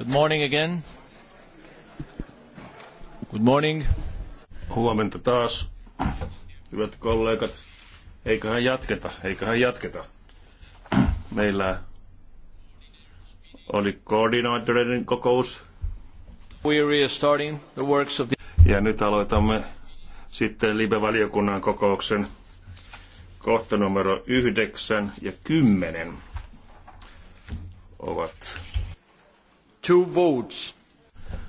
Good morning again. Good morning. Huomenta taas, hyvät kollegat. Eiköhän jatketa, eiköhän jatketa. Meillä oli koordinaattoreiden kokous. We are restarting the works of the... Ja nyt aloitamme sitten Libe-valiokunnan kokouksen kohta numero 9 ja 10 ovat Two votes.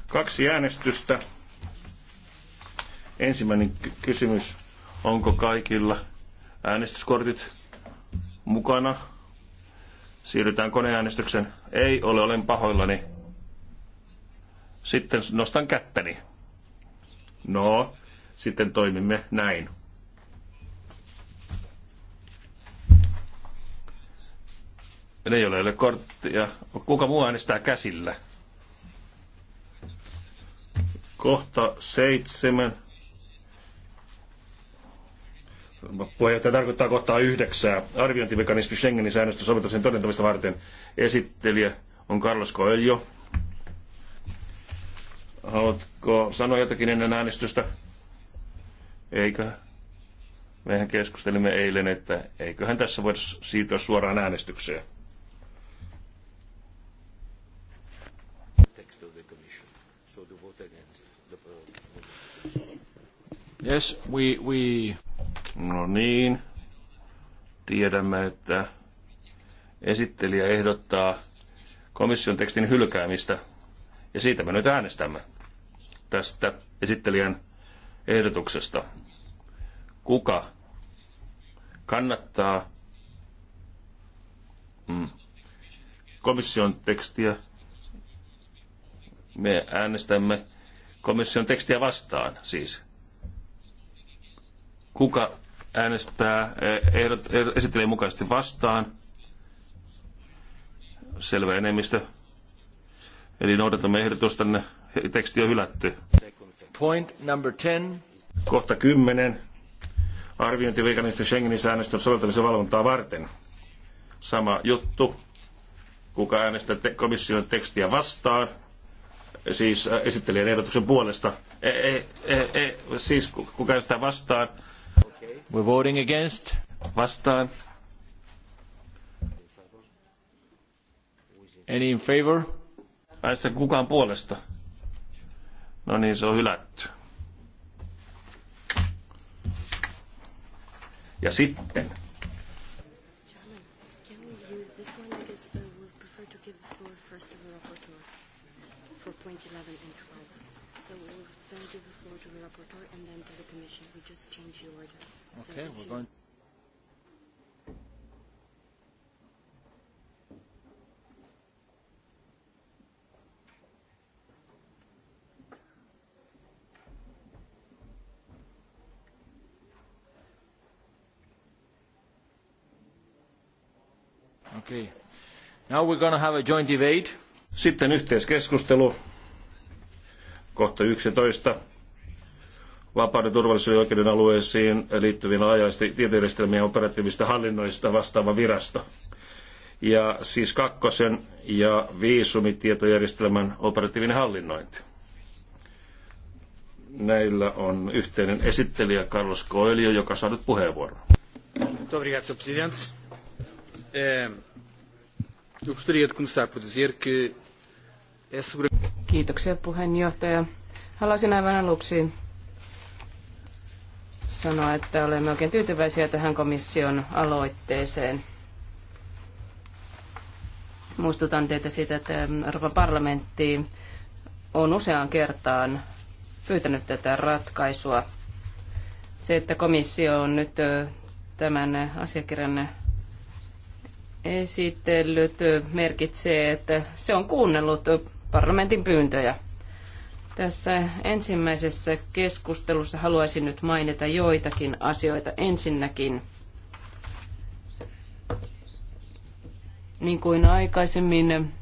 Kaksi äänestystä. Ensimmäinen kysymys. Onko kaikilla äänestyskortit mukana? Siirrytään koneäänestyksen. Ei ole, olen pahoillani. Sitten nostan kättäni. No, sitten toimimme näin. Ne ei ole, ole korttia. Kuka muu äänestää käsillä? Kohta seitsemän. Puheenjohtaja tarkoittaa kohtaa yhdeksää. Arviointimekanismi Schengenin säännöstä soveltamisen todentamista varten. Esittelijä on Carlos Coelho. Haluatko sanoa jotakin ennen äänestystä? Eikö? Mehän keskustelimme eilen, että eiköhän tässä voida siirtyä suoraan äänestykseen. Yes, we, we... No niin. Tiedämme, että esittelijä ehdottaa komission tekstin hylkäämistä. Ja siitä me nyt äänestämme tästä esittelijän ehdotuksesta. Kuka kannattaa mm, komission tekstiä? Me äänestämme komission tekstiä vastaan siis. Kuka äänestää e, ehdot, e, esittelee mukaisesti vastaan? Selvä enemmistö. Eli noudatamme ehdotustanne. Teksti on hylätty. Point number 10. Kohta 10. Arviointivirkanisten Schengenin säännöstön soveltamisen valvontaa varten. Sama juttu. Kuka äänestää te- komission tekstiä vastaan? Siis äh, esittelijän ehdotuksen puolesta. E- e- e- e- siis kuka äänestää vastaan? We're voting against. Vastaan. Any in favor? Äistä kukaan puolesta. No niin, se on hylätty. Ja sitten. So we'll then give the floor to the rapporteur and then to the commission. We just change the order. Okay, we're going Okay. Now we're going to have a joint debate. Sitten yhteiskeskustelu. Kohta 11 vapauden, turvallisuuden ja oikeuden alueisiin liittyvien laajasti tietojärjestelmien operatiivista hallinnoista vastaava virasto. Ja siis kakkosen ja viisumitietojärjestelmän operatiivinen hallinnointi. Näillä on yhteinen esittelijä Carlos Coelho, joka saa nyt puheenvuoron. Obrigado, presidente. Eh, eu gostaria de começar por dizer que é Kiitoksia puheenjohtaja. Haluaisin aivan aluksi sanoa, että olemme oikein tyytyväisiä tähän komission aloitteeseen. Muistutan teitä siitä, että Euroopan parlamentti on useaan kertaan pyytänyt tätä ratkaisua. Se, että komissio on nyt tämän asiakirjan esitellyt, merkitsee, että se on kuunnellut parlamentin pyyntöjä. Tässä ensimmäisessä keskustelussa haluaisin nyt mainita joitakin asioita. Ensinnäkin, niin kuin aikaisemmin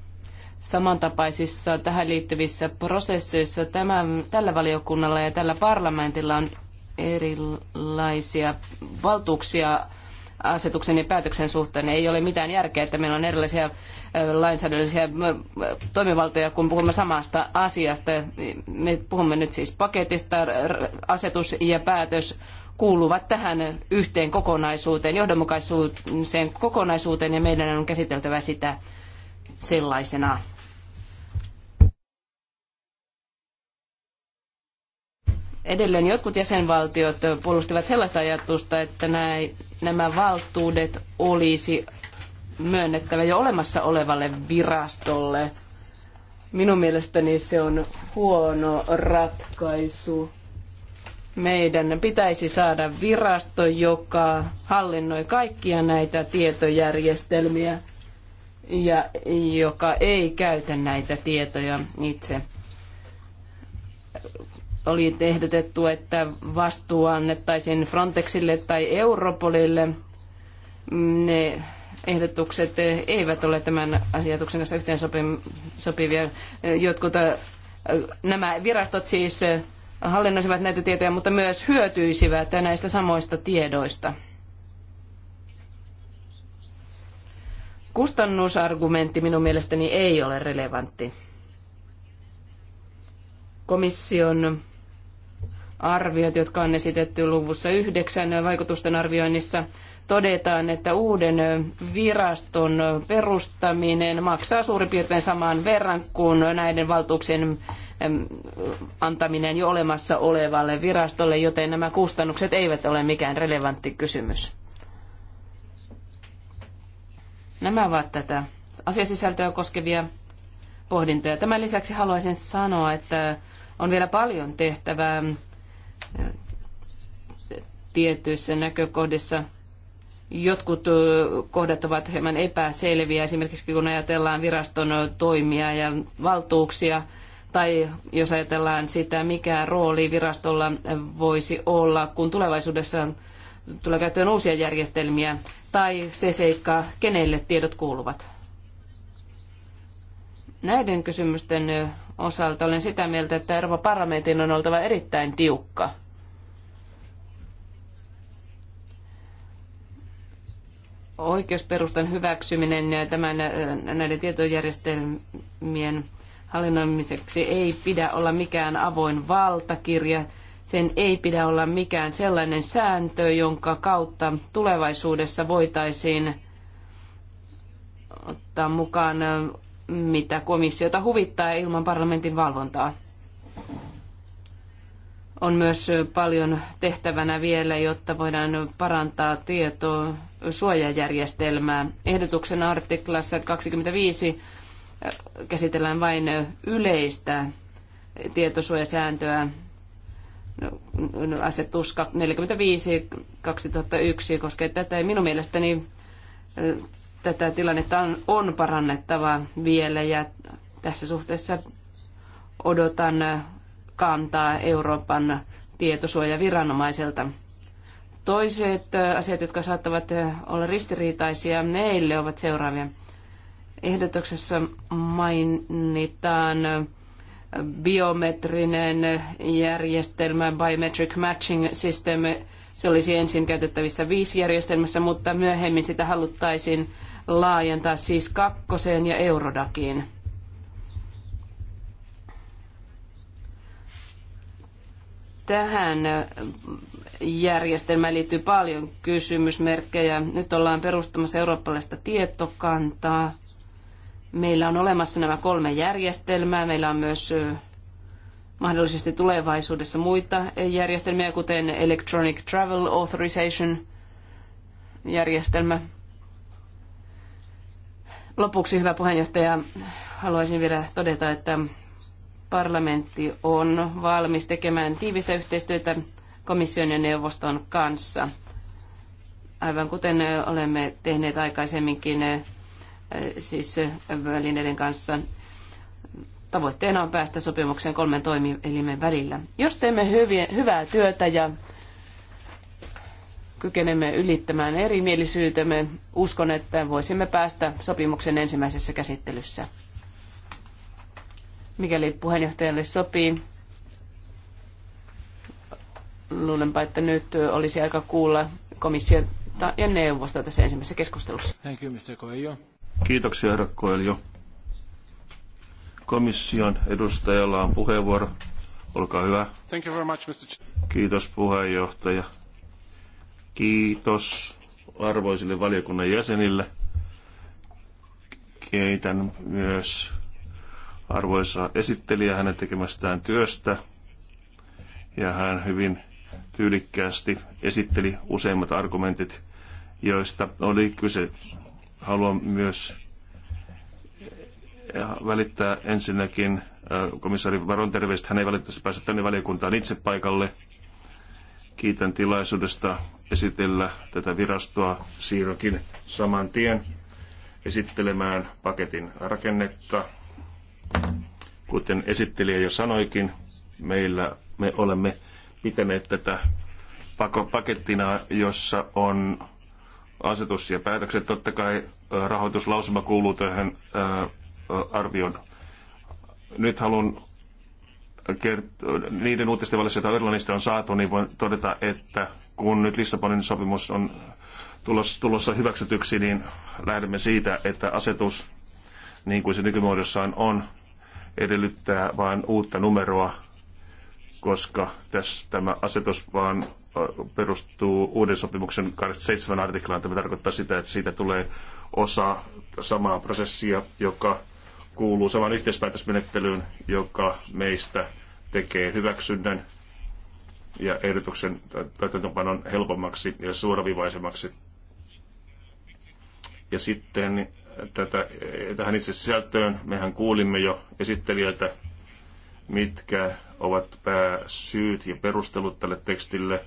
samantapaisissa tähän liittyvissä prosesseissa, tämän, tällä valiokunnalla ja tällä parlamentilla on erilaisia valtuuksia asetuksen ja päätöksen suhteen. Ei ole mitään järkeä, että meillä on erilaisia lainsäädännöllisiä toimivaltoja, kun puhumme samasta asiasta. Me puhumme nyt siis paketista, asetus ja päätös kuuluvat tähän yhteen kokonaisuuteen, johdonmukaisuuteen kokonaisuuteen ja meidän on käsiteltävä sitä sellaisena. Edelleen jotkut jäsenvaltiot puolustivat sellaista ajatusta, että nämä valtuudet olisi myönnettävä jo olemassa olevalle virastolle. Minun mielestäni se on huono ratkaisu. Meidän pitäisi saada virasto, joka hallinnoi kaikkia näitä tietojärjestelmiä ja joka ei käytä näitä tietoja itse. Oli ehdotettu, että vastuu annettaisiin Frontexille tai Europolille. Ne ehdotukset eivät ole tämän ajatuksen kanssa yhteen sopivia. Jotkut nämä virastot siis hallinnoisivat näitä tietoja, mutta myös hyötyisivät näistä samoista tiedoista. Kustannusargumentti minun mielestäni ei ole relevantti. Komission arviot, jotka on esitetty luvussa yhdeksän vaikutusten arvioinnissa, todetaan, että uuden viraston perustaminen maksaa suurin piirtein saman verran kuin näiden valtuuksien antaminen jo olemassa olevalle virastolle, joten nämä kustannukset eivät ole mikään relevantti kysymys. Nämä ovat tätä asiasisältöä koskevia pohdintoja. Tämän lisäksi haluaisin sanoa, että on vielä paljon tehtävää tietyissä näkökohdissa – jotkut kohdat ovat hieman epäselviä, esimerkiksi kun ajatellaan viraston toimia ja valtuuksia, tai jos ajatellaan sitä, mikä rooli virastolla voisi olla, kun tulevaisuudessa tulee käyttöön uusia järjestelmiä, tai se seikka, kenelle tiedot kuuluvat. Näiden kysymysten osalta olen sitä mieltä, että Euroopan parlamentin on oltava erittäin tiukka – oikeusperustan hyväksyminen tämän, äh, näiden tietojärjestelmien hallinnoimiseksi ei pidä olla mikään avoin valtakirja. Sen ei pidä olla mikään sellainen sääntö, jonka kautta tulevaisuudessa voitaisiin ottaa mukaan, äh, mitä komissiota huvittaa ilman parlamentin valvontaa on myös paljon tehtävänä vielä, jotta voidaan parantaa tietoa suojajärjestelmää. Ehdotuksen artiklassa 25 äh, käsitellään vain yleistä tietosuojasääntöä. No, asetus 45 2001 koskee tätä. Ja minun mielestäni äh, tätä tilannetta on, on parannettava vielä ja tässä suhteessa odotan äh, kantaa Euroopan tietosuojaviranomaiselta. Toiset asiat, jotka saattavat olla ristiriitaisia meille, ovat seuraavia. Ehdotuksessa mainitaan biometrinen järjestelmä, biometric matching system. Se olisi ensin käytettävissä viisi järjestelmässä, mutta myöhemmin sitä haluttaisiin laajentaa siis kakkoseen ja Eurodakiin. tähän järjestelmään liittyy paljon kysymysmerkkejä. Nyt ollaan perustamassa eurooppalaista tietokantaa. Meillä on olemassa nämä kolme järjestelmää. Meillä on myös mahdollisesti tulevaisuudessa muita järjestelmiä, kuten Electronic Travel Authorization järjestelmä. Lopuksi, hyvä puheenjohtaja, haluaisin vielä todeta, että Parlamentti on valmis tekemään tiivistä yhteistyötä komission ja neuvoston kanssa. Aivan kuten olemme tehneet aikaisemminkin eh, siis välineiden kanssa, tavoitteena on päästä sopimukseen kolmen toimielimen välillä. Jos teemme hyviä, hyvää työtä ja kykenemme ylittämään erimielisyytemme, uskon, että voisimme päästä sopimuksen ensimmäisessä käsittelyssä mikäli puheenjohtajalle sopii. Luulenpa, että nyt olisi aika kuulla komissiota ja neuvosta tässä ensimmäisessä keskustelussa. Thank you, Mr. Coelho. Kiitoksia, herra Coelho. Komission edustajalla on puheenvuoro. Olkaa hyvä. Thank you very much, Mr. Kiitos puheenjohtaja. Kiitos arvoisille valiokunnan jäsenille. Kiitän myös arvoisa esittelijä hänen tekemästään työstä. Ja hän hyvin tyylikkäästi esitteli useimmat argumentit, joista oli kyse. Haluan myös eh, välittää ensinnäkin eh, komissaari Varon terveistä. Hän ei valitettavasti päässyt tänne valiokuntaan itse paikalle. Kiitän tilaisuudesta esitellä tätä virastoa. Siirrokin saman tien esittelemään paketin rakennetta Kuten esittelijä jo sanoikin, meillä me olemme pitäneet tätä pakettina, jossa on asetus ja päätökset. Totta kai rahoituslausuma kuuluu tähän arvioon. Nyt haluan kert- niiden uutisten valossa, joita Irlannista on saatu, niin voin todeta, että kun nyt Lissabonin sopimus on tulossa hyväksytyksi, niin lähdemme siitä, että asetus, niin kuin se nykymuodossaan on, edellyttää vain uutta numeroa, koska tässä tämä asetus vaan perustuu uuden sopimuksen 27 artiklaan. Tämä tarkoittaa sitä, että siitä tulee osa samaa prosessia, joka kuuluu samaan yhteispäätösmenettelyyn, joka meistä tekee hyväksynnän ja ehdotuksen täytäntöpanon helpommaksi ja suoravivaisemmaksi. Ja sitten tätä, tähän itse sisältöön. Mehän kuulimme jo esittelijöitä, mitkä ovat pääsyyt ja perustelut tälle tekstille.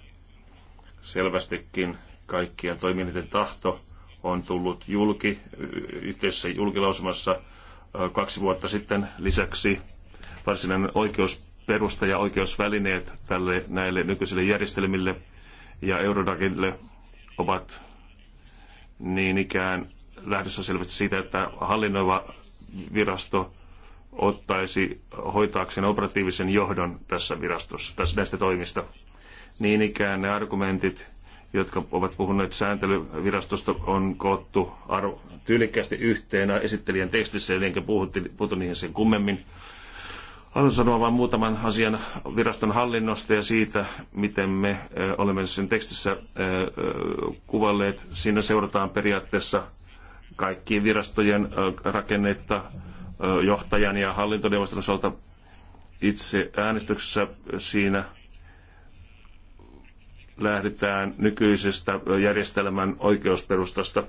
Selvästikin kaikkien toimijoiden tahto on tullut julki yhteisessä julkilausumassa kaksi vuotta sitten. Lisäksi varsinainen oikeusperusta ja oikeusvälineet tälle, näille nykyisille järjestelmille ja Eurodagille ovat niin ikään lähdössä selvästi siitä, että hallinnoiva virasto ottaisi hoitaakseen operatiivisen johdon tässä virastossa, tässä näistä toimista. Niin ikään ne argumentit, jotka ovat puhuneet sääntelyvirastosta, on koottu arvo, tyylikkäästi yhteen esittelijän tekstissä, eli enkä puhutu niihin sen kummemmin. Haluan sanoa vain muutaman asian viraston hallinnosta ja siitä, miten me olemme sen tekstissä kuvalleet. Siinä seurataan periaatteessa kaikkien virastojen rakennetta johtajan ja hallintoneuvoston osalta itse äänestyksessä siinä lähdetään nykyisestä järjestelmän oikeusperustasta.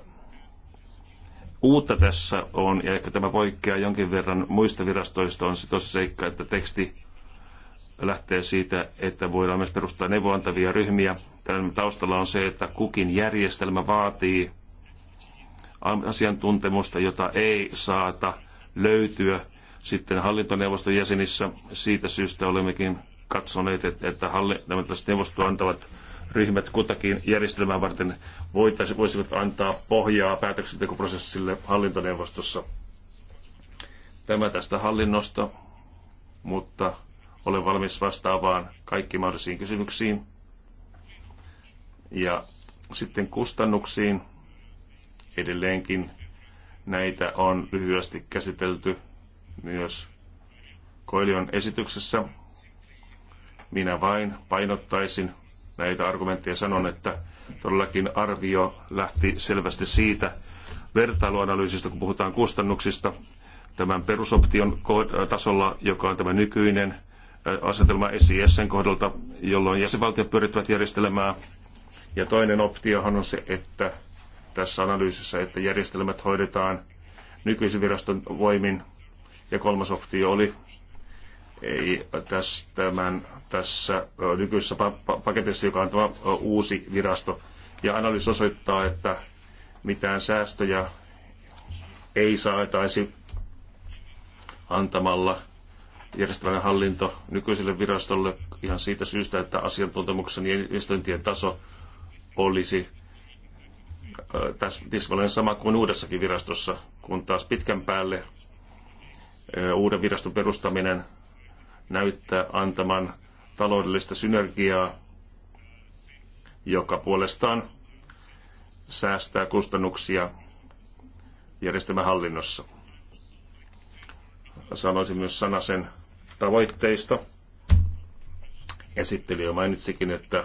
Uutta tässä on, ja ehkä tämä poikkeaa jonkin verran muista virastoista, on se tosiseikka, että teksti lähtee siitä, että voidaan myös perustaa neuvoantavia ryhmiä. Tämän taustalla on se, että kukin järjestelmä vaatii asiantuntemusta, jota ei saata löytyä sitten hallintoneuvoston jäsenissä. Siitä syystä olemmekin katsoneet, että, että hallintoneuvosto antavat ryhmät kutakin järjestelmää varten voisivat antaa pohjaa päätöksentekoprosessille hallintoneuvostossa. Tämä tästä hallinnosta, mutta olen valmis vastaamaan kaikkiin mahdollisiin kysymyksiin. Ja sitten kustannuksiin. Edelleenkin näitä on lyhyesti käsitelty myös Koilion esityksessä. Minä vain painottaisin näitä argumentteja sanon, että todellakin arvio lähti selvästi siitä vertailuanalyysistä, kun puhutaan kustannuksista, tämän perusoption tasolla, joka on tämä nykyinen äh, asetelma SISn kohdalta, jolloin jäsenvaltiot pyörittävät järjestelmää. Ja toinen optiohan on se, että tässä analyysissä, että järjestelmät hoidetaan nykyisen viraston voimin. Ja kolmas optio oli ei, tässä, tämän, tässä nykyisessä paketissa, joka on tämä uusi virasto. Ja analyysi osoittaa, että mitään säästöjä ei saataisi antamalla järjestelmän hallinto nykyiselle virastolle ihan siitä syystä, että asiantuntemuksen ja investointien taso olisi tismalleen sama kuin uudessakin virastossa, kun taas pitkän päälle uuden viraston perustaminen näyttää antaman taloudellista synergiaa, joka puolestaan säästää kustannuksia järjestelmähallinnossa. Sanoisin myös sanasen sen tavoitteista. Esittelijä mainitsikin, että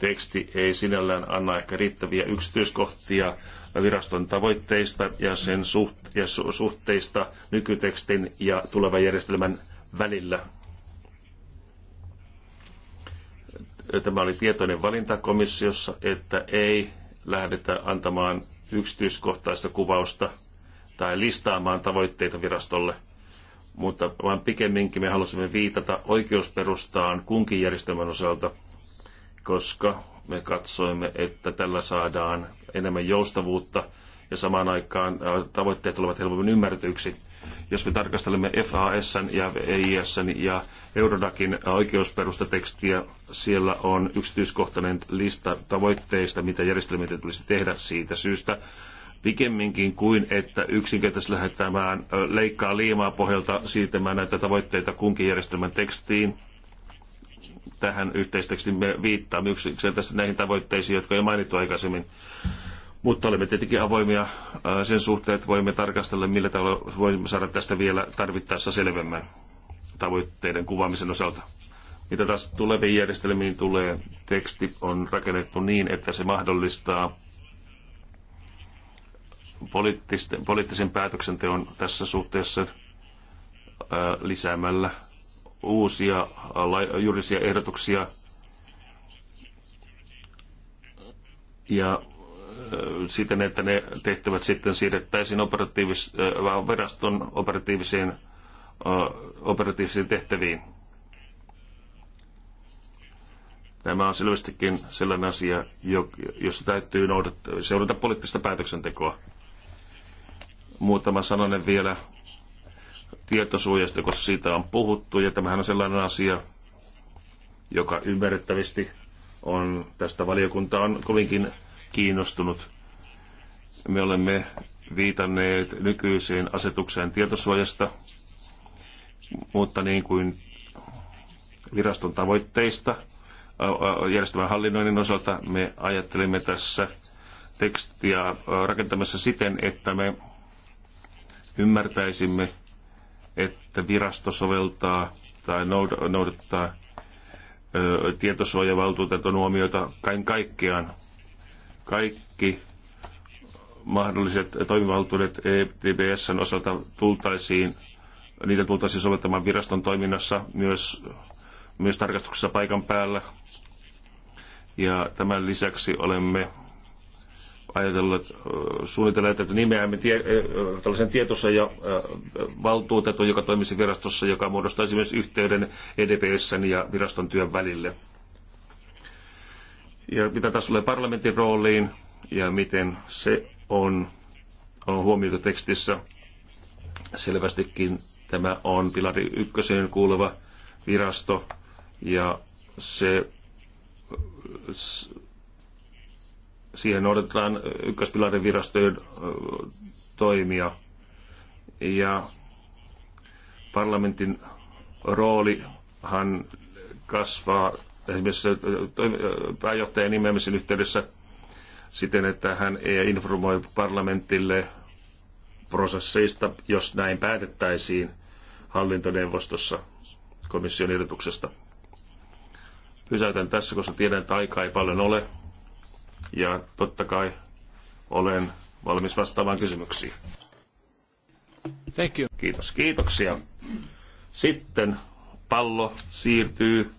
teksti ei sinällään anna ehkä riittäviä yksityiskohtia viraston tavoitteista ja sen suht, ja su, suhteista nykytekstin ja tulevan järjestelmän välillä. Tämä oli tietoinen valinta komissiossa, että ei lähdetä antamaan yksityiskohtaista kuvausta tai listaamaan tavoitteita virastolle, mutta vaan pikemminkin me halusimme viitata oikeusperustaan kunkin järjestelmän osalta – koska me katsoimme, että tällä saadaan enemmän joustavuutta ja samaan aikaan äh, tavoitteet tulevat helpommin ymmärretyiksi. Jos me tarkastelemme FAS ja EIS ja Eurodakin oikeusperustatekstiä, siellä on yksityiskohtainen lista tavoitteista, mitä järjestelmiä tulisi tehdä siitä syystä, pikemminkin kuin että yksinkertaisesti lähdetään äh, leikkaa liimaa pohjalta siirtämään näitä tavoitteita kunkin järjestelmän tekstiin, tähän yhteistekstiin me viittaamme yksinkertaisesti näihin tavoitteisiin, jotka jo mainittu aikaisemmin. Mutta olemme tietenkin avoimia sen suhteen, että voimme tarkastella, millä tavalla voimme saada tästä vielä tarvittaessa selvemmän tavoitteiden kuvaamisen osalta. Mitä taas tuleviin järjestelmiin tulee, teksti on rakennettu niin, että se mahdollistaa poliittisen päätöksenteon tässä suhteessa lisäämällä uusia juridisia ehdotuksia ja siten, että ne tehtävät sitten siirrettäisiin operatiivis, viraston operatiivisiin, operatiivisiin tehtäviin. Tämä on selvästikin sellainen asia, jossa täytyy noudattaa, seurata poliittista päätöksentekoa. Muutama sananen vielä tietosuojasta, koska siitä on puhuttu, ja tämähän on sellainen asia, joka ymmärrettävästi on, tästä valiokunta on kovinkin kiinnostunut. Me olemme viitanneet nykyiseen asetukseen tietosuojasta, mutta niin kuin viraston tavoitteista järjestelmän hallinnoinnin osalta me ajattelimme tässä tekstiä rakentamassa siten, että me ymmärtäisimme että virasto soveltaa tai noudattaa tietosuojavaltuutetun huomioita kaiken kaikkiaan. Kaikki mahdolliset toimivaltuudet EPBSn osalta tultaisiin, niitä tultaisiin soveltamaan viraston toiminnassa myös, myös tarkastuksessa paikan päällä. Ja tämän lisäksi olemme ajatellut, suunnitelleet, että nimeämme tie, tällaisen tietossa ja valtuutetun, joka toimisi virastossa, joka muodostaisi myös yhteyden EDPSn ja viraston työn välille. Ja mitä taas tulee parlamentin rooliin ja miten se on, on huomioitu tekstissä. Selvästikin tämä on pilari ykköseen kuuleva virasto ja se siihen odotetaan ykköspilarin virastojen toimia. Ja parlamentin roolihan kasvaa esimerkiksi pääjohtajan nimeämisen yhteydessä siten, että hän ei informoi parlamentille prosesseista, jos näin päätettäisiin hallintoneuvostossa komission ehdotuksesta. Pysäytän tässä, koska tiedän, että aikaa ei paljon ole ja totta kai olen valmis vastaamaan kysymyksiin. Thank you. Kiitos, kiitoksia. Sitten pallo siirtyy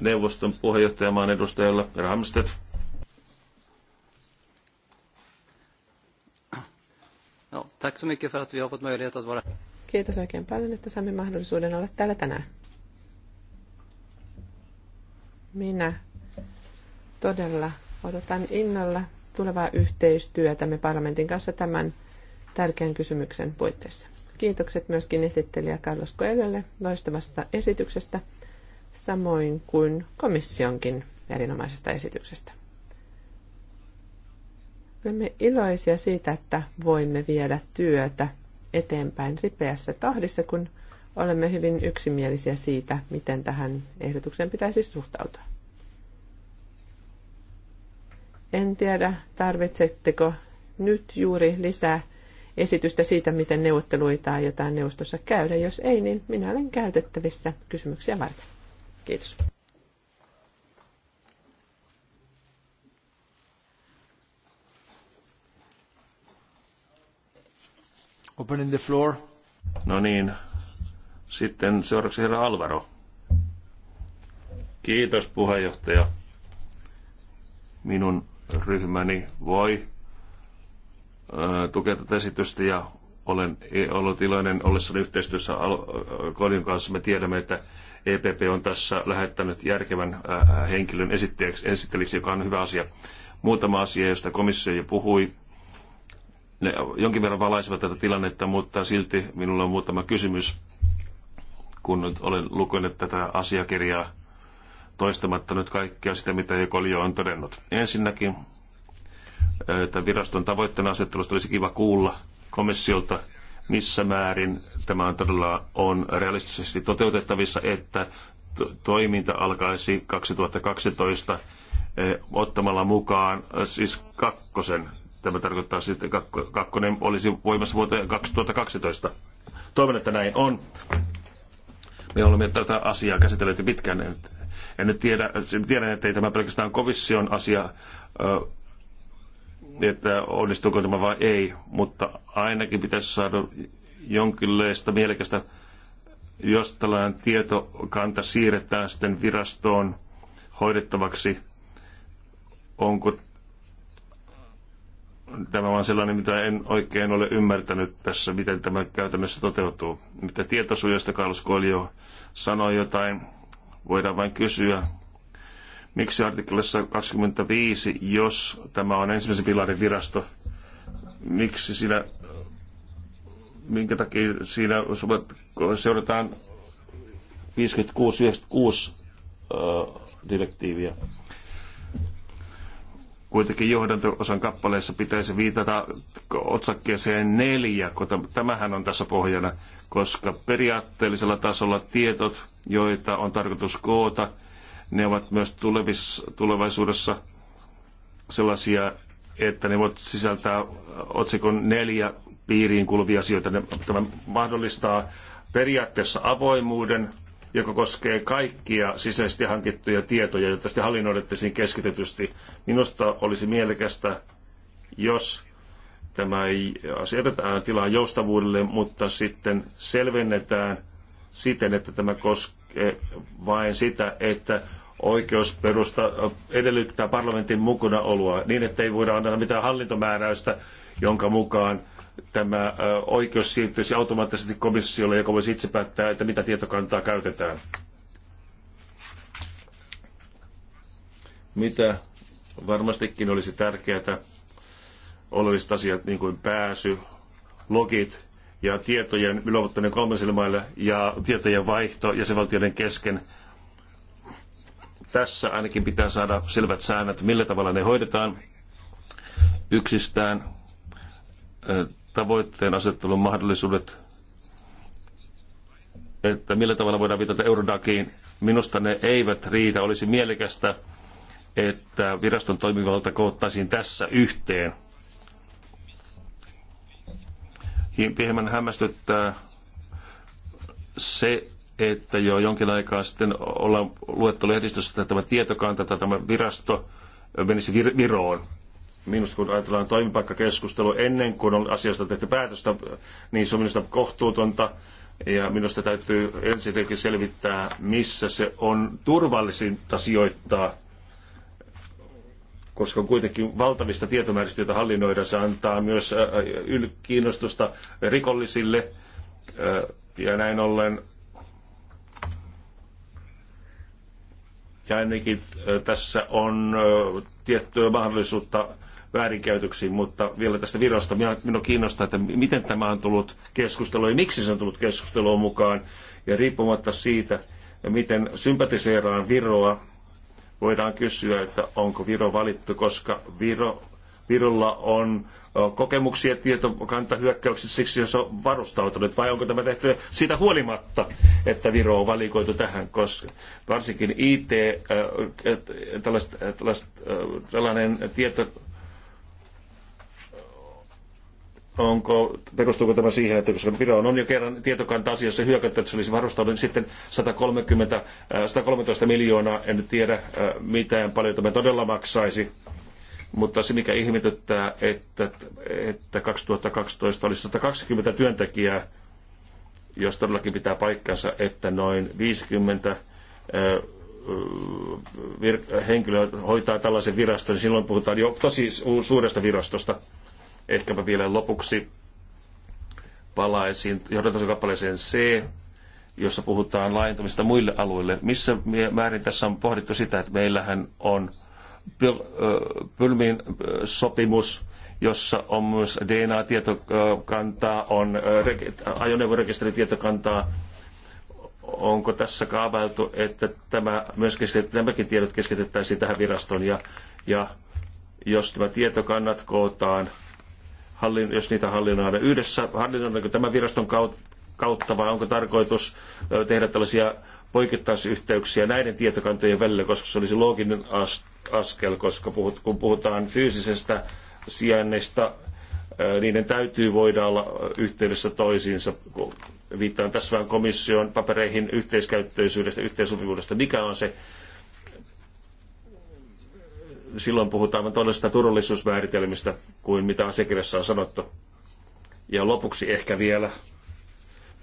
neuvoston puheenjohtajamaan edustajalle Ramstedt. No, tack så mycket för att vi har fått möjlighet att vara Kiitos oikein paljon, että saimme mahdollisuuden olla täällä tänään. Minä Todella odotan innolla tulevaa yhteistyötä me parlamentin kanssa tämän tärkeän kysymyksen puitteissa. Kiitokset myöskin esittelijä Carlos Coelholle loistavasta esityksestä, samoin kuin komissionkin erinomaisesta esityksestä. Olemme iloisia siitä, että voimme viedä työtä eteenpäin ripeässä tahdissa, kun olemme hyvin yksimielisiä siitä, miten tähän ehdotukseen pitäisi suhtautua. En tiedä, tarvitsetteko nyt juuri lisää esitystä siitä, miten neuvotteluita aiotaan neuvostossa käydä. Jos ei, niin minä olen käytettävissä kysymyksiä varten. Kiitos. Opening the floor. No niin. Sitten seuraavaksi herra Alvaro. Kiitos puheenjohtaja. Minun ryhmäni voi tukea tätä esitystä ja olen ollut iloinen ollessani yhteistyössä Kodin kanssa. Me tiedämme, että EPP on tässä lähettänyt järkevän henkilön esittelijäksi, joka on hyvä asia. Muutama asia, josta komissio jo puhui. Ne jonkin verran valaisivat tätä tilannetta, mutta silti minulla on muutama kysymys, kun nyt olen lukenut tätä asiakirjaa toistamatta nyt kaikkea sitä, mitä jo on todennut. Ensinnäkin tämän viraston tavoitteen asettelusta olisi kiva kuulla komissiolta, missä määrin tämä on todella on realistisesti toteutettavissa, että toiminta alkaisi 2012 ottamalla mukaan siis kakkosen. Tämä tarkoittaa sitten, kakkonen olisi voimassa vuoteen 2012. Toivon, että näin on. Me olemme tätä asiaa käsitelleet pitkään. En nyt tiedä, tiedän, että ei tämä pelkästään komission asia, että onnistuuko tämä vai ei, mutta ainakin pitäisi saada jonkinlaista mielekästä, jos tällainen tietokanta siirretään sitten virastoon hoidettavaksi, onko tämä on sellainen, mitä en oikein ole ymmärtänyt tässä, miten tämä käytännössä toteutuu. Mitä tietosuojasta Carlos Coelho sanoi jotain Voidaan vain kysyä, miksi artiklassa 25, jos tämä on ensimmäisen pilarin virasto, miksi siinä, minkä takia siinä seurataan 56-96 direktiiviä. Kuitenkin johdanto-osan kappaleessa pitäisi viitata otsakkeeseen neljä, kun tämähän on tässä pohjana koska periaatteellisella tasolla tietot, joita on tarkoitus koota, ne ovat myös tulevaisuudessa sellaisia, että ne voivat sisältää otsikon neljä piiriin kuuluvia asioita. Tämä mahdollistaa periaatteessa avoimuuden, joka koskee kaikkia sisäisesti hankittuja tietoja, joita sitten hallinnoidettaisiin keskitetysti. Minusta olisi mielekästä, jos Tämä ei asetetaan tilaa joustavuudelle, mutta sitten selvennetään siten, että tämä koskee vain sitä, että oikeusperusta edellyttää parlamentin mukana oloa niin, että ei voida antaa mitään hallintomääräystä, jonka mukaan tämä oikeus siirtyisi automaattisesti komissiolle, joka voisi itse päättää, että mitä tietokantaa käytetään. Mitä varmastikin olisi tärkeää oleelliset asiat, niin kuin pääsy, logit ja tietojen luovuttaminen kolmansille maille ja tietojen vaihto jäsenvaltioiden kesken. Tässä ainakin pitää saada selvät säännöt, millä tavalla ne hoidetaan. Yksistään tavoitteen asettelun mahdollisuudet, että millä tavalla voidaan viitata Eurodakiin. Minusta ne eivät riitä. Olisi mielekästä, että viraston toimivalta koottaisiin tässä yhteen – hieman hämmästyttää se, että jo jonkin aikaa sitten ollaan luettu lehdistössä, että tämä tietokanta tai tämä virasto menisi vir- Viroon. Minusta kun ajatellaan toimipaikkakeskustelu ennen kuin on asiasta tehty päätöstä, niin se on minusta kohtuutonta. Ja minusta täytyy ensinnäkin selvittää, missä se on turvallisinta sijoittaa koska on kuitenkin valtavista tietomääristä, joita hallinnoidaan, se antaa myös äh, äh, kiinnostusta rikollisille. Äh, ja näin ollen ja ainakin tässä on tiettyä mahdollisuutta väärinkäytöksiin, mutta vielä tästä virosta. Minä, minua kiinnostaa, että miten tämä on tullut keskusteluun ja miksi se on tullut keskusteluun mukaan. Ja riippumatta siitä, miten sympatiseeraan Viroa, voidaan kysyä, että onko Viro valittu, koska Viro, Virolla on kokemuksia tietokantahyökkäyksissä, siksi se on varustautunut, vai onko tämä tehty siitä huolimatta, että Viro on valikoitu tähän, koska varsinkin IT, tällaiset, tällaiset, tällainen tieto, onko, perustuuko tämä siihen, että koska Viro on jo kerran tietokanta-asiassa hyökätty, että se olisi varustautunut niin sitten 130, 113 äh, miljoonaa, en tiedä äh, mitään paljon tämä todella maksaisi. Mutta se mikä ihmetyttää, että, että 2012 olisi 120 työntekijää, jos todellakin pitää paikkansa, että noin 50 äh, henkilö hoitaa tällaisen viraston, niin silloin puhutaan jo tosi suuresta virastosta Ehkäpä vielä lopuksi palaisin johdantason kappaleeseen C, jossa puhutaan laajentamista muille alueille. Missä määrin tässä on pohdittu sitä, että meillähän on Pylmin sopimus, jossa on myös DNA-tietokantaa, on ajoneuvorekisteritietokantaa. Onko tässä kaavailtu, että tämä, myös nämäkin tiedot keskitettäisiin tähän virastoon ja, ja jos tämä tietokannat kootaan hallin, jos niitä hallinnoidaan yhdessä, hallinnoidaanko tämän viraston kautta vai onko tarkoitus tehdä tällaisia poikittaisyhteyksiä näiden tietokantojen välillä, koska se olisi looginen askel, koska puhut, kun puhutaan fyysisestä sijainnista, niiden täytyy voida olla yhteydessä toisiinsa. Viittaan tässä vähän komission papereihin yhteiskäyttöisyydestä, yhteensopivuudesta, mikä on se silloin puhutaan aivan todellisista turvallisuusmääritelmistä kuin mitä asiakirjassa on sanottu. Ja lopuksi ehkä vielä,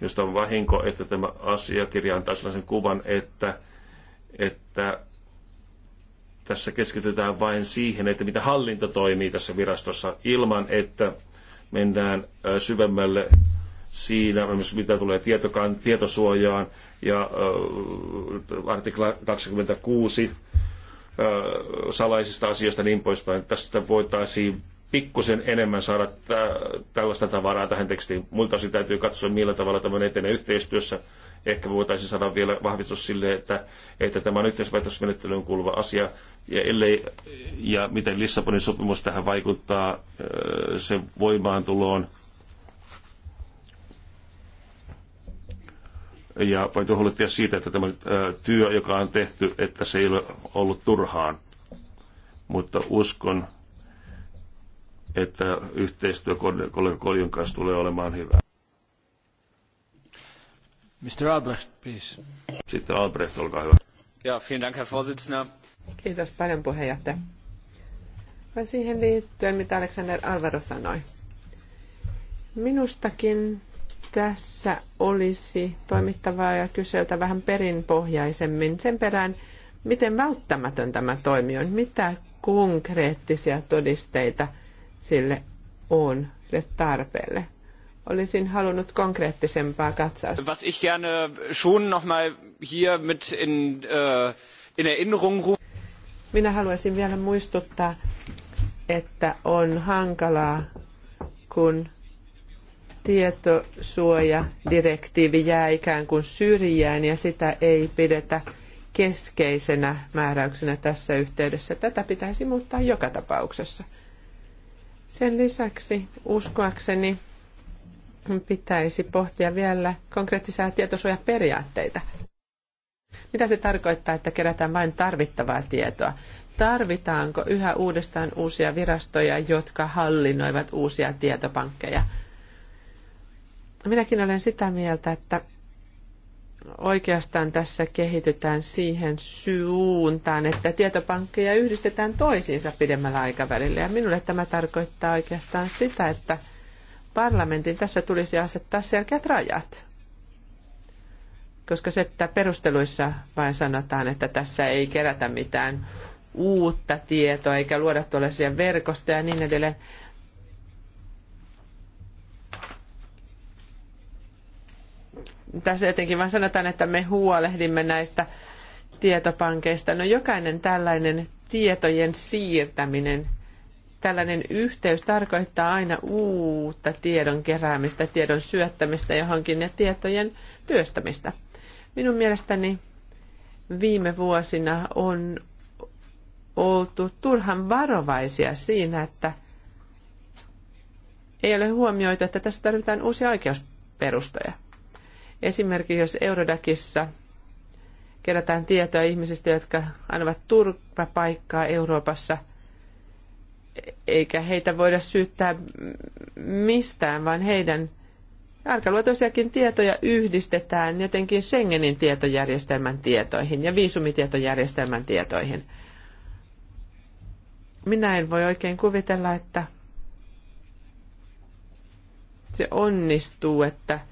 josta on vahinko, että tämä asiakirja antaa sellaisen kuvan, että, että tässä keskitytään vain siihen, että mitä hallinto toimii tässä virastossa ilman, että mennään syvemmälle siinä, mitä tulee tietosuojaan ja artikla 26 salaisista asioista niin poispäin. Tästä voitaisiin pikkusen enemmän saada tällaista tavaraa tähän tekstiin. Muilta osin täytyy katsoa, millä tavalla tämä etenee yhteistyössä. Ehkä voitaisiin saada vielä vahvistus sille, että, että tämä on yhteisvaihtoismenettelyyn kuuluva asia. Ja, ellei, ja miten Lissabonin sopimus tähän vaikuttaa sen voimaantuloon ja voin huolehtia siitä, että tämä työ, joka on tehty, että se ei ole ollut turhaan. Mutta uskon, että yhteistyö kollega Koljun kanssa tulee olemaan hyvä. Mr. Albrecht, please. Sitten Albrecht, olkaa hyvä. Ja, vielen Dank, Herr Vorsitzender. Kiitos paljon puheenjohtaja. Vaan siihen liittyen, mitä Alexander Alvaro sanoi. Minustakin tässä olisi toimittavaa ja kyseltä vähän perinpohjaisemmin sen perään, miten välttämätön tämä toimi on, mitä konkreettisia todisteita sille on sille tarpeelle. Olisin halunnut konkreettisempaa katsausta. Was ich gerne schon noch mal hier mit in, uh, in Erinnerung Minä haluaisin vielä muistuttaa, että on hankalaa, kun tietosuojadirektiivi jää ikään kuin syrjään ja sitä ei pidetä keskeisenä määräyksenä tässä yhteydessä. Tätä pitäisi muuttaa joka tapauksessa. Sen lisäksi uskoakseni pitäisi pohtia vielä konkreettisia tietosuojaperiaatteita. Mitä se tarkoittaa, että kerätään vain tarvittavaa tietoa? Tarvitaanko yhä uudestaan uusia virastoja, jotka hallinnoivat uusia tietopankkeja – Minäkin olen sitä mieltä, että oikeastaan tässä kehitytään siihen suuntaan, että tietopankkeja yhdistetään toisiinsa pidemmällä aikavälillä. Ja minulle tämä tarkoittaa oikeastaan sitä, että parlamentin tässä tulisi asettaa selkeät rajat. Koska se, että perusteluissa vain sanotaan, että tässä ei kerätä mitään uutta tietoa eikä luoda tuollaisia verkostoja ja niin edelleen, tässä jotenkin vaan sanotaan, että me huolehdimme näistä tietopankeista. No jokainen tällainen tietojen siirtäminen, tällainen yhteys tarkoittaa aina uutta tiedon keräämistä, tiedon syöttämistä johonkin ja tietojen työstämistä. Minun mielestäni viime vuosina on oltu turhan varovaisia siinä, että ei ole huomioitu, että tässä tarvitaan uusia oikeusperustoja. Esimerkiksi jos Eurodakissa kerätään tietoa ihmisistä, jotka annavat turvapaikkaa Euroopassa, eikä heitä voida syyttää mistään, vaan heidän arkaluontoisiakin tietoja yhdistetään jotenkin Schengenin tietojärjestelmän tietoihin ja viisumitietojärjestelmän tietoihin. Minä en voi oikein kuvitella, että se onnistuu, että –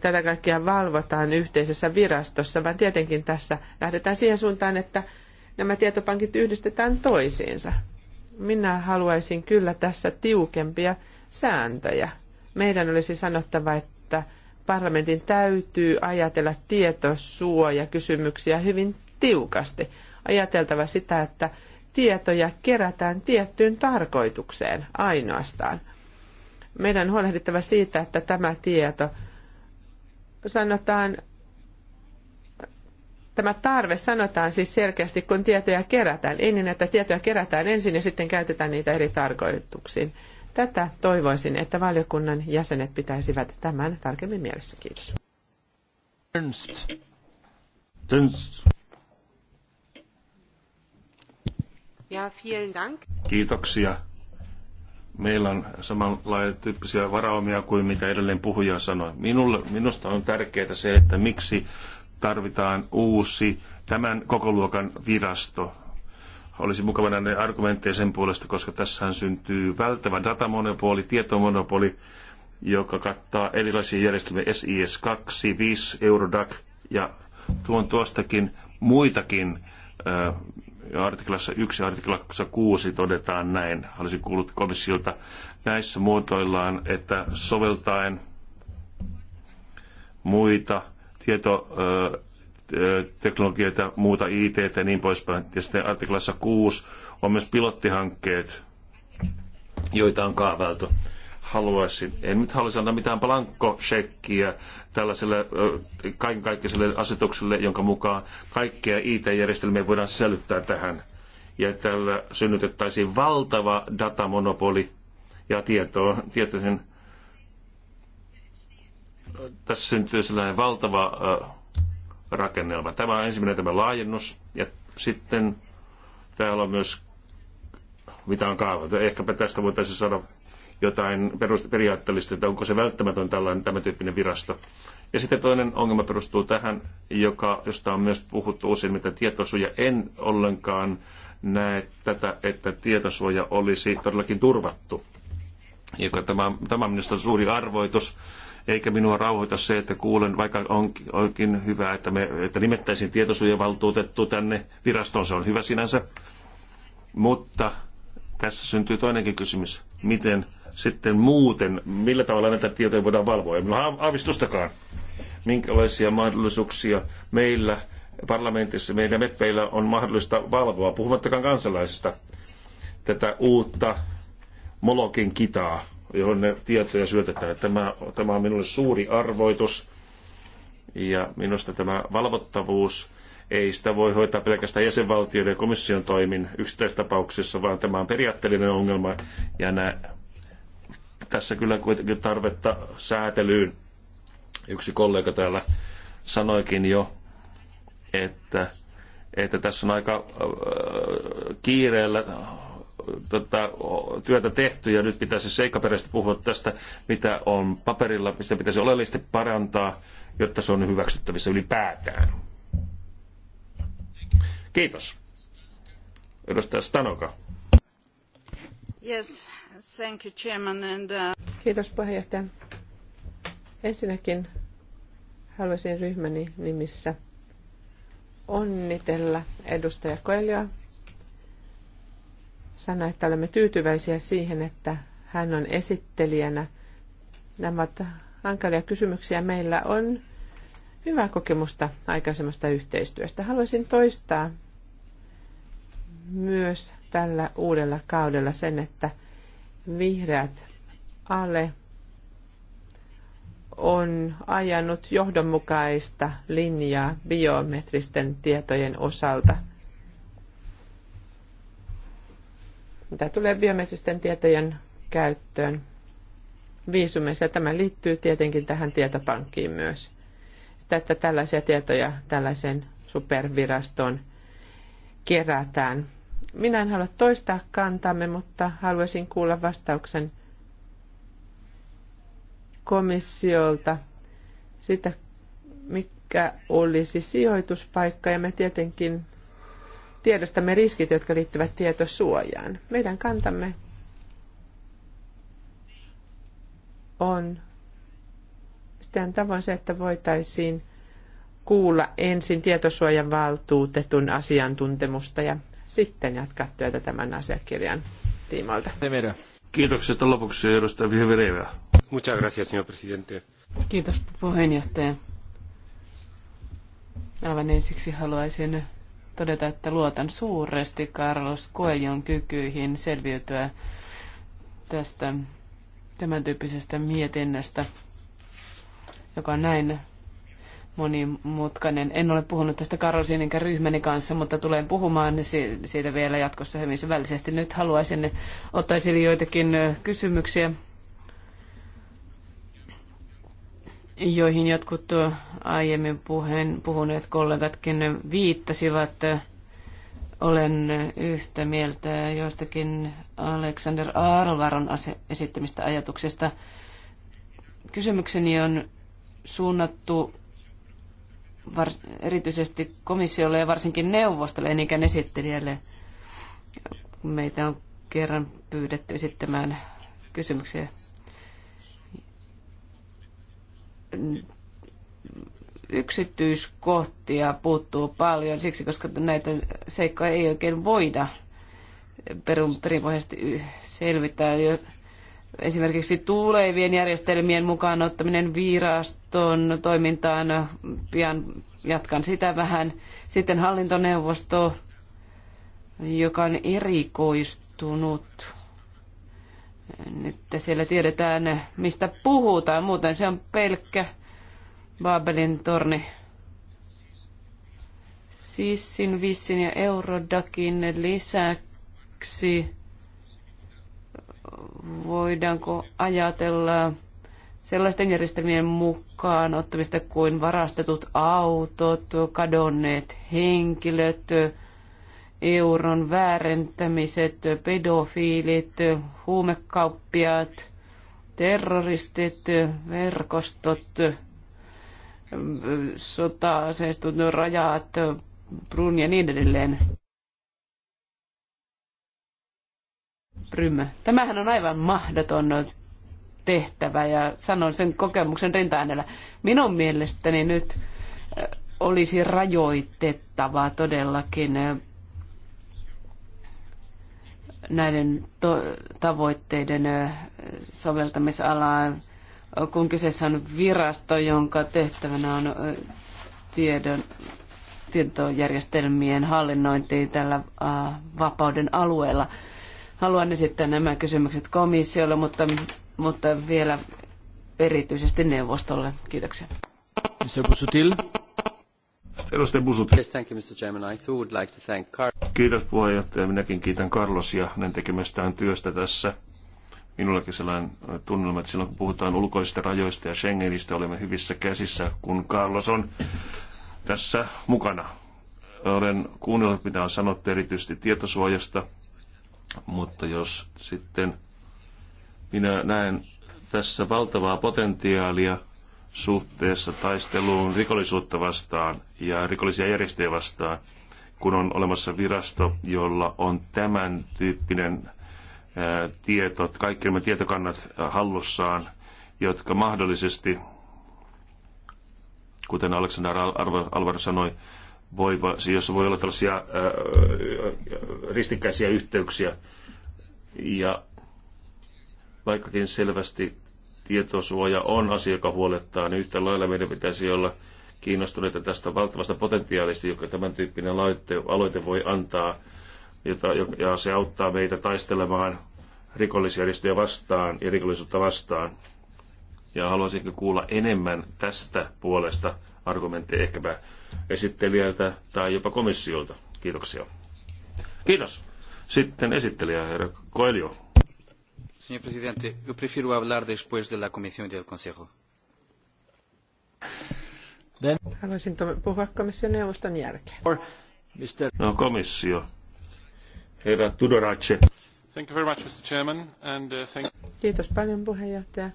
tätä kaikkea valvotaan yhteisessä virastossa, vaan tietenkin tässä lähdetään siihen suuntaan, että nämä tietopankit yhdistetään toisiinsa. Minä haluaisin kyllä tässä tiukempia sääntöjä. Meidän olisi sanottava, että parlamentin täytyy ajatella tietosuojakysymyksiä hyvin tiukasti. Ajateltava sitä, että tietoja kerätään tiettyyn tarkoitukseen ainoastaan. Meidän on huolehdittava siitä, että tämä tieto sanotaan, tämä tarve sanotaan siis selkeästi, kun tietoja kerätään. Ennen niin, että tietoja kerätään ensin ja sitten käytetään niitä eri tarkoituksiin. Tätä toivoisin, että valiokunnan jäsenet pitäisivät tämän tarkemmin mielessä. Kiitos. Ernst. Ernst. Ja, vielen Dank. Kiitoksia meillä on tyyppisiä varaumia kuin mitä edelleen puhuja sanoi. Minulle, minusta on tärkeää se, että miksi tarvitaan uusi tämän kokoluokan virasto. Olisi mukava nähdä argumentteja sen puolesta, koska tässä syntyy välttävä datamonopoli, tietomonopoli, joka kattaa erilaisia järjestelmiä SIS2, 5, Eurodac ja tuon tuostakin muitakin artiklassa 1 ja artiklassa 6 todetaan näin, haluaisin kuulla komissiolta, näissä muotoillaan, että soveltaen muita tieto, muuta IT ja niin poispäin. Ja sitten artiklassa 6 on myös pilottihankkeet, joita on kaavailtu haluaisin, en nyt haluaisi antaa mitään blankkosekkiä tällaiselle kaikenkaikkiselle asetukselle, jonka mukaan kaikkia IT-järjestelmiä voidaan sisällyttää tähän. Ja tällä synnytettäisiin valtava datamonopoli ja tietoa, tietoisen tässä syntyy sellainen valtava rakennelma. Tämä on ensimmäinen tämä laajennus ja sitten täällä on myös mitä on kaavailtu. Ehkäpä tästä voitaisiin saada jotain periaatteellista, että onko se välttämätön tällainen tämä tyyppinen virasto. Ja sitten toinen ongelma perustuu tähän, joka, josta on myös puhuttu usein, mitä tietosuoja en ollenkaan näe tätä, että tietosuoja olisi todellakin turvattu. Joka tämä, tämä on minusta suuri arvoitus, eikä minua rauhoita se, että kuulen, vaikka onkin, onkin hyvä, että, me, että nimettäisiin tietosuojavaltuutettu tänne virastoon, se on hyvä sinänsä. Mutta tässä syntyy toinenkin kysymys, miten sitten muuten, millä tavalla näitä tietoja voidaan valvoa? Ei minulla aavistustakaan, minkälaisia mahdollisuuksia meillä parlamentissa, meidän meppeillä on mahdollista valvoa, puhumattakaan kansalaisista, tätä uutta Molokin kitaa, johon ne tietoja syötetään. Tämä, tämä on minulle suuri arvoitus ja minusta tämä valvottavuus – ei sitä voi hoitaa pelkästään jäsenvaltioiden ja komission toimin yksittäistapauksissa, vaan tämä on periaatteellinen ongelma ja nämä tässä kyllä kuitenkin tarvetta säätelyyn. Yksi kollega täällä sanoikin jo, että, että tässä on aika äh, kiireellä tota, työtä tehty ja nyt pitäisi seikkaperäisesti puhua tästä, mitä on paperilla, mistä pitäisi oleellisesti parantaa, jotta se on hyväksyttävissä ylipäätään. Kiitos. Edustaja Stanoka. Yes, Thank you, Chairman, and, uh... Kiitos puheenjohtaja. Ensinnäkin haluaisin ryhmäni nimissä onnitella edustaja Koelioa. Sanoa, että olemme tyytyväisiä siihen, että hän on esittelijänä. Nämä ovat hankalia kysymyksiä. Meillä on hyvää kokemusta aikaisemmasta yhteistyöstä. Haluaisin toistaa myös tällä uudella kaudella sen, että – vihreät alle on ajanut johdonmukaista linjaa biometristen tietojen osalta. Mitä tulee biometristen tietojen käyttöön viisumissa, tämä liittyy tietenkin tähän tietopankkiin myös. Sitä, että tällaisia tietoja tällaisen superviraston kerätään minä en halua toistaa kantamme, mutta haluaisin kuulla vastauksen komissiolta sitä, mikä olisi sijoituspaikka. Ja me tietenkin tiedostamme riskit, jotka liittyvät tietosuojaan. Meidän kantamme on tämän tavoin se, että voitaisiin kuulla ensin valtuutetun asiantuntemusta ja sitten jatkaa työtä tämän asiakirjan tiimoilta. Kiitokset lopuksi edustaja Vihvirevä. Muchas gracias, señor presidente. Kiitos puheenjohtaja. Aivan ensiksi haluaisin todeta, että luotan suuresti Carlos Coelion kykyihin selviytyä tästä tämän tyyppisestä mietinnöstä, joka on näin monimutkainen. En ole puhunut tästä Karolsin ryhmäni kanssa, mutta tulen puhumaan siitä vielä jatkossa hyvin syvällisesti. Nyt haluaisin ottaa esille joitakin kysymyksiä, joihin jotkut aiemmin puheen, puhuneet kollegatkin viittasivat. Olen yhtä mieltä joistakin Alexander Arvaron esittämistä ajatuksesta. Kysymykseni on suunnattu vars, erityisesti komissiolle ja varsinkin neuvostolle, ei niinkään esittelijälle. Meitä on kerran pyydetty esittämään kysymyksiä. Yksityiskohtia puuttuu paljon siksi, koska näitä seikkoja ei oikein voida perinpohjaisesti selvittää esimerkiksi tuulevien järjestelmien mukaan ottaminen viraston toimintaan, pian jatkan sitä vähän. Sitten hallintoneuvosto, joka on erikoistunut. Nyt siellä tiedetään, mistä puhutaan. Muuten se on pelkkä Babelin torni. Sissin, Vissin ja Eurodakin lisäksi voidaanko ajatella sellaisten järjestelmien mukaan ottamista kuin varastetut autot, kadonneet henkilöt, euron väärentämiset, pedofiilit, huumekauppiaat, terroristit, verkostot, sota-aseistut, rajat, Brun ja niin edelleen. ryhmä. Tämähän on aivan mahdoton tehtävä ja sanon sen kokemuksen rintaäänellä. Minun mielestäni nyt äh, olisi rajoitettava todellakin äh, näiden tavoitteiden äh, soveltamisalaa, kun kyseessä on virasto, jonka tehtävänä on tiedon, tietojärjestelmien hallinnointi tällä vapauden alueella. Haluan esittää nämä kysymykset komissiolle, mutta, mutta vielä erityisesti neuvostolle. Kiitoksia. Mr. Edustaja Busutil. Yes, thank you, Mr. Chairman. I would like to thank Car- Kiitos puheenjohtaja. Minäkin kiitän Carlosia hänen tekemästään työstä tässä. Minullakin sellainen tunnelma, että silloin kun puhutaan ulkoisista rajoista ja Schengenistä, olemme hyvissä käsissä, kun Carlos on tässä mukana. Olen kuunnellut, mitä on sanottu erityisesti tietosuojasta, mutta jos sitten minä näen tässä valtavaa potentiaalia suhteessa taisteluun rikollisuutta vastaan ja rikollisia järjestöjä vastaan, kun on olemassa virasto, jolla on tämän tyyppinen ää, tieto, kaikki nämä tietokannat hallussaan, jotka mahdollisesti, kuten Aleksandar Alvar sanoi, voi, jossa voi olla tällaisia ää, äh, ristikkäisiä yhteyksiä. Ja vaikkakin selvästi tietosuoja on asia, joka huolettaa, niin yhtä lailla meidän pitäisi olla kiinnostuneita tästä valtavasta potentiaalista, joka tämän tyyppinen laite, aloite voi antaa, jota, ja se auttaa meitä taistelemaan rikollisjärjestöjä vastaan ja rikollisuutta vastaan. Ja haluaisinkin kuulla enemmän tästä puolesta argumentteja ehkäpä esittelijältä tai jopa komissiolta. Kiitoksia. Kiitos. Sitten esittelijä, herra Coelho. Señor presidente, yo prefiero hablar después de la comisión y del consejo. Then. Haluaisin puhua komission neuvoston jälkeen. Or, Mr. No, komissio. Herra Tudorace. Thank you very much, Mr. Chairman, and, uh, thank... Kiitos paljon puheenjohtaja.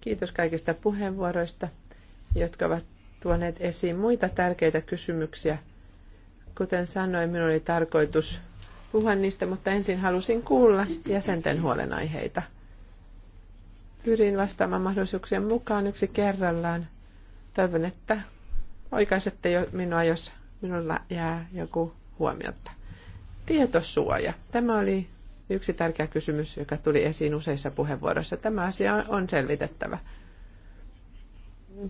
Kiitos kaikista puheenvuoroista, jotka ovat tuoneet esiin muita tärkeitä kysymyksiä. Kuten sanoin, minulla oli tarkoitus puhua niistä, mutta ensin halusin kuulla jäsenten huolenaiheita. Pyrin vastaamaan mahdollisuuksien mukaan yksi kerrallaan. Toivon, että oikaisette jo minua, jos minulla jää joku huomiota. Tietosuoja. Tämä oli yksi tärkeä kysymys, joka tuli esiin useissa puheenvuoroissa. Tämä asia on selvitettävä.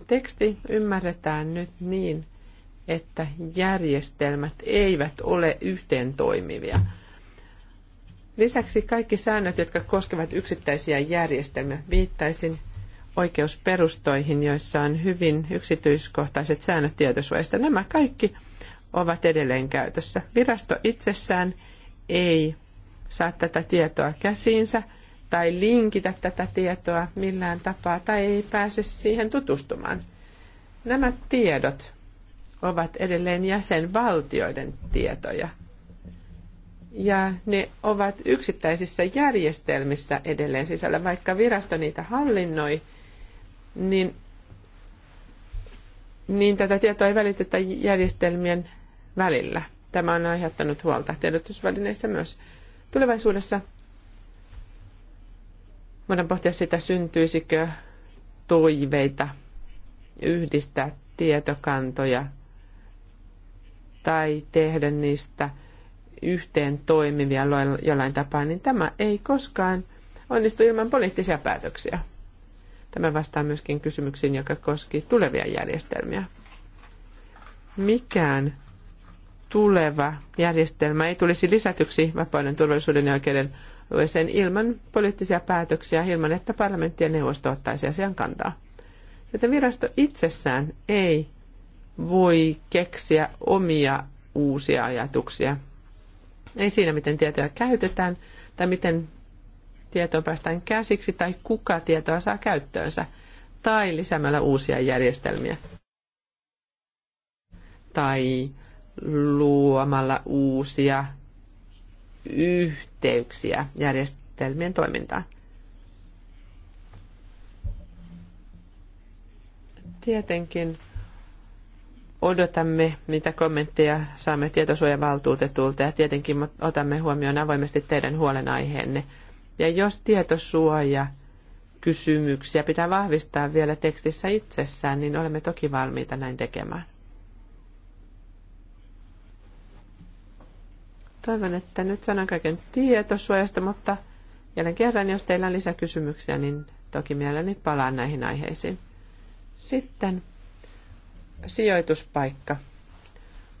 Teksti ymmärretään nyt niin, että järjestelmät eivät ole yhteen toimivia. Lisäksi kaikki säännöt, jotka koskevat yksittäisiä järjestelmiä, viittaisin oikeusperustoihin, joissa on hyvin yksityiskohtaiset säännöt tietosuojasta. Nämä kaikki ovat edelleen käytössä. Virasto itsessään ei saa tätä tietoa käsiinsä – tai linkitä tätä tietoa millään tapaa tai ei pääse siihen tutustumaan. Nämä tiedot ovat edelleen jäsenvaltioiden tietoja. Ja ne ovat yksittäisissä järjestelmissä edelleen sisällä, vaikka virasto niitä hallinnoi, niin, niin tätä tietoa ei välitetä järjestelmien välillä. Tämä on aiheuttanut huolta tiedotusvälineissä myös. Tulevaisuudessa Voidaan pohtia sitä, syntyisikö toiveita yhdistää tietokantoja tai tehdä niistä yhteen toimivia jollain tapaa, niin tämä ei koskaan onnistu ilman poliittisia päätöksiä. Tämä vastaa myöskin kysymyksiin, joka koski tulevia järjestelmiä. Mikään tuleva järjestelmä ei tulisi lisätyksi vapauden, turvallisuuden ja oikeuden sen ilman poliittisia päätöksiä, ilman että parlamentti ja neuvosto ottaisi asian kantaa. Joten virasto itsessään ei voi keksiä omia uusia ajatuksia. Ei siinä, miten tietoja käytetään tai miten tietoa päästään käsiksi tai kuka tietoa saa käyttöönsä tai lisäämällä uusia järjestelmiä tai luomalla uusia yhteyksiä järjestelmien toimintaan. Tietenkin odotamme, mitä kommentteja saamme tietosuojavaltuutetulta ja tietenkin otamme huomioon avoimesti teidän huolenaiheenne. Ja jos tietosuoja kysymyksiä pitää vahvistaa vielä tekstissä itsessään, niin olemme toki valmiita näin tekemään. Toivon, että nyt sanon kaiken tietosuojasta, mutta jälleen kerran, jos teillä on lisäkysymyksiä, niin toki mielelläni palaan näihin aiheisiin. Sitten sijoituspaikka.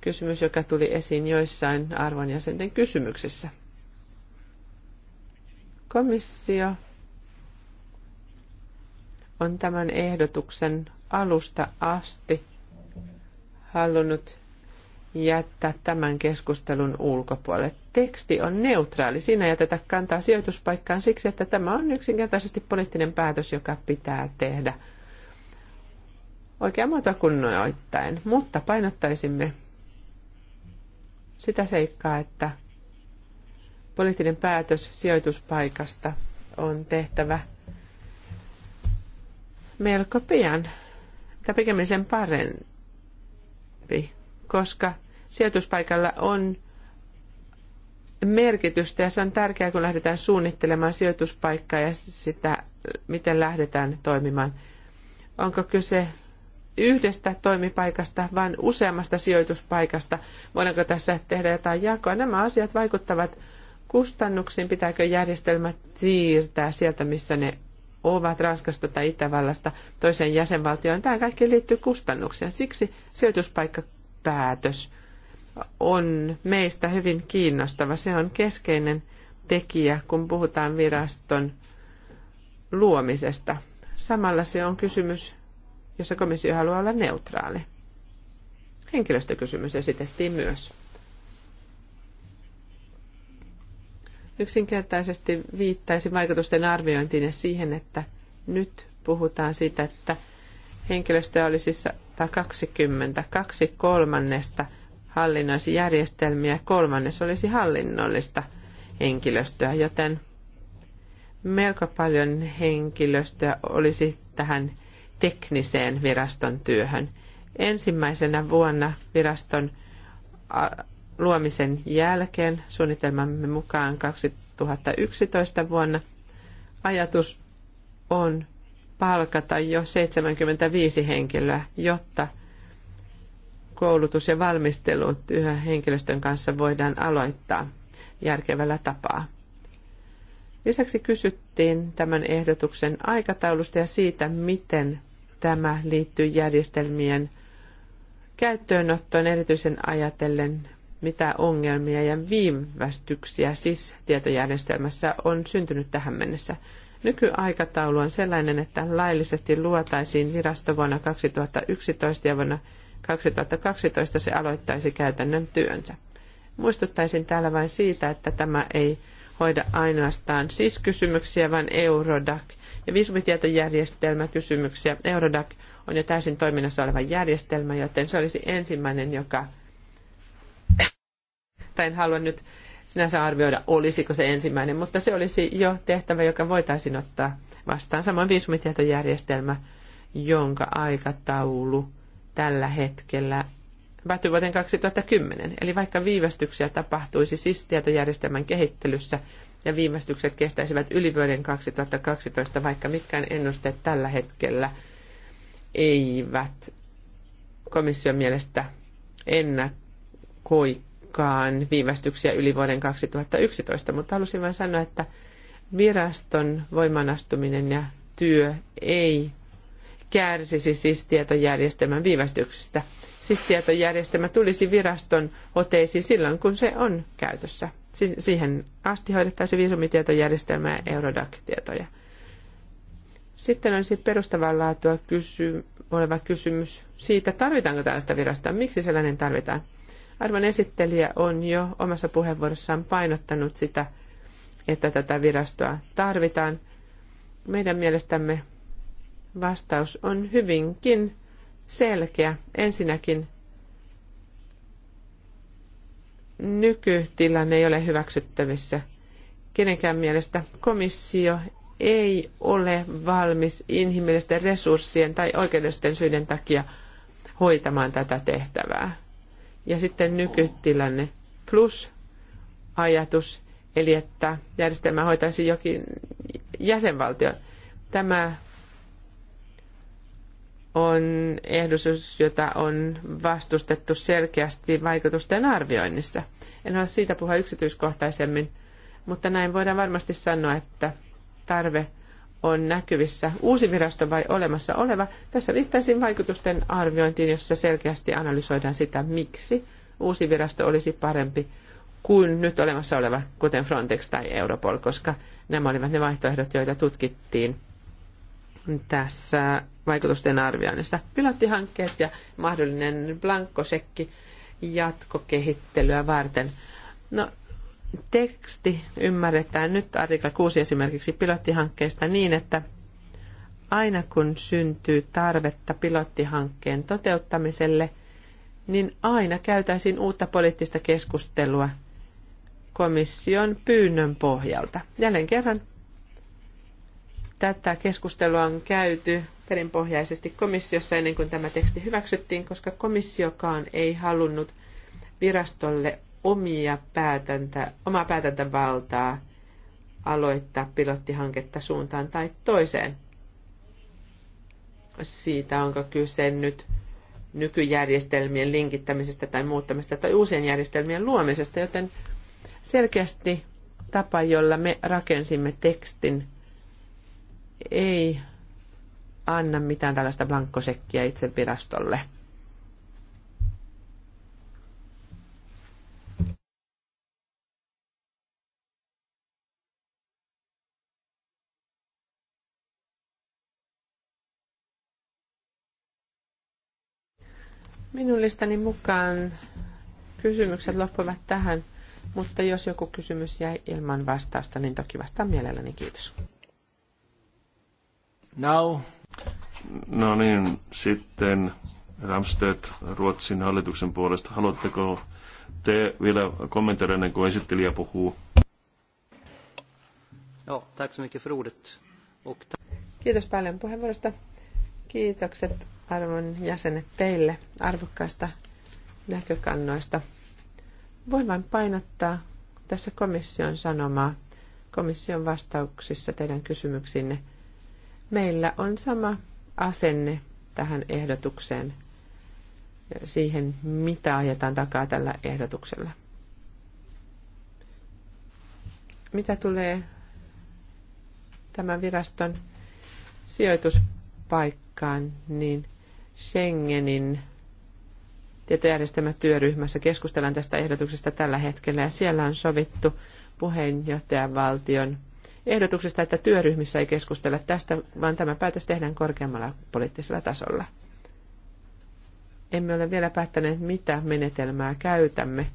Kysymys, joka tuli esiin joissain arvonjäsenten kysymyksissä. Komissio on tämän ehdotuksen alusta asti halunnut jättää tämän keskustelun ulkopuolelle. Teksti on neutraali. Siinä ei jätetä kantaa sijoituspaikkaan siksi, että tämä on yksinkertaisesti poliittinen päätös, joka pitää tehdä oikea muuta kunnoittain. Mutta painottaisimme sitä seikkaa, että poliittinen päätös sijoituspaikasta on tehtävä melko pian, tai pikemmin sen parempi koska sijoituspaikalla on merkitystä ja se on tärkeää, kun lähdetään suunnittelemaan sijoituspaikkaa ja sitä, miten lähdetään toimimaan. Onko kyse yhdestä toimipaikasta, vaan useammasta sijoituspaikasta? Voidaanko tässä tehdä jotain jakoa? Nämä asiat vaikuttavat kustannuksiin. Pitääkö järjestelmät siirtää sieltä, missä ne ovat Ranskasta tai Itävallasta toiseen jäsenvaltioon. Tämä kaikki liittyy kustannuksiin. Siksi sijoituspaikka päätös on meistä hyvin kiinnostava. Se on keskeinen tekijä, kun puhutaan viraston luomisesta. Samalla se on kysymys, jossa komissio haluaa olla neutraali. Henkilöstökysymys esitettiin myös. Yksinkertaisesti viittaisi vaikutusten arviointiin ja siihen, että nyt puhutaan siitä, että henkilöstöä olisi 120, kaksi kolmannesta hallinnoisi järjestelmiä, kolmannes olisi hallinnollista henkilöstöä, joten melko paljon henkilöstöä olisi tähän tekniseen viraston työhön. Ensimmäisenä vuonna viraston luomisen jälkeen, suunnitelmamme mukaan 2011 vuonna, ajatus on palkata jo 75 henkilöä, jotta koulutus ja valmistelut yhä henkilöstön kanssa voidaan aloittaa järkevällä tapaa. Lisäksi kysyttiin tämän ehdotuksen aikataulusta ja siitä, miten tämä liittyy järjestelmien käyttöönottoon erityisen ajatellen, mitä ongelmia ja viivästyksiä siis tietojärjestelmässä on syntynyt tähän mennessä. Nykyaikataulu on sellainen, että laillisesti luotaisiin virasto vuonna 2011 ja vuonna 2012 se aloittaisi käytännön työnsä. Muistuttaisin täällä vain siitä, että tämä ei hoida ainoastaan SIS-kysymyksiä, vaan Eurodac ja viisumitietojärjestelmäkysymyksiä. Eurodac on jo täysin toiminnassa oleva järjestelmä, joten se olisi ensimmäinen, joka... tai en halua nyt sinänsä arvioida, olisiko se ensimmäinen, mutta se olisi jo tehtävä, joka voitaisiin ottaa vastaan. Samoin viisumitietojärjestelmä, jonka aikataulu tällä hetkellä päättyy vuoteen 2010. Eli vaikka viivästyksiä tapahtuisi siis tietojärjestelmän kehittelyssä ja viivästykset kestäisivät yli vuoden 2012, vaikka mitkään ennusteet tällä hetkellä eivät komission mielestä ennakoi aikaan viivästyksiä yli vuoden 2011, mutta halusin vain sanoa, että viraston voimanastuminen ja työ ei kärsisi siis tietojärjestelmän viivästyksestä. Siis tietojärjestelmä tulisi viraston oteisiin silloin, kun se on käytössä. Si- siihen asti hoidettaisiin viisumitietojärjestelmää ja Eurodac-tietoja. Sitten olisi perustavanlaatua kysy- oleva kysymys siitä, tarvitaanko tällaista virastoa, miksi sellainen tarvitaan. Arvon esittelijä on jo omassa puheenvuorossaan painottanut sitä, että tätä virastoa tarvitaan. Meidän mielestämme vastaus on hyvinkin selkeä. Ensinnäkin nykytilanne ei ole hyväksyttävissä. Kenenkään mielestä komissio ei ole valmis inhimillisten resurssien tai oikeudellisten syiden takia hoitamaan tätä tehtävää ja sitten nykytilanne plus ajatus, eli että järjestelmä hoitaisi jokin jäsenvaltio. Tämä on ehdotus, jota on vastustettu selkeästi vaikutusten arvioinnissa. En ole siitä puhua yksityiskohtaisemmin, mutta näin voidaan varmasti sanoa, että tarve – on näkyvissä uusi virasto vai olemassa oleva. Tässä viittaisin vaikutusten arviointiin, jossa selkeästi analysoidaan sitä, miksi uusi virasto olisi parempi kuin nyt olemassa oleva, kuten Frontex tai Europol, koska nämä olivat ne vaihtoehdot, joita tutkittiin tässä vaikutusten arvioinnissa. Pilottihankkeet ja mahdollinen blankkosekki jatkokehittelyä varten. No, teksti ymmärretään nyt artikla 6 esimerkiksi pilottihankkeesta niin, että aina kun syntyy tarvetta pilottihankkeen toteuttamiselle, niin aina käytäisiin uutta poliittista keskustelua komission pyynnön pohjalta. Jälleen kerran tätä keskustelua on käyty perinpohjaisesti komissiossa ennen kuin tämä teksti hyväksyttiin, koska komissiokaan ei halunnut virastolle omia päätäntä, omaa päätäntävaltaa aloittaa pilottihanketta suuntaan tai toiseen. Siitä onko kyse nyt nykyjärjestelmien linkittämisestä tai muuttamisesta tai uusien järjestelmien luomisesta, joten selkeästi tapa, jolla me rakensimme tekstin, ei anna mitään tällaista blankkosekkiä itse virastolle. Minun listani mukaan kysymykset loppuvat tähän, mutta jos joku kysymys jäi ilman vastausta, niin toki vastaan mielelläni. Kiitos. Now. No niin, sitten Ramstedt Ruotsin hallituksen puolesta. Haluatteko te vielä kommentoida ennen kuin esittelijä puhuu? Ja, no, tack så mycket för ordet. Kiitos paljon puheenvuorosta. Kiitokset arvon jäsenet teille arvokkaista näkökannoista. Voin vain painottaa tässä komission sanomaa, komission vastauksissa teidän kysymyksinne. Meillä on sama asenne tähän ehdotukseen, siihen mitä ajetaan takaa tällä ehdotuksella. Mitä tulee tämän viraston sijoituspaikkaan, niin – Schengenin tietojärjestelmätyöryhmässä keskustellaan tästä ehdotuksesta tällä hetkellä ja siellä on sovittu puheenjohtajan valtion ehdotuksesta, että työryhmissä ei keskustella tästä, vaan tämä päätös tehdään korkeammalla poliittisella tasolla. Emme ole vielä päättäneet, mitä menetelmää käytämme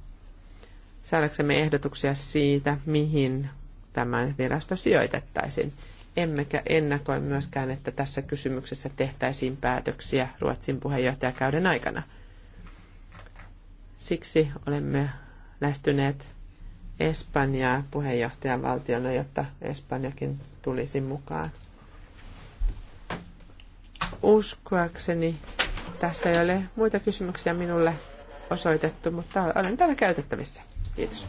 saadaksemme ehdotuksia siitä, mihin tämän virasto sijoitettaisiin emmekä ennakoi myöskään, että tässä kysymyksessä tehtäisiin päätöksiä Ruotsin puheenjohtajakauden aikana. Siksi olemme lähestyneet Espanjaa valtiona, jotta Espanjakin tulisi mukaan. Uskoakseni tässä ei ole muita kysymyksiä minulle osoitettu, mutta olen täällä käytettävissä. Kiitos.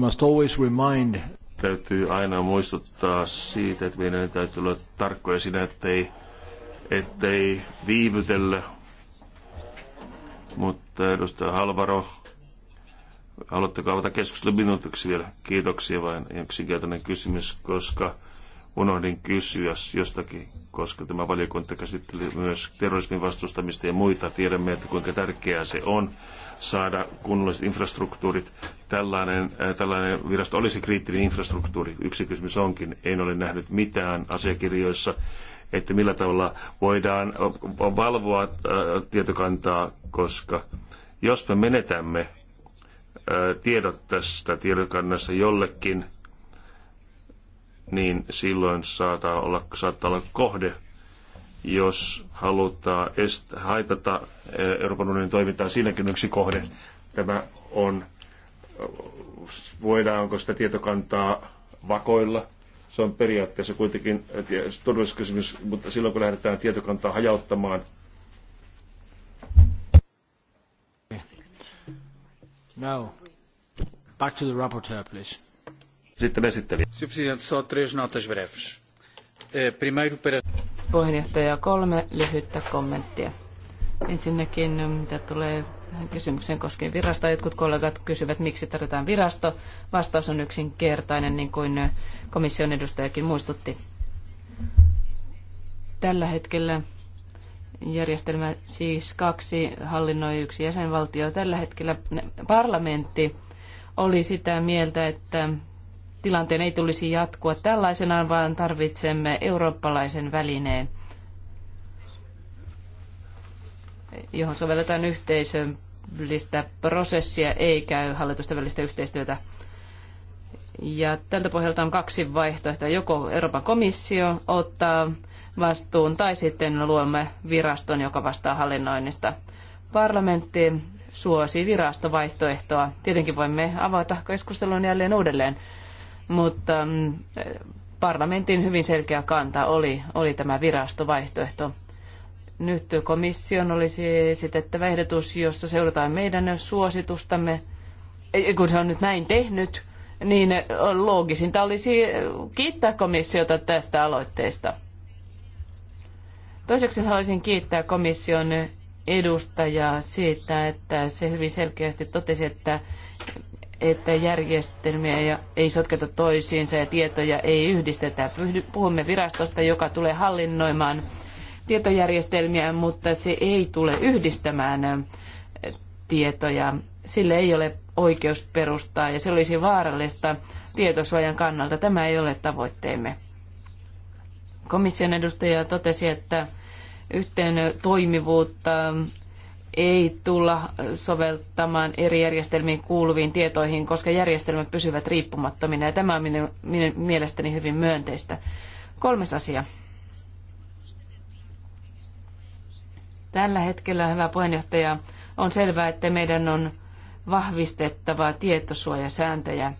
Must always remind täytyy aina muistuttaa siitä, että meidän täytyy olla tarkkoja siinä, ettei, ettei viivytellä. Mutta edustaja Halvaro, haluatteko avata keskustelun minuutiksi vielä? Kiitoksia vain yksinkertainen kysymys, koska unohdin kysyä jostakin, koska tämä valiokunta käsitteli myös terrorismin vastustamista ja muita. Tiedämme, että kuinka tärkeää se on saada kunnolliset infrastruktuurit. Tällainen, äh, tällainen virasto olisi kriittinen infrastruktuuri. Yksi kysymys onkin, en ole nähnyt mitään asiakirjoissa, että millä tavalla voidaan äh, valvoa äh, tietokantaa, koska jos me menetämme äh, tiedot tästä tietokannassa jollekin, niin silloin saattaa olla, saattaa olla kohde, jos halutaan est- haitata eh, Euroopan unionin toimintaa. Siinäkin yksi kohde. Tämä on, voidaanko sitä tietokantaa vakoilla. Se on periaatteessa kuitenkin eh, turvallisuuskysymys, mutta silloin kun lähdetään tietokantaa hajauttamaan, Now, back to the rapporteur, please. Sitten esittelijä. Eh, Puheenjohtaja, kolme lyhyttä kommenttia. Ensinnäkin, mitä tulee tähän kysymykseen koskien virastoa, jotkut kollegat kysyvät, miksi tarvitaan virasto. Vastaus on yksinkertainen, niin kuin komission edustajakin muistutti. Tällä hetkellä järjestelmä siis kaksi hallinnoi yksi jäsenvaltio. Tällä hetkellä parlamentti oli sitä mieltä, että tilanteen ei tulisi jatkua tällaisenaan, vaan tarvitsemme eurooppalaisen välineen, johon sovelletaan yhteisöllistä prosessia eikä hallitusten välistä yhteistyötä. Ja tältä pohjalta on kaksi vaihtoehtoa. Joko Euroopan komissio ottaa vastuun tai sitten luomme viraston, joka vastaa hallinnoinnista. Parlamentti suosii virastovaihtoehtoa. Tietenkin voimme avata keskustelun jälleen uudelleen mutta mm, parlamentin hyvin selkeä kanta oli, oli tämä virastovaihtoehto. Nyt komission olisi esitettävä ehdotus, jossa seurataan meidän suositustamme. Kun se on nyt näin tehnyt, niin loogisinta olisi kiittää komissiota tästä aloitteesta. Toiseksi haluaisin kiittää komission edustajaa siitä, että se hyvin selkeästi totesi, että että järjestelmiä ei sotketa toisiinsa ja tietoja ei yhdistetä. Puhumme virastosta, joka tulee hallinnoimaan tietojärjestelmiä, mutta se ei tule yhdistämään tietoja. Sille ei ole oikeus perustaa ja se olisi vaarallista tietosuojan kannalta. Tämä ei ole tavoitteemme. Komission edustaja totesi, että yhteen toimivuutta ei tulla soveltamaan eri järjestelmiin kuuluviin tietoihin, koska järjestelmät pysyvät riippumattomina ja tämä on minun, minun mielestäni hyvin myönteistä. Kolmas asia. Tällä hetkellä, hyvä puheenjohtaja, on selvää, että meidän on vahvistettava tietosuojasääntöjä.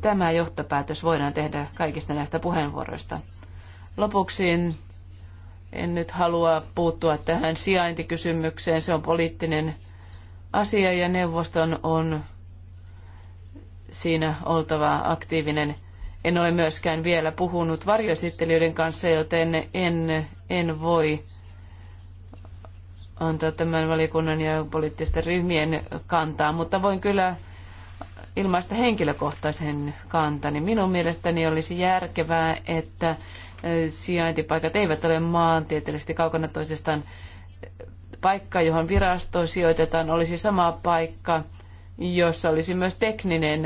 Tämä johtopäätös voidaan tehdä kaikista näistä puheenvuoroista. Lopuksi en nyt halua puuttua tähän sijaintikysymykseen. Se on poliittinen asia ja neuvoston on siinä oltava aktiivinen. En ole myöskään vielä puhunut varjoesittelijöiden kanssa, joten en, en voi antaa tämän valikunnan ja poliittisten ryhmien kantaa, mutta voin kyllä ilmaista henkilökohtaisen kantani. Minun mielestäni olisi järkevää, että sijaintipaikat eivät ole maantieteellisesti kaukana toisestaan. Paikka, johon virasto sijoitetaan, olisi sama paikka, jossa olisi myös tekninen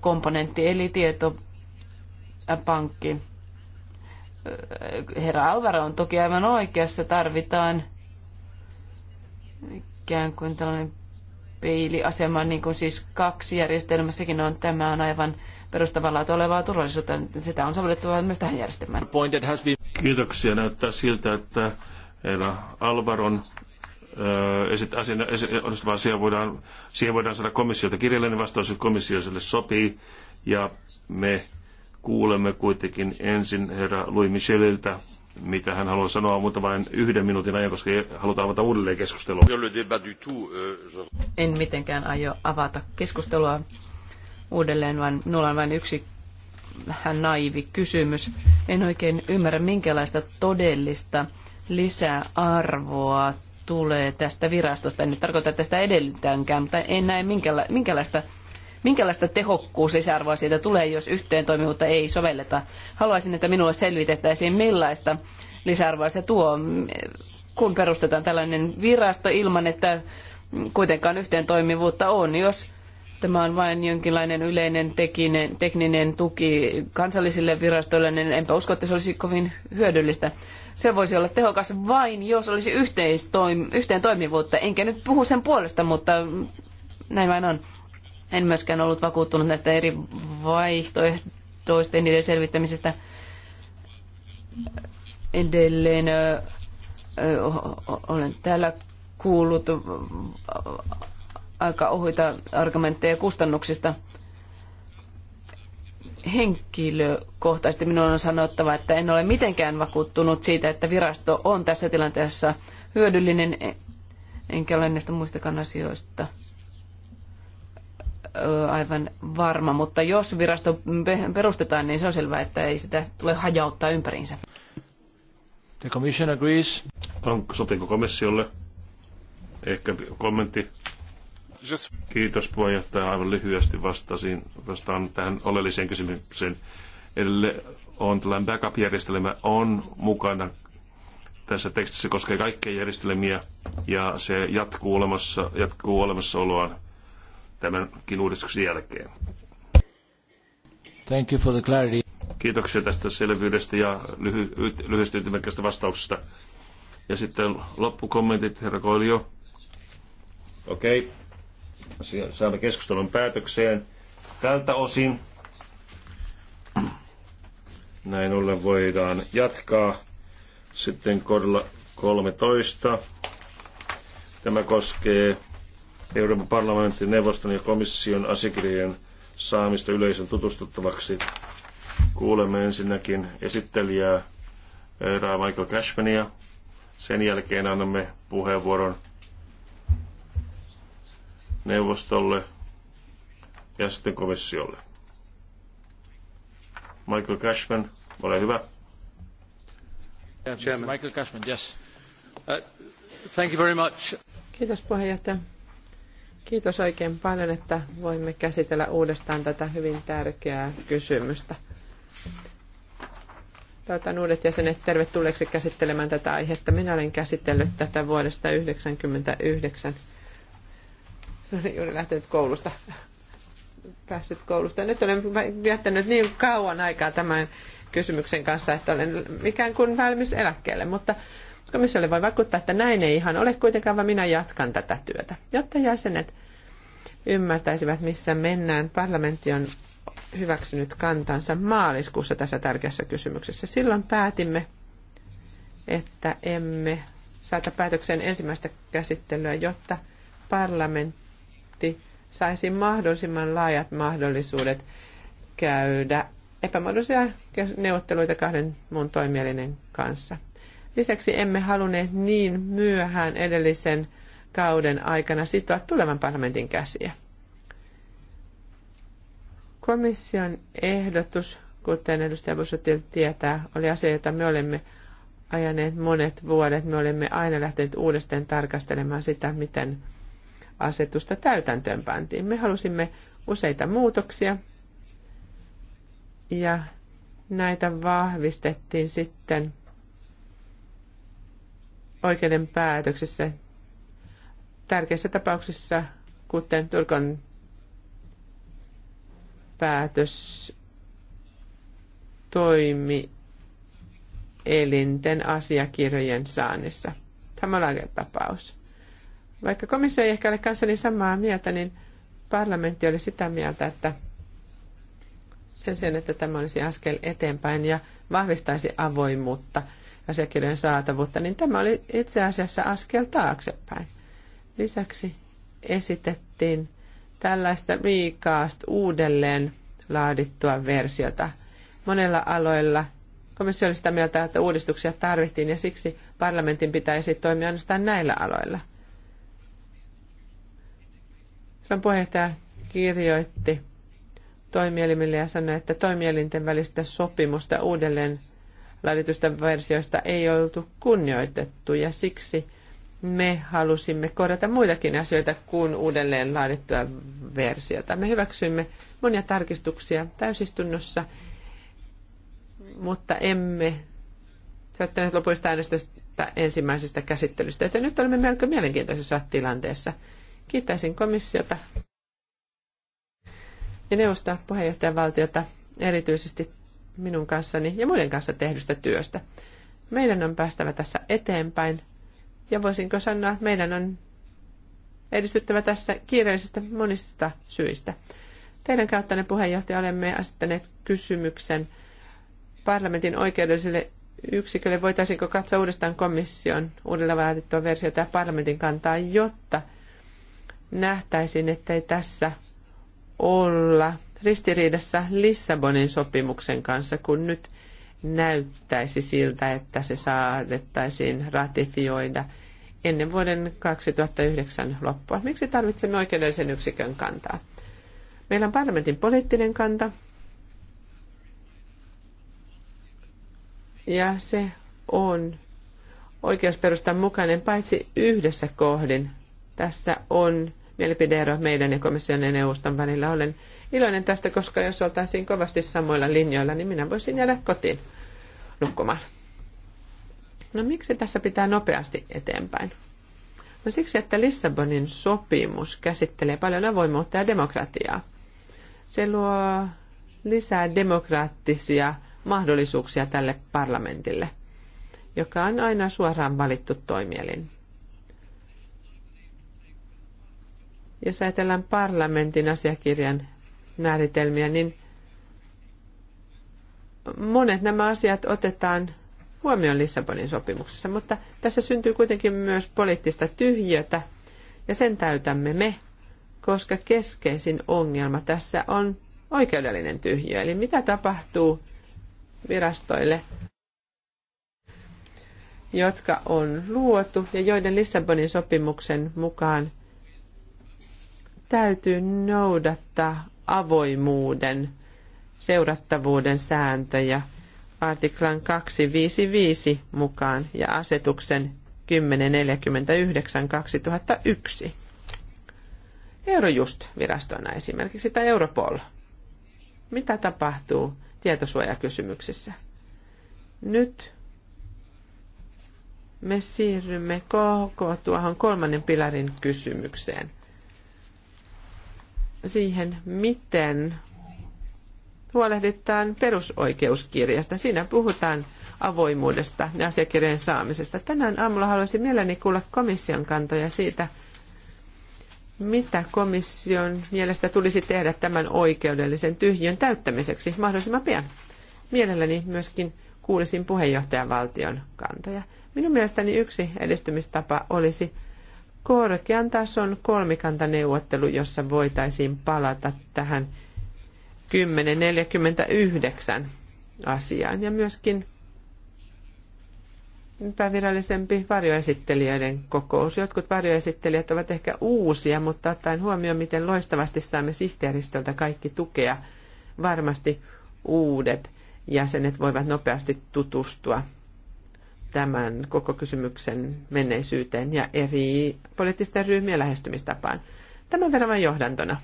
komponentti, eli tietopankki. Herra Alvaro on toki aivan oikeassa, tarvitaan ikään kuin tällainen peiliasema, niin kuin siis kaksi järjestelmässäkin on. Tämä on aivan perustavanlaatu olevaa turvallisuutta. Sitä on sovellettava myös tähän järjestelmään. Kiitoksia. Näyttää siltä, että Eila Alvaron äh, esit, asian, asian voidaan, siihen voidaan saada komissiota kirjallinen vastaus, jos komissio sille sopii. Ja me kuulemme kuitenkin ensin herra Louis Micheliltä, mitä hän haluaa sanoa, mutta vain yhden minuutin ajan, koska halutaan avata uudelleen keskustelua. Euh, en mitenkään aio avata keskustelua uudelleen, vaan minulla on vain yksi vähän naivi kysymys. En oikein ymmärrä, minkälaista todellista lisäarvoa tulee tästä virastosta. En nyt tarkoita, että sitä edellytäänkään, mutta en näe minkäla- minkälaista, minkälaista tehokkuuslisäarvoa siitä tulee, jos yhteen toimivuutta ei sovelleta. Haluaisin, että minulle selvitettäisiin, millaista lisäarvoa se tuo, kun perustetaan tällainen virasto ilman, että kuitenkaan yhteen toimivuutta on. Jos Tämä on vain jonkinlainen yleinen tekinen, tekninen tuki kansallisille virastoille, niin enpä usko, että se olisi kovin hyödyllistä. Se voisi olla tehokas vain, jos olisi yhteistoim- yhteen toimivuutta. Enkä nyt puhu sen puolesta, mutta näin vain on. En myöskään ollut vakuuttunut näistä eri vaihtoehdoista ja niiden selvittämisestä edelleen olen täällä kuullut aika ohuita argumentteja kustannuksista. Henkilökohtaisesti minun on sanottava, että en ole mitenkään vakuuttunut siitä, että virasto on tässä tilanteessa hyödyllinen, enkä ole näistä muistakaan asioista aivan varma, mutta jos virasto perustetaan, niin se on selvää, että ei sitä tule hajauttaa ympäriinsä. The commission agrees. On, sopiiko komissiolle? Ehkä kommentti Kiitos puheenjohtaja. Aivan lyhyesti vastasin, vastaan tähän oleelliseen kysymykseen. Eli on tällainen backup-järjestelmä on mukana tässä tekstissä, koskee kaikkia järjestelmiä ja se jatkuu, olemassa, jatkuu olemassaoloaan tämänkin uudistuksen jälkeen. Thank you for the clarity. Kiitoksia tästä selvyydestä ja lyhy- lyhyesti ytimekkäästä vastauksesta. Ja sitten loppukommentit, herra Koilio. Okei. Okay. Saamme keskustelun päätökseen tältä osin. Näin ollen voidaan jatkaa sitten kohdalla 13. Tämä koskee Euroopan parlamentin, neuvoston ja komission asiakirjojen saamista yleisön tutustuttavaksi. Kuulemme ensinnäkin esittelijää eh, Raa Michael Cashmania. Sen jälkeen annamme puheenvuoron neuvostolle ja sitten komissiolle. Michael Cashman, ole hyvä. Michael Cashman, yes. Uh, thank you very much. Kiitos puheenjohtaja. Kiitos oikein paljon, että voimme käsitellä uudestaan tätä hyvin tärkeää kysymystä. Toivotan uudet jäsenet tervetulleeksi käsittelemään tätä aihetta. Minä olen käsitellyt tätä vuodesta 1999 olen juuri lähtenyt koulusta, päässyt koulusta. Nyt olen viettänyt niin kauan aikaa tämän kysymyksen kanssa, että olen ikään kuin valmis eläkkeelle, mutta komissiolle voi vaikuttaa, että näin ei ihan ole kuitenkaan, vaan minä jatkan tätä työtä, jotta jäsenet ymmärtäisivät, missä mennään. Parlamentti on hyväksynyt kantansa maaliskuussa tässä tärkeässä kysymyksessä. Silloin päätimme, että emme saata päätökseen ensimmäistä käsittelyä, jotta parlamentti tietysti saisi mahdollisimman laajat mahdollisuudet käydä epämuodollisia neuvotteluita kahden muun toimielinen kanssa. Lisäksi emme halunneet niin myöhään edellisen kauden aikana sitoa tulevan parlamentin käsiä. Komission ehdotus, kuten edustaja Bussotil tietää, oli asia, jota me olemme ajaneet monet vuodet. Me olemme aina lähteneet uudestaan tarkastelemaan sitä, miten asetusta täytäntöön Me halusimme useita muutoksia ja näitä vahvistettiin sitten oikeuden päätöksessä tärkeissä tapauksissa, kuten Turkon päätös toimi elinten asiakirjojen saannissa. Samalla tapaus. Vaikka komissio ei ehkä ole kanssani samaa mieltä, niin parlamentti oli sitä mieltä, että sen sijaan, että tämä olisi askel eteenpäin ja vahvistaisi avoimuutta asiakirjojen saatavuutta, niin tämä oli itse asiassa askel taaksepäin. Lisäksi esitettiin tällaista viikaast uudelleen laadittua versiota. Monella aloilla komissio oli sitä mieltä, että uudistuksia tarvittiin ja siksi parlamentin pitäisi toimia ainoastaan näillä aloilla – Silloin puheenjohtaja kirjoitti toimielimille ja sanoi, että toimielinten välistä sopimusta uudelleen laaditusta versioista ei oltu kunnioitettu ja siksi me halusimme korjata muitakin asioita kuin uudelleen laadittua versiota. Me hyväksyimme monia tarkistuksia täysistunnossa, mutta emme saattaneet lopuista äänestystä ensimmäisestä käsittelystä. että nyt olemme melko mielenkiintoisessa tilanteessa. Kiittäisin komissiota ja neuvosta puheenjohtajan valtiota erityisesti minun kanssani ja muiden kanssa tehdystä työstä. Meidän on päästävä tässä eteenpäin ja voisinko sanoa, meidän on edistyttävä tässä kiireellisistä monista syistä. Teidän kauttanne puheenjohtaja olemme asettaneet kysymyksen parlamentin oikeudelliselle yksikölle, voitaisiinko katsoa uudestaan komission uudella vaadittua versiota ja parlamentin kantaa, jotta että ettei tässä olla ristiriidassa Lissabonin sopimuksen kanssa, kun nyt näyttäisi siltä, että se saatettaisiin ratifioida ennen vuoden 2009 loppua. Miksi tarvitsemme oikeudellisen yksikön kantaa? Meillä on parlamentin poliittinen kanta, ja se on oikeusperustan mukainen paitsi yhdessä kohdin. Tässä on mielipideero meidän ja komission ja neuvoston välillä. Olen iloinen tästä, koska jos oltaisiin kovasti samoilla linjoilla, niin minä voisin jäädä kotiin nukkumaan. No miksi tässä pitää nopeasti eteenpäin? No siksi, että Lissabonin sopimus käsittelee paljon avoimuutta ja demokratiaa. Se luo lisää demokraattisia mahdollisuuksia tälle parlamentille, joka on aina suoraan valittu toimielin. Jos ajatellaan parlamentin asiakirjan määritelmiä, niin monet nämä asiat otetaan huomioon Lissabonin sopimuksessa, mutta tässä syntyy kuitenkin myös poliittista tyhjötä ja sen täytämme me, koska keskeisin ongelma tässä on oikeudellinen tyhjö. Eli mitä tapahtuu virastoille, jotka on luotu ja joiden Lissabonin sopimuksen mukaan täytyy noudattaa avoimuuden, seurattavuuden sääntöjä artiklan 255 mukaan ja asetuksen 1049 2001. Eurojust-virastona esimerkiksi tai Europol. Mitä tapahtuu tietosuojakysymyksissä? Nyt me siirrymme koko tuohon kolmannen pilarin kysymykseen – siihen, miten huolehditaan perusoikeuskirjasta. Siinä puhutaan avoimuudesta ja asiakirjojen saamisesta. Tänään aamulla haluaisin mielelläni kuulla komission kantoja siitä, mitä komission mielestä tulisi tehdä tämän oikeudellisen tyhjön täyttämiseksi mahdollisimman pian. Mielelläni myöskin kuulisin valtion kantoja. Minun mielestäni yksi edistymistapa olisi korkean tason kolmikantaneuvottelu, jossa voitaisiin palata tähän 1049 asiaan ja myöskin epävirallisempi varjoesittelijöiden kokous. Jotkut varjoesittelijät ovat ehkä uusia, mutta ottaen huomioon, miten loistavasti saamme sihteeristöltä kaikki tukea, varmasti uudet jäsenet voivat nopeasti tutustua tämän koko kysymyksen menneisyyteen ja eri poliittisten ryhmien lähestymistapaan. Tämän verran vain johdantona.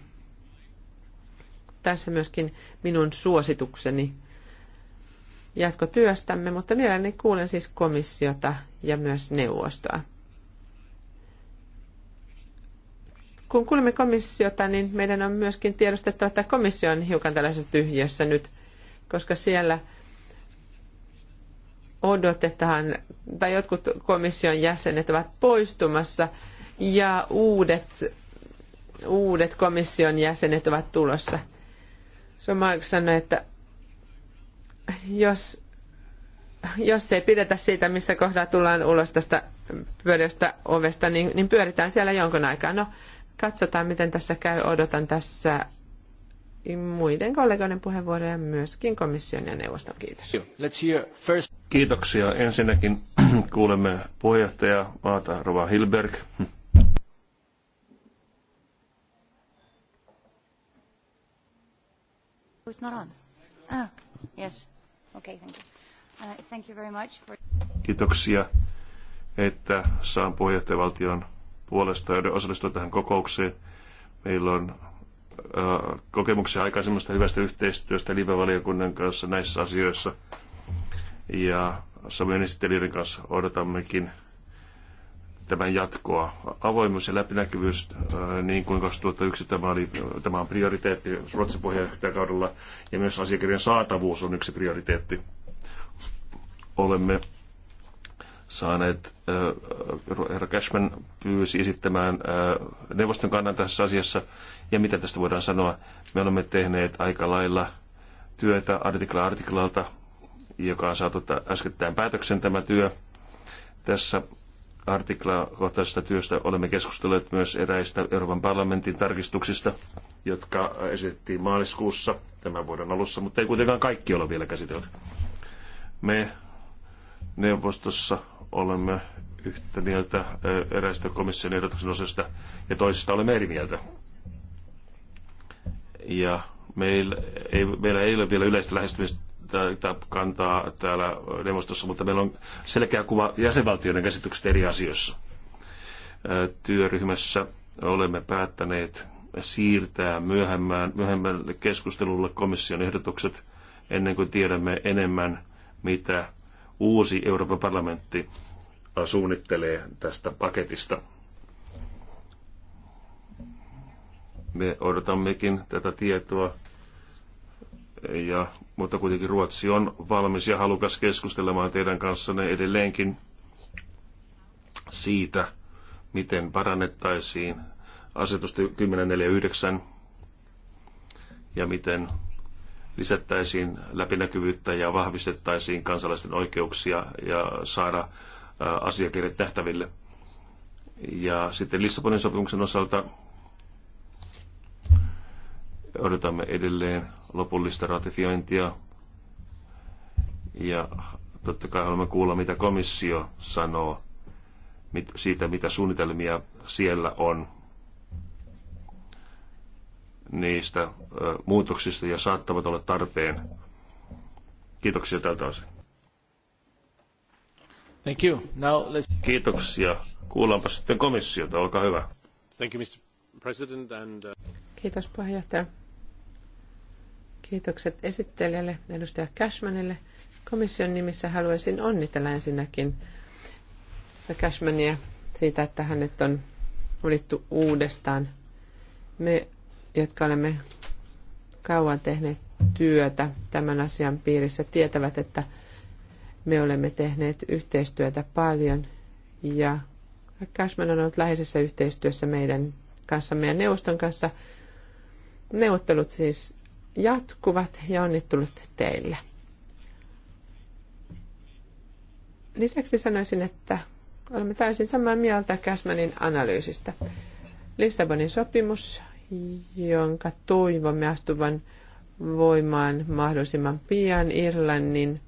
Tässä myöskin minun suositukseni jatkotyöstämme, mutta mielelläni kuulen siis komissiota ja myös neuvostoa. Kun kuulemme komissiota, niin meidän on myöskin tiedostettava, että komissio on hiukan tällaisessa tyhjössä nyt, koska siellä – odotetaan, tai jotkut komission jäsenet ovat poistumassa ja uudet, uudet komission jäsenet ovat tulossa. Somark sanoi, että jos, jos ei pidetä siitä, missä kohdalla tullaan ulos tästä pyöreästä ovesta, niin, niin pyöritään siellä jonkun aikaa. No, katsotaan, miten tässä käy. Odotan tässä muiden kollegoiden puheenvuoroja myöskin komission ja neuvoston. Kiitos. Kiitoksia. Ensinnäkin kuulemme puheenjohtaja Maata Rova Hilberg. Oh, it's not on. Ah, yes. Okay, thank you. Uh, thank you very much for... Kiitoksia, että saan puheenjohtajavaltion puolesta osallistua tähän kokoukseen. Meillä on kokemuksia aikaisemmasta hyvästä yhteistyöstä live-valiokunnan kanssa näissä asioissa. Ja samoin esittelijöiden kanssa odotammekin tämän jatkoa. Avoimuus ja läpinäkyvyys, niin kuin 2001 tämä, oli, tämä on prioriteetti Ruotsin pohjanjohtajakaudella, ja myös asiakirjan saatavuus on yksi prioriteetti. Olemme saaneet, herra Cashman pyysi esittämään neuvoston kannan tässä asiassa. Ja mitä tästä voidaan sanoa? Me olemme tehneet aika lailla työtä artikla artiklalta, joka on saatu äskettäin päätöksen tämä työ. Tässä artiklakohtaisesta työstä olemme keskustelleet myös eräistä Euroopan parlamentin tarkistuksista, jotka esitettiin maaliskuussa tämän vuoden alussa, mutta ei kuitenkaan kaikki ole vielä käsitelty. Me neuvostossa olemme yhtä mieltä eräistä komission ehdotuksen osasta ja toisista olemme eri mieltä. Ja meillä ei, meillä ei ole vielä yleistä kantaa täällä neuvostossa, mutta meillä on selkeä kuva jäsenvaltioiden käsitykset eri asioissa. Työryhmässä olemme päättäneet siirtää myöhemmän, myöhemmälle keskustelulle komission ehdotukset ennen kuin tiedämme enemmän, mitä uusi Euroopan parlamentti suunnittelee tästä paketista. Me odotammekin tätä tietoa, ja, mutta kuitenkin Ruotsi on valmis ja halukas keskustelemaan teidän kanssanne edelleenkin siitä, miten parannettaisiin asetusta 1049 ja miten lisättäisiin läpinäkyvyyttä ja vahvistettaisiin kansalaisten oikeuksia ja saada asiakirjat tähtäville. Ja sitten Lissabonin sopimuksen osalta odotamme edelleen lopullista ratifiointia ja totta kai haluamme kuulla, mitä komissio sanoo siitä, mitä suunnitelmia siellä on niistä muutoksista ja saattavat olla tarpeen. Kiitoksia tältä osin. Thank you. Now let's... Kiitoksia. Kuullaanpa sitten komissiota. Olkaa hyvä. Thank you, Mr. President, and, uh... Kiitos puheenjohtaja. Kiitokset esittelijälle, edustaja Cashmanille. Komission nimissä haluaisin onnitella ensinnäkin Cashmania siitä, että hänet on valittu uudestaan. Me jotka olemme kauan tehneet työtä tämän asian piirissä, tietävät, että me olemme tehneet yhteistyötä paljon ja Cashman on ollut läheisessä yhteistyössä meidän kanssamme ja neuvoston kanssa. Neuvottelut siis jatkuvat ja onnittelut teille. Lisäksi sanoisin, että olemme täysin samaa mieltä Cashmanin analyysistä. Lissabonin sopimus jonka toivomme astuvan voimaan mahdollisimman pian Irlannin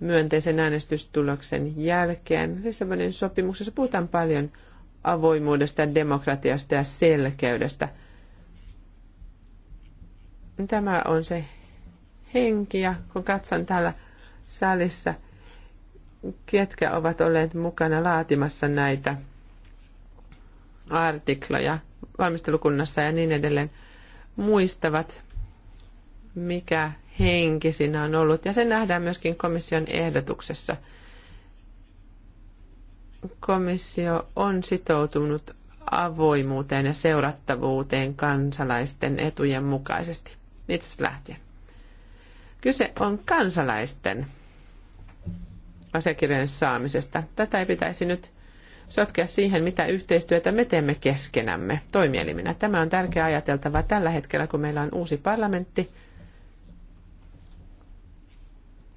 myönteisen äänestystuloksen jälkeen. Lissabonin sopimuksessa puhutaan paljon avoimuudesta, demokratiasta ja selkeydestä. Tämä on se henki ja kun katson täällä salissa, ketkä ovat olleet mukana laatimassa näitä artikloja – valmistelukunnassa ja niin edelleen muistavat, mikä henki siinä on ollut. Ja se nähdään myöskin komission ehdotuksessa. Komissio on sitoutunut avoimuuteen ja seurattavuuteen kansalaisten etujen mukaisesti. Itse lähtien. Kyse on kansalaisten asiakirjojen saamisesta. Tätä ei pitäisi nyt sotkea siihen, mitä yhteistyötä me teemme keskenämme toimieliminä. Tämä on tärkeää ajateltava tällä hetkellä, kun meillä on uusi parlamentti.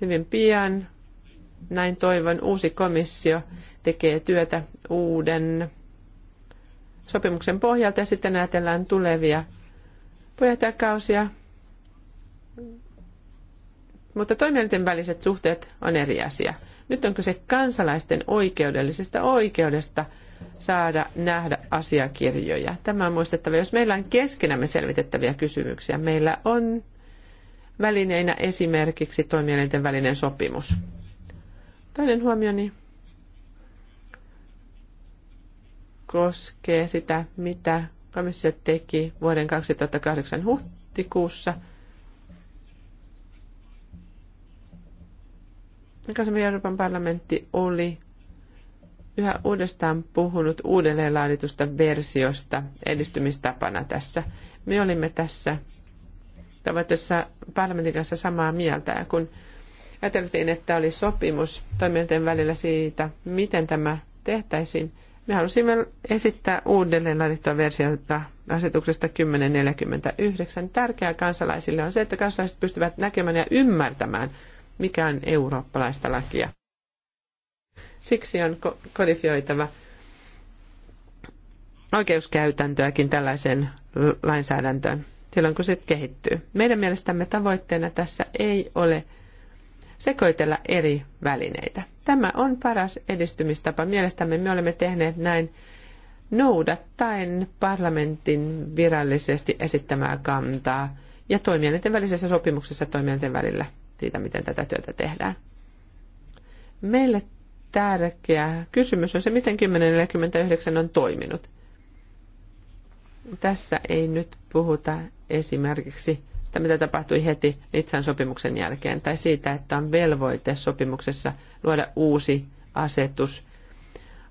Hyvin pian, näin toivon, uusi komissio tekee työtä uuden sopimuksen pohjalta ja sitten ajatellaan tulevia puheenjohtajakausia. Mutta toimielinten väliset suhteet on eri asia. Nyt on kyse kansalaisten oikeudellisesta oikeudesta saada nähdä asiakirjoja. Tämä on muistettava. Jos meillä on keskenämme selvitettäviä kysymyksiä, meillä on välineinä esimerkiksi toimielinten välinen sopimus. Toinen huomioni koskee sitä, mitä komissio teki vuoden 2008 huhtikuussa – Aikaisemmin Euroopan parlamentti oli yhä uudestaan puhunut uudelleen laaditusta versiosta edistymistapana tässä. Me olimme tässä tavoitteessa parlamentin kanssa samaa mieltä. Ja kun ajateltiin, että oli sopimus toimijoiden välillä siitä, miten tämä tehtäisiin, me halusimme esittää uudelleen laadittua versiota asetuksesta 1049. Tärkeää kansalaisille on se, että kansalaiset pystyvät näkemään ja ymmärtämään – mikään eurooppalaista lakia. Siksi on kodifioitava oikeuskäytäntöäkin tällaiseen lainsäädäntöön silloin, kun se kehittyy. Meidän mielestämme tavoitteena tässä ei ole sekoitella eri välineitä. Tämä on paras edistymistapa. Mielestämme me olemme tehneet näin noudattaen parlamentin virallisesti esittämää kantaa ja toimielinten välisessä sopimuksessa toimielinten välillä siitä, miten tätä työtä tehdään. Meille tärkeä kysymys on se, miten 1049 on toiminut. Tässä ei nyt puhuta esimerkiksi sitä, mitä tapahtui heti Litsan sopimuksen jälkeen, tai siitä, että on velvoite sopimuksessa luoda uusi asetus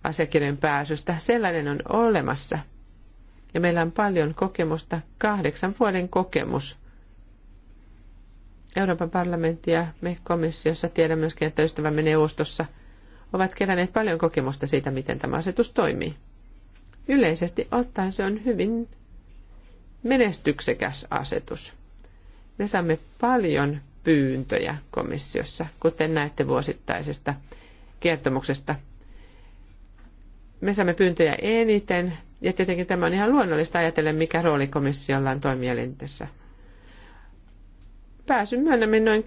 asiakirjojen pääsystä. Sellainen on olemassa. Ja meillä on paljon kokemusta, kahdeksan vuoden kokemus Euroopan parlamentti ja me komissiossa tiedämme myöskin, että ystävämme neuvostossa ovat keränneet paljon kokemusta siitä, miten tämä asetus toimii. Yleisesti ottaen se on hyvin menestyksekäs asetus. Me saamme paljon pyyntöjä komissiossa, kuten näette vuosittaisesta kertomuksesta. Me saamme pyyntöjä eniten, ja tietenkin tämä on ihan luonnollista ajatellen, mikä rooli komissiolla on toimielintessä pääsymme me noin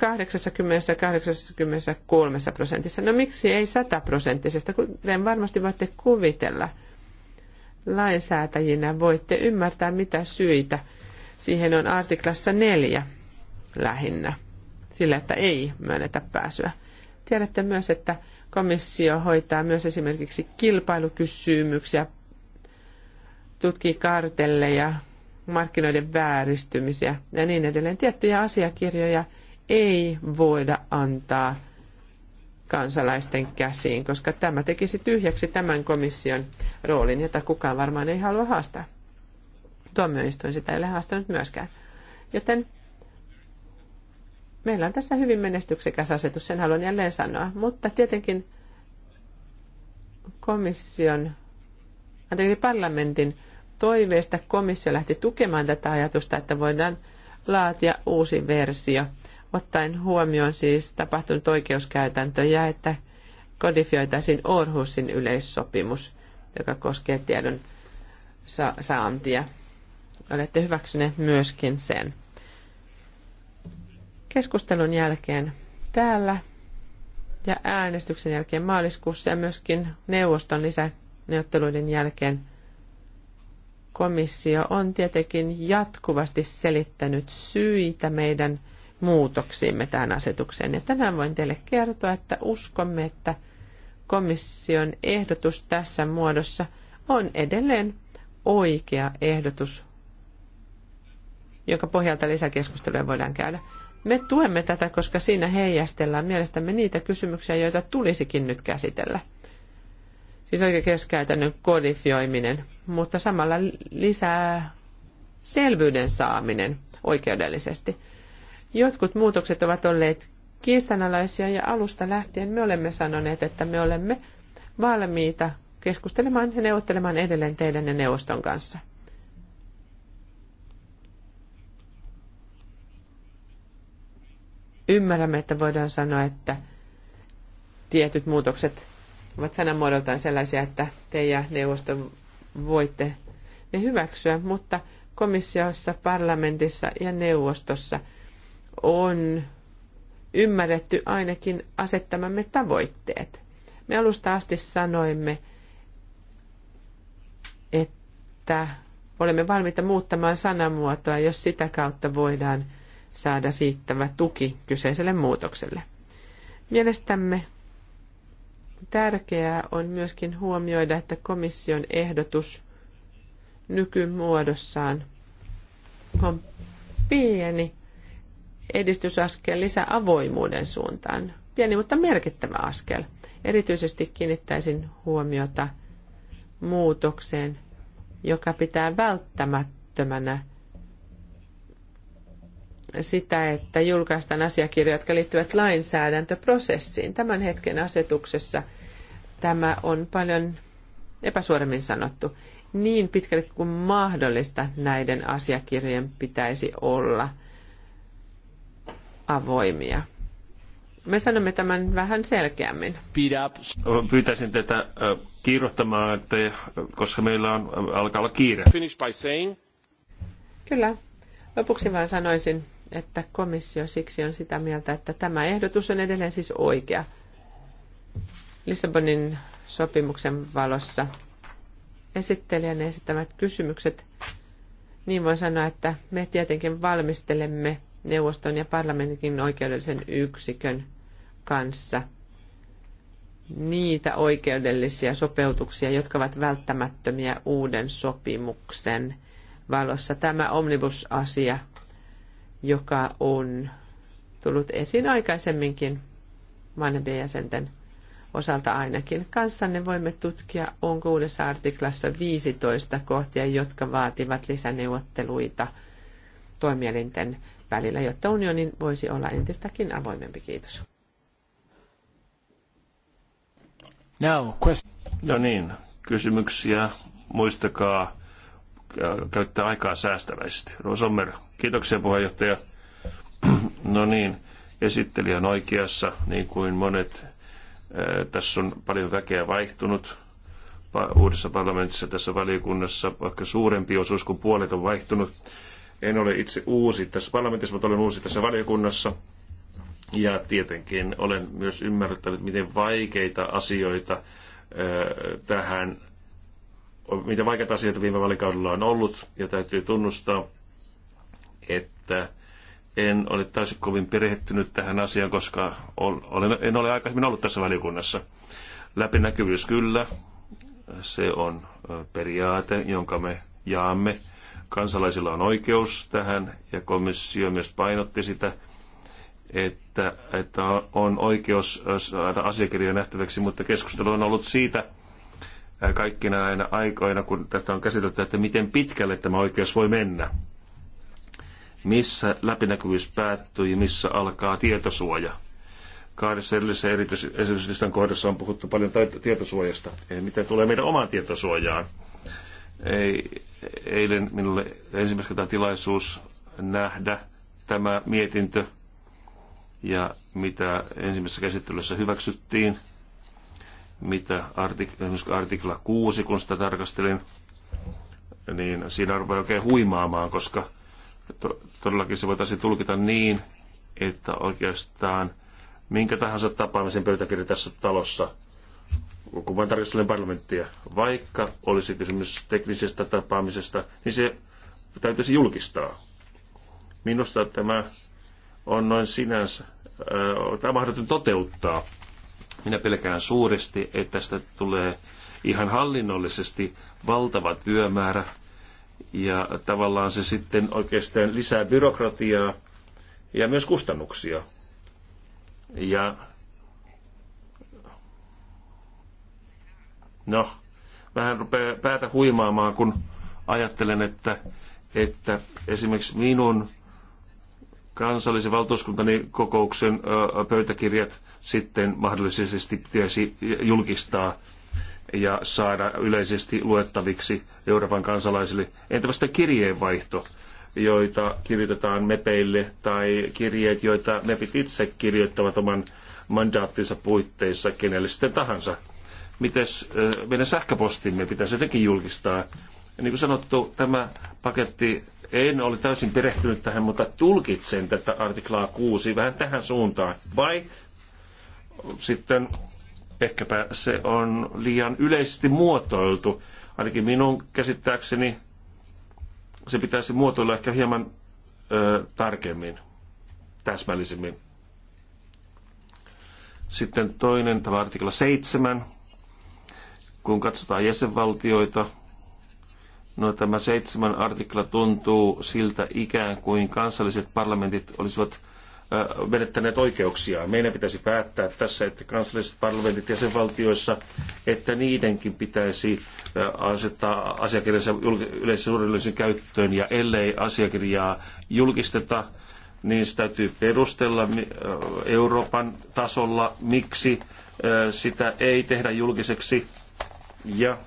80-83 prosentissa. No miksi ei 100 prosenttisesta, kuten varmasti voitte kuvitella. Lainsäätäjinä voitte ymmärtää, mitä syitä siihen on artiklassa neljä lähinnä, sillä että ei myönnetä pääsyä. Tiedätte myös, että komissio hoitaa myös esimerkiksi kilpailukysymyksiä, tutkii kartelleja, markkinoiden vääristymisiä ja niin edelleen. Tiettyjä asiakirjoja ei voida antaa kansalaisten käsiin, koska tämä tekisi tyhjäksi tämän komission roolin, jota kukaan varmaan ei halua haastaa. Tuomioistuin sitä ei ole haastanut myöskään. Joten meillä on tässä hyvin menestyksekäs asetus, sen haluan jälleen sanoa. Mutta tietenkin komission, anteeksi parlamentin toiveesta komissio lähti tukemaan tätä ajatusta, että voidaan laatia uusi versio, ottaen huomioon siis tapahtunut oikeuskäytäntö ja että kodifioitaisiin Orhusin yleissopimus, joka koskee tiedon sa- saantia. Olette hyväksyneet myöskin sen. Keskustelun jälkeen täällä ja äänestyksen jälkeen maaliskuussa ja myöskin neuvoston lisäneuvotteluiden jälkeen komissio on tietenkin jatkuvasti selittänyt syitä meidän muutoksiimme tähän asetukseen. Ja tänään voin teille kertoa, että uskomme, että komission ehdotus tässä muodossa on edelleen oikea ehdotus, jonka pohjalta lisäkeskusteluja voidaan käydä. Me tuemme tätä, koska siinä heijastellaan mielestämme niitä kysymyksiä, joita tulisikin nyt käsitellä siis oikeuskäytännön kodifioiminen, mutta samalla lisää selvyyden saaminen oikeudellisesti. Jotkut muutokset ovat olleet kiistanalaisia ja alusta lähtien me olemme sanoneet, että me olemme valmiita keskustelemaan ja neuvottelemaan edelleen teidän ja neuvoston kanssa. Ymmärrämme, että voidaan sanoa, että tietyt muutokset ovat sanamuodoltaan sellaisia, että te ja neuvosto voitte ne hyväksyä, mutta komissiossa, parlamentissa ja neuvostossa on ymmärretty ainakin asettamamme tavoitteet. Me alusta asti sanoimme, että olemme valmiita muuttamaan sanamuotoa, jos sitä kautta voidaan saada riittävä tuki kyseiselle muutokselle. Mielestämme Tärkeää on myöskin huomioida, että komission ehdotus nykymuodossaan on pieni edistysaskel lisää avoimuuden suuntaan. Pieni, mutta merkittävä askel. Erityisesti kiinnittäisin huomiota muutokseen, joka pitää välttämättömänä sitä, että julkaistaan asiakirjoja, jotka liittyvät lainsäädäntöprosessiin. Tämän hetken asetuksessa tämä on paljon epäsuoremmin sanottu. Niin pitkälle kuin mahdollista näiden asiakirjojen pitäisi olla avoimia. Me sanomme tämän vähän selkeämmin. Pyytäisin tätä kiirohtamaan, että, koska meillä on, alkaa olla kiire. Kyllä. Lopuksi vain sanoisin, että komissio siksi on sitä mieltä, että tämä ehdotus on edelleen siis oikea. Lissabonin sopimuksen valossa esittelijän esittämät kysymykset, niin voin sanoa, että me tietenkin valmistelemme neuvoston ja parlamentin oikeudellisen yksikön kanssa niitä oikeudellisia sopeutuksia, jotka ovat välttämättömiä uuden sopimuksen valossa. Tämä omnibusasia joka on tullut esiin aikaisemminkin vanhempien jäsenten osalta ainakin. Kanssanne voimme tutkia, onko uudessa artiklassa 15 kohtia, jotka vaativat lisäneuvotteluita toimielinten välillä, jotta unionin voisi olla entistäkin avoimempi. Kiitos. Now, no niin, kysymyksiä. Muistakaa äh, käyttää aikaa säästäväisesti. Rosommer. Kiitoksia puheenjohtaja. No niin, esittelijä on oikeassa, niin kuin monet. Tässä on paljon väkeä vaihtunut uudessa parlamentissa tässä valiokunnassa, vaikka suurempi osuus kuin puolet on vaihtunut. En ole itse uusi tässä parlamentissa, mutta olen uusi tässä valiokunnassa. Ja tietenkin olen myös ymmärtänyt, miten vaikeita asioita tähän, miten vaikeita asioita viime valikaudella on ollut, ja täytyy tunnustaa, että en ole täysin kovin perehtynyt tähän asiaan, koska olen, en ole aikaisemmin ollut tässä valiokunnassa. Läpinäkyvyys kyllä, se on periaate, jonka me jaamme. Kansalaisilla on oikeus tähän ja komissio myös painotti sitä, että, että on oikeus saada asiakirjoja nähtäväksi, mutta keskustelu on ollut siitä kaikkina aina aikoina, kun tätä on käsitelty, että miten pitkälle tämä oikeus voi mennä missä läpinäkyvyys päättyy ja missä alkaa tietosuoja. Kahdessa edellisessä erityislistan kohdassa on puhuttu paljon tietosuojasta. Eli mitä tulee meidän omaan tietosuojaan? Ei, eilen minulle ensimmäisen tilaisuus nähdä tämä mietintö ja mitä ensimmäisessä käsittelyssä hyväksyttiin, mitä artik- esimerkiksi artikla 6, kun sitä tarkastelin, niin siinä arvoi oikein huimaamaan, koska to, todellakin se voitaisiin tulkita niin, että oikeastaan minkä tahansa tapaamisen pöytäkirja tässä talossa, kun vain tarkastelen parlamenttia, vaikka olisi kysymys teknisestä tapaamisesta, niin se täytyisi julkistaa. Minusta tämä on noin sinänsä, äh, tämä mahdoton toteuttaa. Minä pelkään suuresti, että tästä tulee ihan hallinnollisesti valtava työmäärä, ja tavallaan se sitten oikeastaan lisää byrokratiaa ja myös kustannuksia. Ja no, vähän rupeaa päätä huimaamaan, kun ajattelen, että, että esimerkiksi minun kansallisen valtuuskuntani kokouksen pöytäkirjat sitten mahdollisesti pitäisi julkistaa ja saada yleisesti luettaviksi Euroopan kansalaisille. Entäpä sitten kirjeenvaihto, joita kirjoitetaan mepeille tai kirjeet, joita mepit itse kirjoittavat oman mandaattinsa puitteissa kenelle sitten tahansa. Mites meidän sähköpostimme pitäisi jotenkin julkistaa? Niin kuin sanottu, tämä paketti, en ole täysin perehtynyt tähän, mutta tulkitsen tätä artiklaa 6 vähän tähän suuntaan. Vai sitten Ehkäpä se on liian yleisesti muotoiltu. Ainakin minun käsittääkseni se pitäisi muotoilla ehkä hieman ö, tarkemmin, täsmällisemmin. Sitten toinen, tämä artikla 7, kun katsotaan jäsenvaltioita, no tämä seitsemän artikla tuntuu siltä ikään kuin kansalliset parlamentit olisivat menettäneet oikeuksiaan. Meidän pitäisi päättää tässä, että kansalliset parlamentit jäsenvaltioissa, että niidenkin pitäisi asettaa asiakirjansa yleisösuudelliseen käyttöön, ja ellei asiakirjaa julkisteta, niin se täytyy perustella Euroopan tasolla, miksi sitä ei tehdä julkiseksi, ja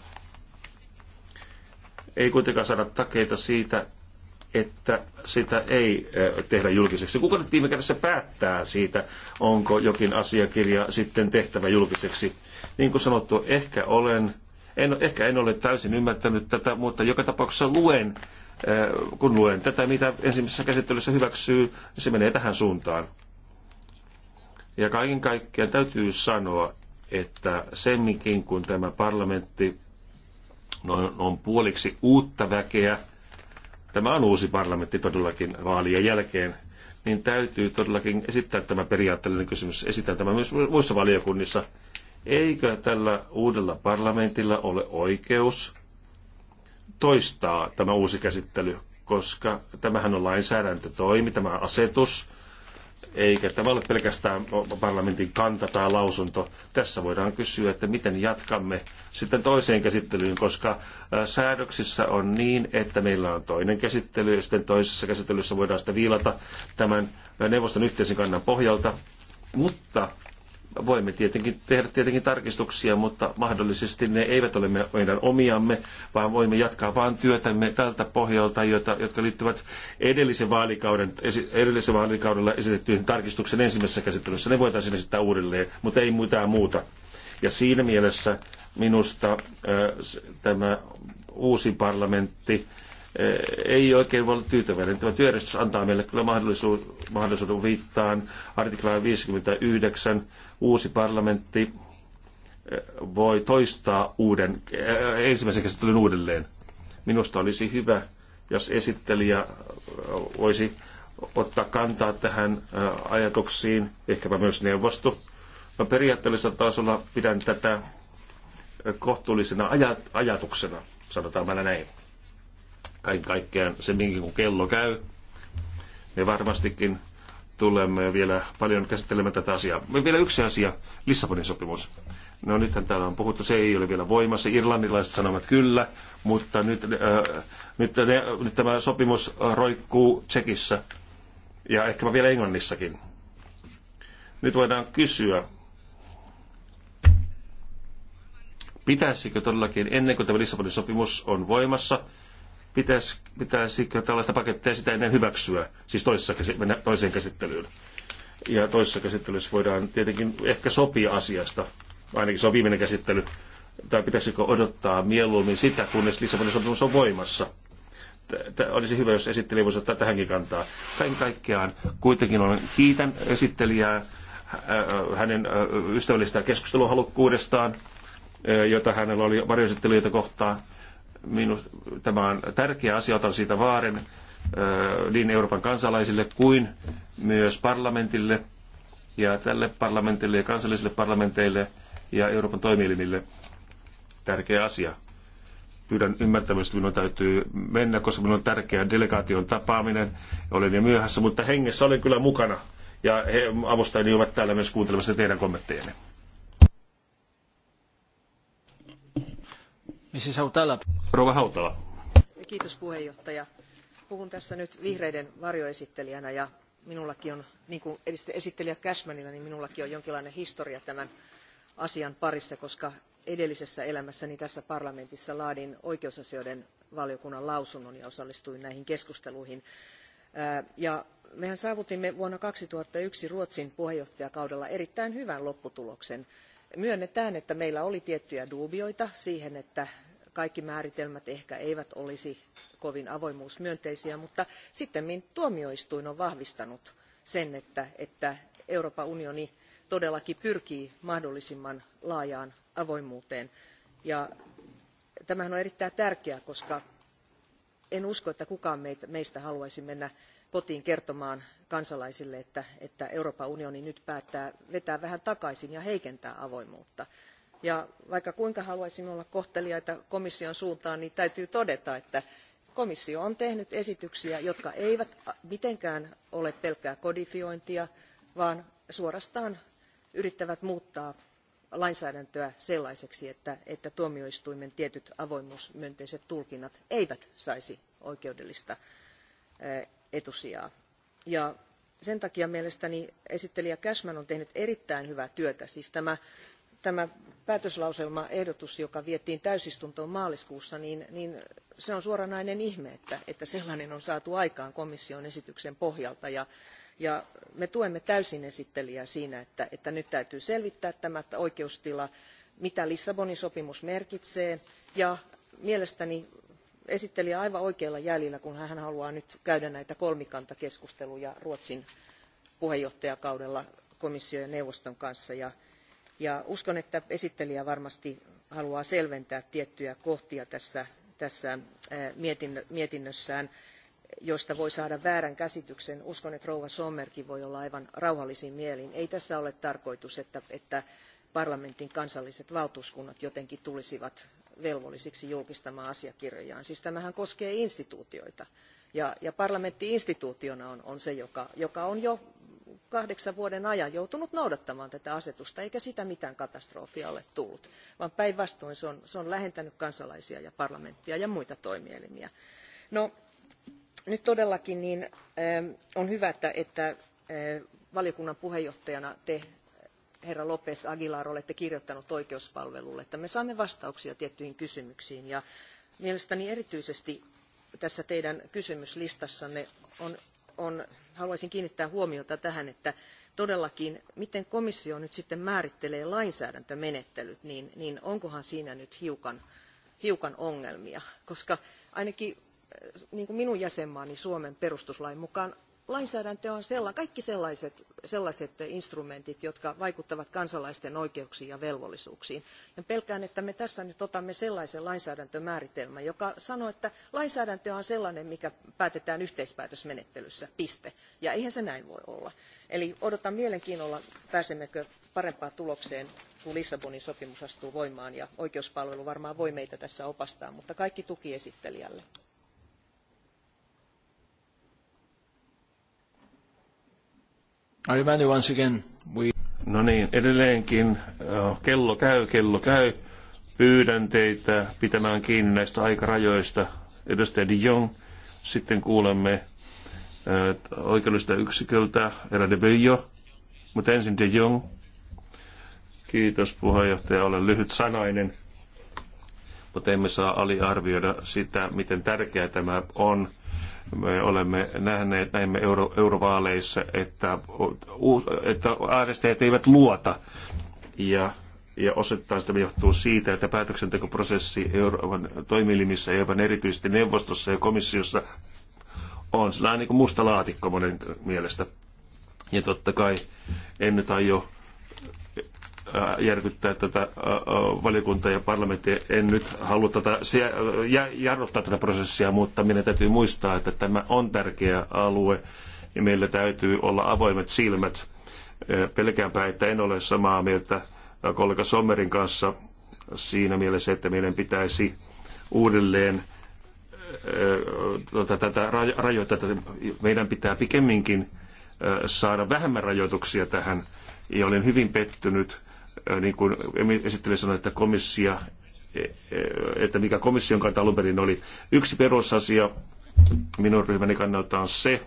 ei kuitenkaan saada takeita siitä, että sitä ei tehdä julkiseksi. Kuka nyt viime kädessä päättää siitä, onko jokin asiakirja sitten tehtävä julkiseksi? Niin kuin sanottu, ehkä olen, en, ehkä en ole täysin ymmärtänyt tätä, mutta joka tapauksessa luen, kun luen tätä, mitä ensimmäisessä käsittelyssä hyväksyy, se menee tähän suuntaan. Ja kaiken kaikkiaan täytyy sanoa, että semminkin kun tämä parlamentti on, puoliksi uutta väkeä, tämä on uusi parlamentti todellakin vaalien jälkeen, niin täytyy todellakin esittää tämä periaatteellinen kysymys. Esitän tämä myös muissa valiokunnissa. Eikö tällä uudella parlamentilla ole oikeus toistaa tämä uusi käsittely, koska tämähän on lainsäädäntötoimi, tämä asetus, eikä tämä ole pelkästään parlamentin kanta tai lausunto. Tässä voidaan kysyä, että miten jatkamme sitten toiseen käsittelyyn, koska säädöksissä on niin, että meillä on toinen käsittely ja sitten toisessa käsittelyssä voidaan sitä viilata tämän neuvoston yhteisen kannan pohjalta. Mutta Voimme tietenkin tehdä tietenkin tarkistuksia, mutta mahdollisesti ne eivät ole meidän omiamme, vaan voimme jatkaa vain työtämme tältä pohjalta, jota, jotka liittyvät edellisen vaalikauden, edellisen vaalikaudella esitettyihin tarkistuksen ensimmäisessä käsittelyssä. Ne voitaisiin esittää uudelleen, mutta ei mitään muuta. Ja siinä mielessä minusta äh, tämä uusi parlamentti ei oikein voi olla tyytyväinen. Tämä työjärjestys antaa meille kyllä mahdollisuuden, mahdollisuuden viittaan artiklaan 59. Uusi parlamentti eh, voi toistaa uuden, eh, ensimmäisen käsittelyn uudelleen. Minusta olisi hyvä, jos esittelijä eh, voisi ottaa kantaa tähän ajatuksiin, ehkäpä myös neuvosto. No periaatteellisella tasolla pidän tätä kohtuullisena ajatuksena, sanotaan näin kaiken kaikkiaan semminkin kun kello käy. Me varmastikin tulemme vielä paljon käsittelemään tätä asiaa. Me vielä yksi asia, Lissabonin sopimus. No nythän täällä on puhuttu, se ei ole vielä voimassa. Irlannilaiset sanovat kyllä, mutta nyt, äh, nyt, ne, nyt tämä sopimus roikkuu Tsekissä ja ehkäpä vielä Englannissakin. Nyt voidaan kysyä, pitäisikö todellakin ennen kuin tämä Lissabonin sopimus on voimassa, Pitäis, pitäisikö tällaista pakettia sitä ennen hyväksyä, siis toisessa, mennä toiseen käsittelyyn? Ja toisessa käsittelyssä voidaan tietenkin ehkä sopia asiasta, ainakin se on viimeinen käsittely, tai pitäisikö odottaa mieluummin sitä, kunnes Lissabonin sopimus on voimassa? olisi hyvä, jos esittelijä voisi ottaa tähänkin kantaa. Kaiken kaikkiaan kuitenkin olen kiitän esittelijää äh, hänen äh, ystävällistä keskusteluhalukkuudestaan, äh, jota hänellä oli varjoesittelijöitä kohtaan minu, tämä on tärkeä asia, otan siitä vaaren niin Euroopan kansalaisille kuin myös parlamentille ja tälle parlamentille ja kansallisille parlamenteille ja Euroopan toimielimille tärkeä asia. Pyydän ymmärtämystä, minun täytyy mennä, koska minun on tärkeä delegaation tapaaminen. Olen jo myöhässä, mutta hengessä olen kyllä mukana. Ja he avustajani ovat täällä myös kuuntelemassa teidän kommenttejanne. Mrs. Hautala. Hautala. Kiitos puheenjohtaja. Puhun tässä nyt vihreiden varjoesittelijänä ja minullakin on, niin kuin esittelijä Cashmanilla, niin minullakin on jonkinlainen historia tämän asian parissa, koska edellisessä elämässäni tässä parlamentissa laadin oikeusasioiden valiokunnan lausunnon ja osallistuin näihin keskusteluihin. Ja mehän saavutimme vuonna 2001 Ruotsin puheenjohtajakaudella erittäin hyvän lopputuloksen myönnetään että meillä oli tiettyjä duubioita siihen että kaikki määritelmät ehkä eivät olisi kovin avoimuusmyönteisiä mutta sittemmin tuomioistuin on vahvistanut sen että, että euroopan unioni todellakin pyrkii mahdollisimman laajaan avoimuuteen ja tämähän on erittäin tärkeää koska en usko että kukaan meistä haluaisi mennä kotiin kertomaan kansalaisille, että, Euroopan unioni nyt päättää vetää vähän takaisin ja heikentää avoimuutta. Ja vaikka kuinka haluaisimme olla kohteliaita komission suuntaan, niin täytyy todeta, että komissio on tehnyt esityksiä, jotka eivät mitenkään ole pelkkää kodifiointia, vaan suorastaan yrittävät muuttaa lainsäädäntöä sellaiseksi, että, että tuomioistuimen tietyt avoimuusmyönteiset tulkinnat eivät saisi oikeudellista etusijaa. Ja sen takia mielestäni esittelijä Cashman on tehnyt erittäin hyvää työtä. Siis tämä, päätöslauselmaehdotus, joka vietiin täysistuntoon maaliskuussa, niin, niin se on suoranainen ihme, että, sellainen on saatu aikaan komission esityksen pohjalta. Ja, me tuemme täysin esittelijää siinä, että, että nyt täytyy selvittää tämä oikeustila, mitä Lissabonin sopimus merkitsee ja mielestäni esittelijä aivan oikeilla jäljillä, kun hän haluaa nyt käydä näitä kolmikantakeskusteluja Ruotsin puheenjohtajakaudella komission ja neuvoston kanssa. Ja, uskon, että esittelijä varmasti haluaa selventää tiettyjä kohtia tässä, tässä mietinnössään joista voi saada väärän käsityksen. Uskon, että rouva Sommerkin voi olla aivan rauhallisin mielin. Ei tässä ole tarkoitus, että, että parlamentin kansalliset valtuuskunnat jotenkin tulisivat velvollisiksi julkistamaan asiakirjojaan. Siis tämähän koskee instituutioita. Ja, ja parlamentti instituutiona on, on se, joka, joka on jo kahdeksan vuoden ajan joutunut noudattamaan tätä asetusta, eikä sitä mitään katastrofia ole tullut, vaan päinvastoin se on, se on lähentänyt kansalaisia ja parlamenttia ja muita toimielimiä. No, nyt todellakin niin, eh, on hyvä, että, että eh, valiokunnan puheenjohtajana te herra Lopes Aguilar olette kirjoittanut oikeuspalvelulle, että me saamme vastauksia tiettyihin kysymyksiin. Ja mielestäni erityisesti tässä teidän kysymyslistassanne on, on, haluaisin kiinnittää huomiota tähän, että todellakin, miten komissio nyt sitten määrittelee lainsäädäntömenettelyt, niin, niin onkohan siinä nyt hiukan, hiukan ongelmia, koska ainakin eh, niin kuin minun jäsenmaani Suomen perustuslain mukaan lainsäädäntö on sella, kaikki sellaiset, sellaiset instrumentit, jotka vaikuttavat kansalaisten oikeuksiin ja velvollisuuksiin. Ja pelkään, että me tässä nyt otamme sellaisen lainsäädäntömääritelmän, joka sanoo, että lainsäädäntö on sellainen, mikä päätetään yhteispäätösmenettelyssä, piste. Ja eihän se näin voi olla. Eli odotan mielenkiinnolla, pääsemmekö parempaan tulokseen, kun Lissabonin sopimus astuu voimaan, ja oikeuspalvelu varmaan voi meitä tässä opastaa, mutta kaikki tuki esittelijälle. once again, we... No niin, edelleenkin kello käy, kello käy. Pyydän teitä pitämään kiinni näistä aikarajoista. Edustaja de Jong, sitten kuulemme oikeudellista yksiköltä, Era de Bello, mutta ensin de Jong. Kiitos puheenjohtaja, olen lyhyt sanainen, mutta emme saa aliarvioida sitä, miten tärkeää tämä on me olemme nähneet, näimme euro, eurovaaleissa, että, että äänestäjät eivät luota. Ja ja osittain sitä johtuu siitä, että päätöksentekoprosessi Euroopan toimielimissä ja Euroopan erityisesti neuvostossa ja komissiossa on sellainen niin kuin musta laatikko monen mielestä. Ja totta kai en nyt aio Äh, järkyttää tätä äh, äh, valiokuntaa ja parlamenttia. En nyt halua tätä, jarruttaa tätä prosessia, mutta meidän täytyy muistaa, että tämä on tärkeä alue ja meillä täytyy olla avoimet silmät. Pelkäänpä, että en ole samaa mieltä kollega Sommerin kanssa siinä mielessä, että meidän pitäisi uudelleen tätä rajoittaa. Meidän pitää pikemminkin saada vähemmän rajoituksia tähän ja olen hyvin pettynyt niin kuin esittely sanoi, että komissia, e, e, että mikä komission kanta alun perin oli. Yksi perusasia minun ryhmäni kannalta on se,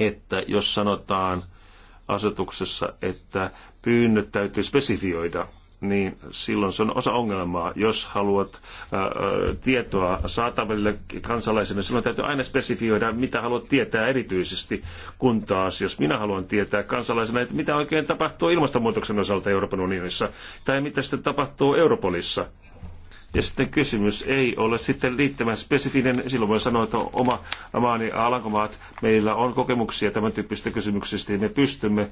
että jos sanotaan asetuksessa, että pyynnöt täytyy spesifioida, niin silloin se on osa ongelmaa. Jos haluat ää, äh, äh, tietoa saataville kansalaisille, silloin täytyy aina spesifioida, mitä haluat tietää erityisesti, kun taas, jos minä haluan tietää kansalaisena, että mitä oikein tapahtuu ilmastonmuutoksen osalta Euroopan unionissa, tai mitä sitten tapahtuu Europolissa, ja sitten kysymys ei ole sitten liittämään spesifinen, silloin voi sanoa, että oma maani Alankomaat, meillä on kokemuksia tämän tyyppisistä kysymyksistä, ja me pystymme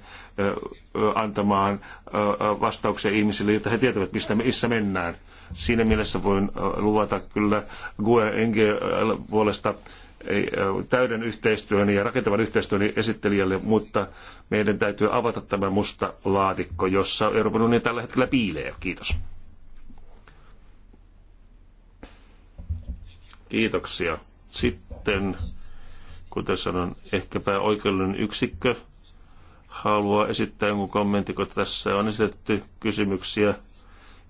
antamaan vastauksia ihmisille, jotta he tietävät, mistä me missä mennään. Siinä mielessä voin luvata kyllä GUE Enge puolesta täyden yhteistyön ja rakentavan yhteistyön esittelijälle, mutta meidän täytyy avata tämä musta laatikko, jossa Euroopan unioni tällä hetkellä piilee. Kiitos. Kiitoksia. Sitten, kuten sanon, ehkäpä oikeudellinen yksikkö haluaa esittää jonkun kommentti, kun tässä on esitetty kysymyksiä.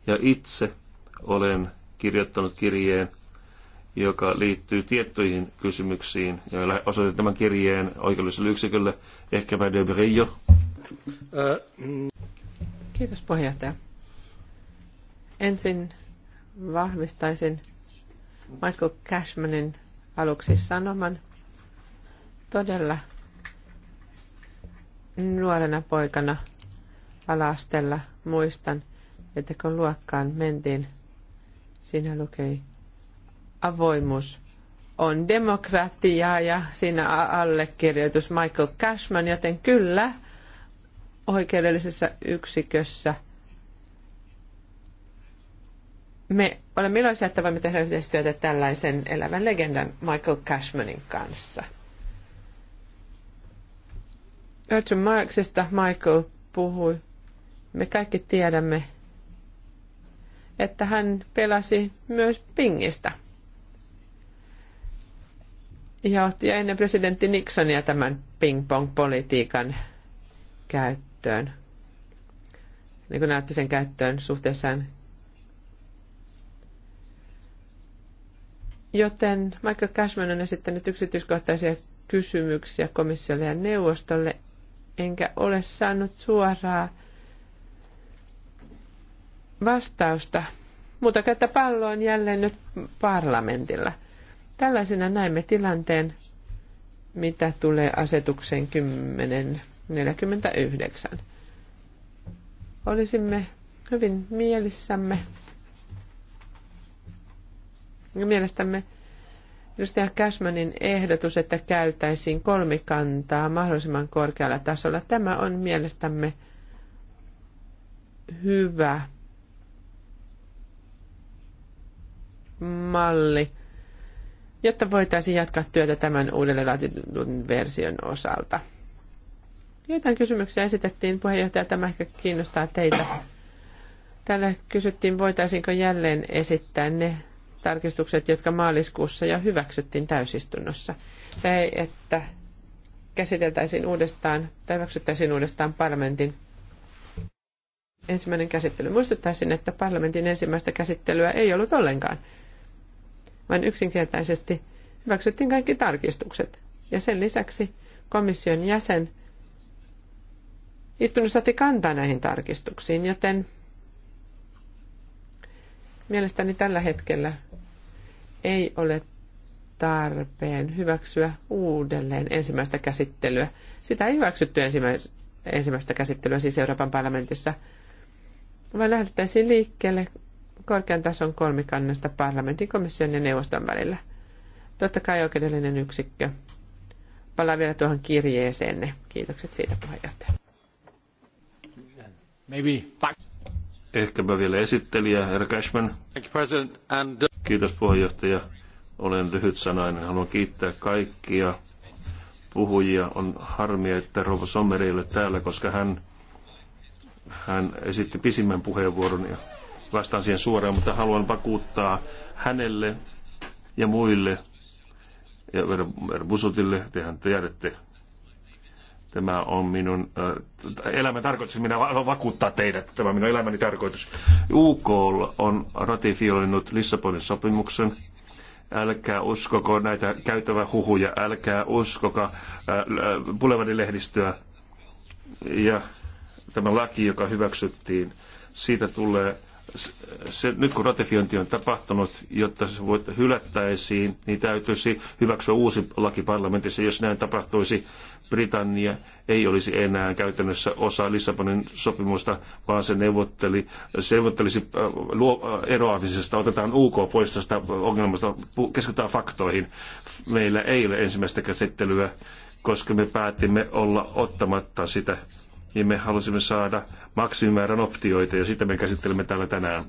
Ja itse olen kirjoittanut kirjeen, joka liittyy tiettyihin kysymyksiin, ja osoitin tämän kirjeen oikeudelliselle yksikölle, ehkäpä De Brillo. Kiitos puheenjohtaja. Ensin vahvistaisin Michael Cashmanin aluksi sanoman. Todella nuorena poikana alastella muistan, että kun luokkaan mentiin, siinä lukei avoimuus on demokratiaa ja siinä allekirjoitus Michael Cashman, joten kyllä oikeudellisessa yksikössä Me olemme iloisia, että voimme tehdä yhteistyötä tällaisen elävän legendan Michael Cashmanin kanssa. Ötsun marksista Michael puhui. Me kaikki tiedämme, että hän pelasi myös pingistä. Ja otti ennen presidentti Nixonia tämän ping-pong-politiikan käyttöön. Niin kuin näytti sen käyttöön suhteessaan Joten Michael Cashman on esittänyt yksityiskohtaisia kysymyksiä komissiolle ja neuvostolle, enkä ole saanut suoraa vastausta, mutta kättä pallo on jälleen nyt parlamentilla. Tällaisena näemme tilanteen, mitä tulee asetukseen 1049. Olisimme hyvin mielissämme Mielestämme edustaja Cashmanin ehdotus, että käytäisiin kolmikantaa mahdollisimman korkealla tasolla, tämä on mielestämme hyvä malli, jotta voitaisiin jatkaa työtä tämän uudelle version osalta. Joitain kysymyksiä esitettiin, puheenjohtaja, tämä ehkä kiinnostaa teitä. Täällä kysyttiin, voitaisiinko jälleen esittää ne tarkistukset, jotka maaliskuussa jo hyväksyttiin täysistunnossa. Tai että käsiteltäisiin uudestaan tai hyväksyttäisiin uudestaan parlamentin ensimmäinen käsittely. Muistuttaisin, että parlamentin ensimmäistä käsittelyä ei ollut ollenkaan, vaan yksinkertaisesti hyväksyttiin kaikki tarkistukset. Ja sen lisäksi komission jäsen istunnossa otti kantaa näihin tarkistuksiin, joten Mielestäni tällä hetkellä ei ole tarpeen hyväksyä uudelleen ensimmäistä käsittelyä. Sitä ei hyväksytty ensimmäis- ensimmäistä käsittelyä siis Euroopan parlamentissa, vaan lähdettäisiin liikkeelle korkean tason kolmikannasta parlamentin, komission ja neuvoston välillä. Totta kai oikeudellinen yksikkö. Palaan vielä tuohon kirjeeseenne. Kiitokset siitä puheenjohtaja. Maybe ehkäpä vielä esittelijä, herra Cashman. Uh, Kiitos puheenjohtaja. Olen lyhyt sanainen. Haluan kiittää kaikkia puhujia. On harmi, että Rova Sommer ei ole täällä, koska hän, hän esitti pisimmän puheenvuoron ja vastaan siihen suoraan, mutta haluan vakuuttaa hänelle ja muille ja verbusutille tehän tiedätte, Tämä on minun äh, elämän tarkoitus. Minä haluan vakuuttaa teidät. Tämä on minun elämäni tarkoitus. UK on ratifioinut Lissabonin sopimuksen älkää uskoko näitä käytävä huhuja, älkää uskoka äh, äh, Boulevardin-lehdistöä. Ja tämä laki, joka hyväksyttiin, siitä tulee, se, nyt kun ratifiointi on tapahtunut, jotta se voit hylättäisiin, niin täytyisi hyväksyä uusi laki parlamentissa, jos näin tapahtuisi. Britannia ei olisi enää käytännössä osa Lissabonin sopimusta, vaan se, neuvotteli, se neuvottelisi äh, äh, eroamisesta. Otetaan UK pois tästä ongelmasta, keskitytään faktoihin. Meillä ei ole ensimmäistä käsittelyä, koska me päätimme olla ottamatta sitä, niin me halusimme saada maksimimäärän optioita, ja sitä me käsittelemme täällä tänään.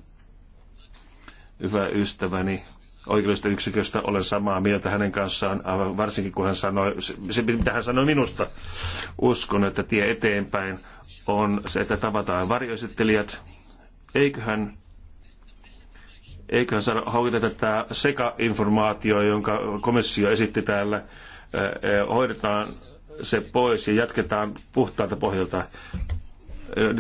Hyvä ystäväni, oikeudellisesta yksiköstä olen samaa mieltä hänen kanssaan, varsinkin kun hän sanoi, se mitä hän sanoi minusta. Uskon, että tie eteenpäin on se, että tavataan varjoesittelijät. Eiköhän eiköhän saada hoideta tätä sekainformaatio, jonka komissio esitti täällä, hoidetaan se pois ja jatketaan puhtaalta pohjalta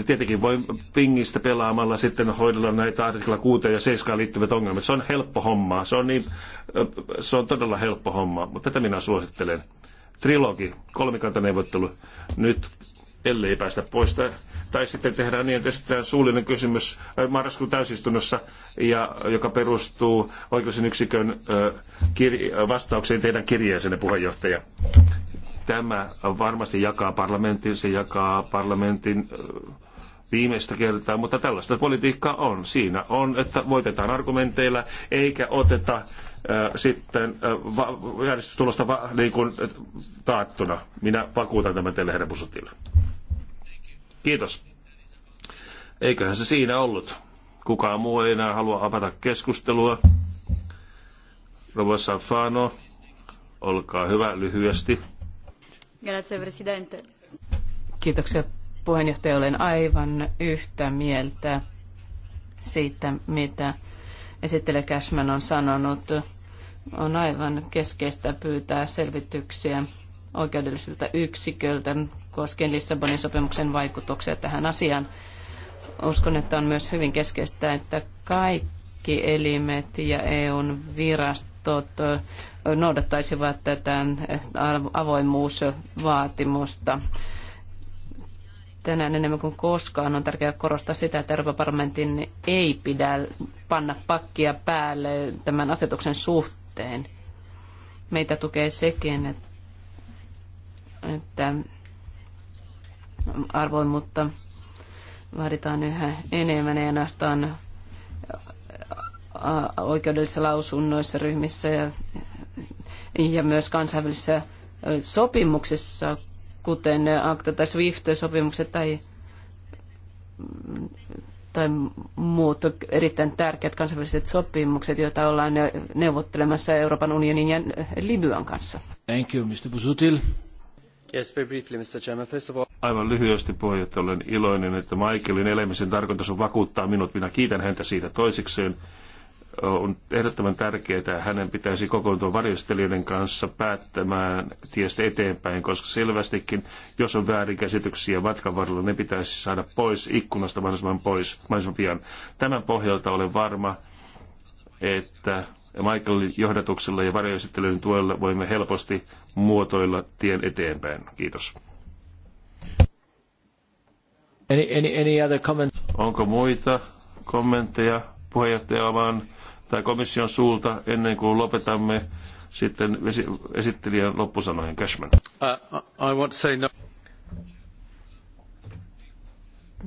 tietenkin voi pingistä pelaamalla sitten hoidella näitä artikla 6 ja 7 liittyvät ongelmat. Se on helppo homma, se on, niin, se on todella helppo homma, mutta tätä minä suosittelen. Trilogi, kolmikantaneuvottelu, nyt ellei päästä pois. Tai sitten tehdään niin, että esitetään suullinen kysymys marraskuun täysistunnossa, ja, joka perustuu oikeusyksikön yksikön ö, vastaukseen teidän kirjeesenne puheenjohtaja. Tämä varmasti jakaa parlamentin, se jakaa parlamentin viimeistä kertaa, mutta tällaista politiikkaa on. Siinä on, että voitetaan argumenteilla eikä oteta sitten äh, järjestystulosta va, niin kuin, taattuna. Minä vakuutan tämän teille, herra Busutille. Kiitos. Eiköhän se siinä ollut. Kukaan muu ei enää halua avata keskustelua. Rova Safano, olkaa hyvä lyhyesti. Grazie, Presidente. Kiitoksia puheenjohtaja. Olen aivan yhtä mieltä siitä, mitä esittelijä Cashman on sanonut. On aivan keskeistä pyytää selvityksiä oikeudellisilta yksiköltä koskien Lissabonin sopimuksen vaikutuksia tähän asiaan. Uskon, että on myös hyvin keskeistä, että kaikki kaikki elimet ja EUn virastot noudattaisivat tätä avoimuusvaatimusta. Tänään enemmän kuin koskaan on tärkeää korostaa sitä, että Euroopan parlamentin ei pidä panna pakkia päälle tämän asetuksen suhteen. Meitä tukee sekin, että arvoimuutta vaaditaan yhä enemmän, ei ainoastaan Äh, oikeudellisissa lausunnoissa, ryhmissä ja, ja myös kansainvälisissä äh, sopimuksissa, kuten ACTA tai SWIFT-sopimukset tai, tai muut erittäin tärkeät kansainväliset sopimukset, joita ollaan neuvottelemassa Euroopan unionin ja Libyan kanssa. Thank you, Mr. Busutil. Yes, very briefly, Mr. Chairman. First of all... Aivan lyhyesti puheenjohtaja, olen iloinen, että Michaelin elämisen tarkoitus on vakuuttaa minut. Minä kiitän häntä siitä toisekseen on ehdottoman tärkeää, että hänen pitäisi kokoontua varjostelijoiden kanssa päättämään tiestä eteenpäin, koska selvästikin, jos on väärinkäsityksiä matkan varrella, ne pitäisi saada pois ikkunasta mahdollisimman, pois, mahdollisimman pian. Tämän pohjalta olen varma, että Michaelin johdatuksella ja varjoesittelyyn tuella voimme helposti muotoilla tien eteenpäin. Kiitos. Any, any, any other comment? Onko muita kommentteja? puheenjohtajamaan tai komission suulta ennen kuin lopetamme sitten esittelijän loppusanojen Cashman. Uh, I want to say no.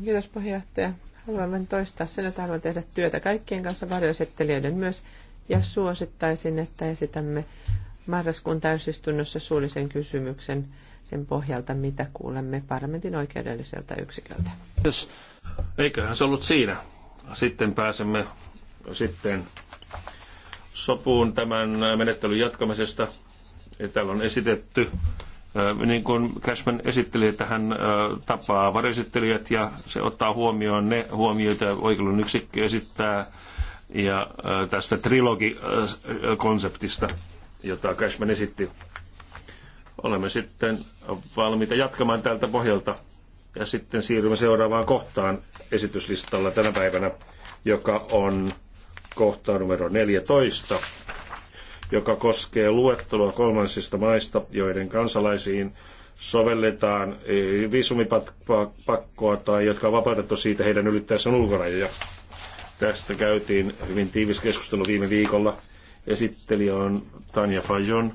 Kiitos puheenjohtaja. Haluan vain toistaa sen, että haluan tehdä työtä kaikkien kanssa varjoesittelijöiden myös ja suosittaisin, että esitämme marraskuun täysistunnossa suullisen kysymyksen sen pohjalta, mitä kuulemme parlamentin oikeudelliselta yksiköltä. Eiköhän se ollut siinä. Sitten pääsemme sitten sopuun tämän menettelyn jatkamisesta. Ja täällä on esitetty, äh, niin kuin Cashman esitteli, että hän äh, tapaa varjoesittelijät ja se ottaa huomioon ne huomioita, joita oikeuden yksikkö esittää ja äh, tästä trilogikonseptista, jota Cashman esitti. Olemme sitten valmiita jatkamaan tältä pohjalta. Ja sitten siirrymme seuraavaan kohtaan esityslistalla tänä päivänä, joka on kohta numero 14, joka koskee luettelua kolmansista maista, joiden kansalaisiin sovelletaan eh, viisumipakkoa tai jotka on vapautettu siitä heidän ylittäessään ulkorajoja. Tästä käytiin hyvin tiivis keskustelu viime viikolla. Esittelijä on Tanja Fajon.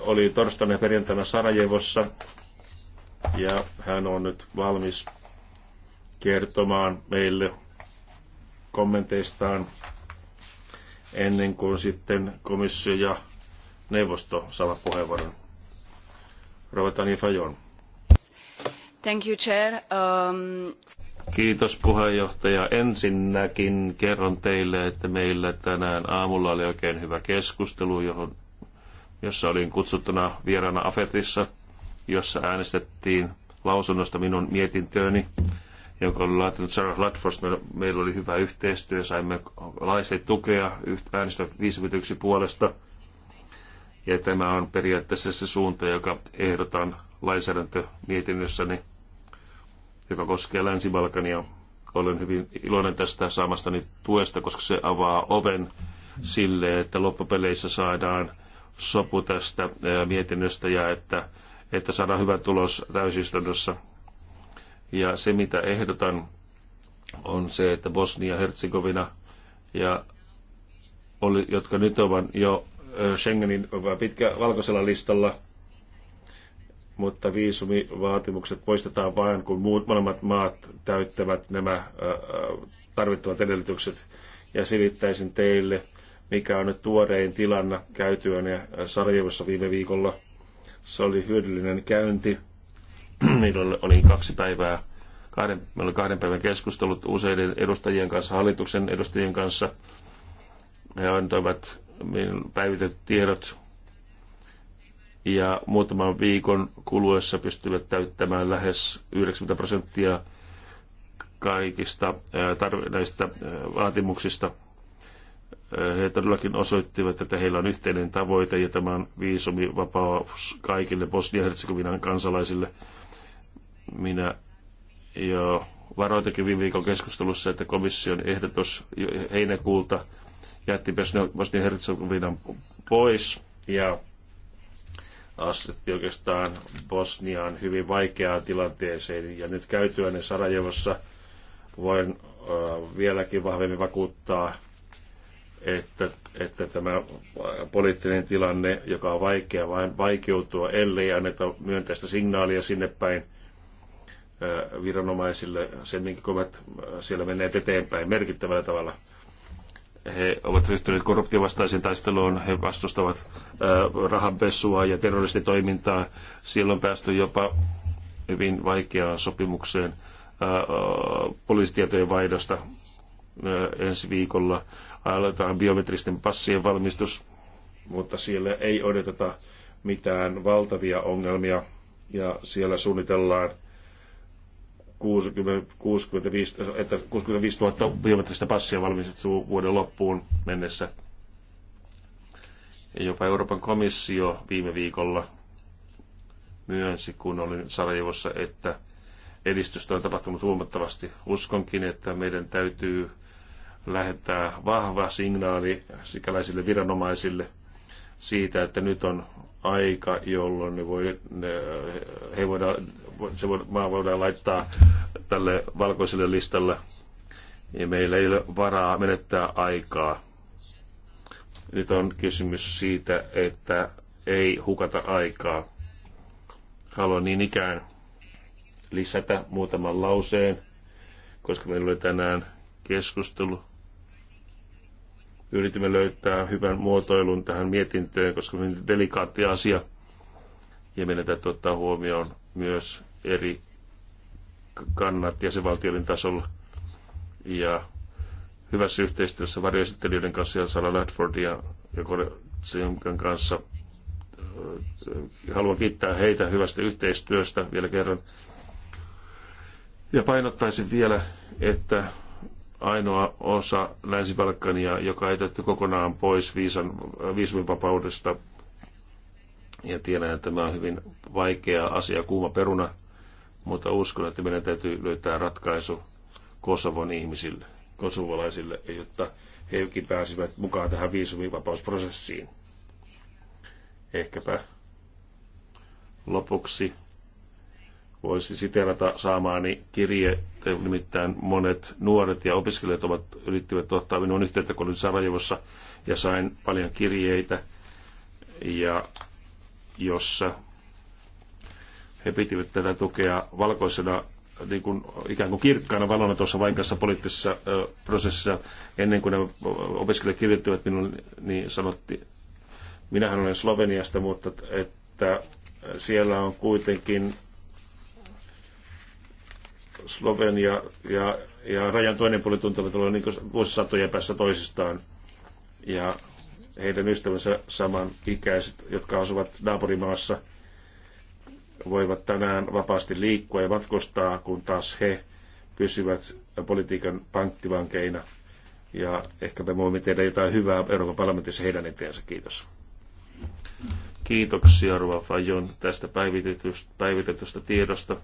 Oli torstaina ja perjantaina Sarajevossa ja hän on nyt valmis kertomaan meille kommenteistaan ennen kuin sitten komissio ja neuvosto saavat puheenvuoron. Rovatani Fajon. Thank you, Chair. Um... Kiitos puheenjohtaja. Ensinnäkin kerron teille, että meillä tänään aamulla oli oikein hyvä keskustelu, johon, jossa olin kutsuttuna vieraana Afetissa – jossa äänestettiin lausunnosta minun mietintööni, jonka oli laatinut Sarah Ludford. Meillä oli hyvä yhteistyö, saimme laajasti tukea äänestä 51 puolesta. Ja tämä on periaatteessa se suunta, joka ehdotan lainsäädäntömietinnössäni, joka koskee Länsi-Balkania. Olen hyvin iloinen tästä saamastani tuesta, koska se avaa oven sille, että loppupeleissä saadaan sopu tästä mietinnöstä ja että että saadaan hyvä tulos täysistunnossa. Ja se, mitä ehdotan, on se, että Bosnia-Herzegovina, ja oli, jotka nyt ovat jo Schengenin pitkä valkoisella listalla, mutta viisumivaatimukset poistetaan vain, kun muut molemmat maat täyttävät nämä tarvittavat edellytykset. Ja selittäisin teille, mikä on nyt tuorein tilanne käytyön ja Sarajevossa viime viikolla – se oli hyödyllinen käynti. Meillä oli kaksi päivää, kahden, meillä oli kahden päivän keskustelut useiden edustajien kanssa, hallituksen edustajien kanssa. He antoivat päivitetyt tiedot ja muutaman viikon kuluessa pystyvät täyttämään lähes 90 prosenttia kaikista näistä vaatimuksista – Äh, he todellakin osoittivat, että heillä on yhteinen tavoite ja tämä on viisumivapaus kaikille Bosnia-Herzegovinan kansalaisille. Minä jo varoitakin viime viikon keskustelussa, että komission ehdotus heinäkuulta jätti Bosnia-Herzegovinan pois ja asetti oikeastaan Bosniaan hyvin vaikeaan tilanteeseen. Ja nyt käytyäni Sarajevossa voin vieläkin vahvemmin vakuuttaa että, että tämä poliittinen tilanne, joka on vaikea vain vaikeutua, ellei anneta myönteistä signaalia sinne päin viranomaisille, sen ovat siellä menneet eteenpäin merkittävällä tavalla. He ovat ryhtyneet korruptiovastaisen taisteluun, he vastustavat rahanpesua ja terroristitoimintaa. Siellä on päästy jopa hyvin vaikeaan sopimukseen poliisitietojen vaihdosta ensi viikolla aletaan biometristen passien valmistus, mutta siellä ei odoteta mitään valtavia ongelmia ja siellä suunnitellaan 60, 65, että 65 000 biometristä passia valmistuu vuoden loppuun mennessä. Ja jopa Euroopan komissio viime viikolla myönsi, kun olin Sarajevossa, että edistystä on tapahtunut huomattavasti. Uskonkin, että meidän täytyy lähettää vahva signaali sikäläisille viranomaisille siitä, että nyt on aika, jolloin ne voi, ne, he voidaan, se voi, maa voidaan laittaa tälle valkoiselle listalle. Ja meillä ei ole varaa menettää aikaa. Nyt on kysymys siitä, että ei hukata aikaa. Haluan niin ikään lisätä muutaman lauseen, koska meillä oli tänään keskustelu yritimme löytää hyvän muotoilun tähän mietintöön, koska se on delikaatti asia. Ja meidän täytyy ottaa huomioon myös eri kannat jäsenvaltioiden tasolla. Ja hyvässä yhteistyössä varjoesittelijöiden kanssa ja Sara Ladfordin ja Koretsiumkan kanssa haluan kiittää heitä hyvästä yhteistyöstä vielä kerran. Ja painottaisin vielä, että ainoa osa Länsi-Balkania, joka ei täytty kokonaan pois viisan, viisumivapaudesta. Ja tiedän, että tämä on hyvin vaikea asia, kuuma peruna, mutta uskon, että meidän täytyy löytää ratkaisu Kosovon ihmisille, kosovolaisille, jotta hekin pääsivät mukaan tähän viisumivapausprosessiin. Ehkäpä lopuksi voisi siterata saamaani kirje Nimittäin monet nuoret ja opiskelijat ovat yrittivät ottaa minun yhteyttä, kun olin Sarajevossa ja sain paljon kirjeitä, ja jossa he pitivät tätä tukea valkoisena niin kuin, ikään kuin kirkkaana valona tuossa vaikeassa poliittisessa ö, prosessissa. Ennen kuin ne opiskelijat kirjoittivat minulle, niin sanottiin, minähän olen Sloveniasta, mutta että siellä on kuitenkin Slovenia ja, ja rajan toinen puoli tuntuvat olla niin vuosisatoja päässä toisistaan. Ja heidän ystävänsä ikäiset, jotka asuvat naapurimaassa, voivat tänään vapaasti liikkua ja matkustaa, kun taas he pysyvät politiikan panttivankeina. Ja ehkä me voimme tehdä jotain hyvää Euroopan parlamentissa heidän eteensä. Kiitos. Kiitoksia Fajon tästä päivitetystä, päivitetystä tiedosta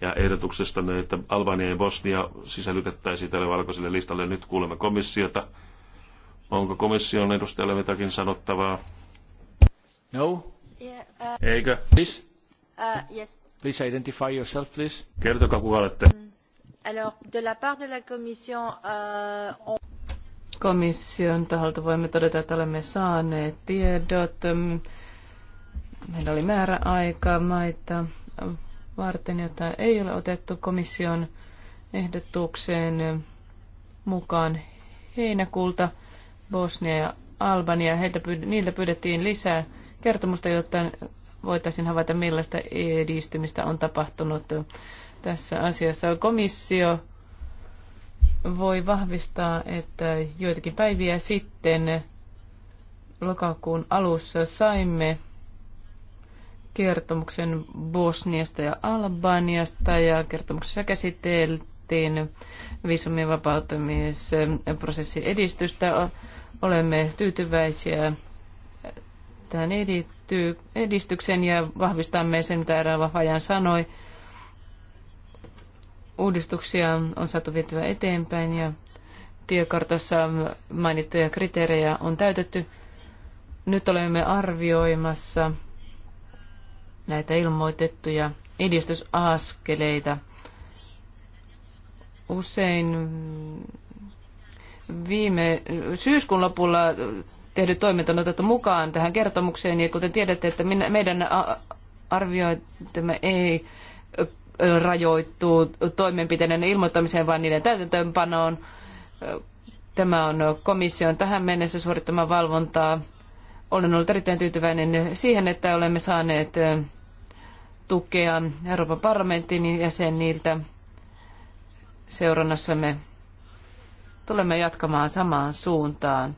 ja ehdotuksesta, että Albania ja Bosnia sisällytettäisiin tälle valkoiselle listalle. Nyt kuulemme komissiota. Onko komission edustajalle jotakin sanottavaa? No? Yeah, uh, Eikö? Please? Uh, yes. Please identify yourself, please. Kertokaa, kuka olette. Mm. Alors, de la part de la commission, uh, on... Komission taholta voimme todeta, että olemme saaneet tiedot. Mm, meillä oli määrä aika, maita varten, jota ei ole otettu komission ehdotukseen mukaan heinäkuulta Bosnia ja Albania. Heiltä, niiltä pyydettiin lisää kertomusta, jotta voitaisiin havaita, millaista edistymistä on tapahtunut tässä asiassa. Komissio voi vahvistaa, että joitakin päiviä sitten lokakuun alussa saimme kertomuksen Bosniasta ja Albaniasta ja kertomuksessa käsiteltiin viisumien vapautumisprosessin edistystä. Olemme tyytyväisiä tähän edistykseen ja vahvistamme sen, mitä Raava Fajan sanoi. Uudistuksia on saatu vietyä eteenpäin ja tiekartassa mainittuja kriteerejä on täytetty. Nyt olemme arvioimassa näitä ilmoitettuja edistysaskeleita. Usein viime syyskuun lopulla tehdyt toiminta on otettu mukaan tähän kertomukseen, ja kuten tiedätte, että minä, meidän arviointimme ei rajoittuu toimenpiteiden ilmoittamiseen, vaan niiden täytäntöönpanoon. Tämä on komission tähän mennessä suorittama valvontaa. Olen ollut erittäin tyytyväinen siihen, että olemme saaneet tukea Euroopan parlamentin jäseniltä seurannassamme. Tulemme jatkamaan samaan suuntaan.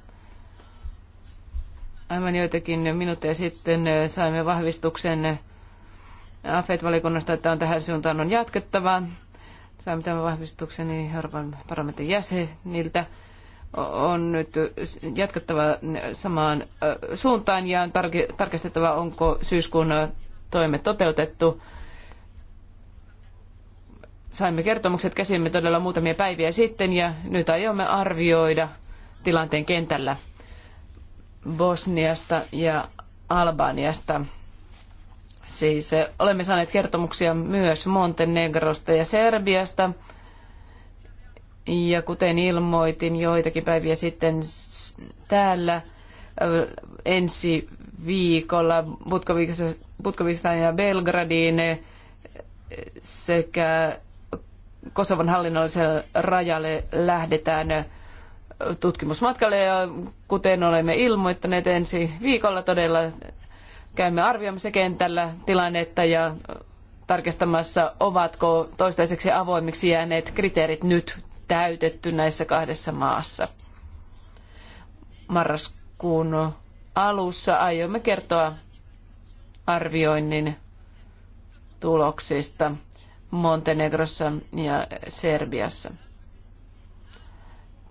Aivan joitakin minuutteja sitten saimme vahvistuksen AFET-valikunnasta, että on tähän suuntaan on jatkettava. Saimme tämän vahvistuksen Euroopan parlamentin jäseniltä on nyt jatkettava samaan suuntaan ja on tarkistettava, onko syyskuun toimet toteutettu. Saimme kertomukset käsimme todella muutamia päiviä sitten ja nyt aiomme arvioida tilanteen kentällä Bosniasta ja Albaniasta. Siis eh, olemme saaneet kertomuksia myös Montenegrosta ja Serbiasta. Ja kuten ilmoitin joitakin päiviä sitten täällä eh, ensi viikolla Butkovikassa Putkovistan ja Belgradiin sekä Kosovon hallinnolliselle rajalle lähdetään tutkimusmatkalle ja kuten olemme ilmoittaneet ensi viikolla todella käymme arvioimassa kentällä tilannetta ja tarkistamassa, ovatko toistaiseksi avoimiksi jääneet kriteerit nyt täytetty näissä kahdessa maassa. Marraskuun alussa aiomme kertoa arvioinnin tuloksista Montenegrossa ja Serbiassa.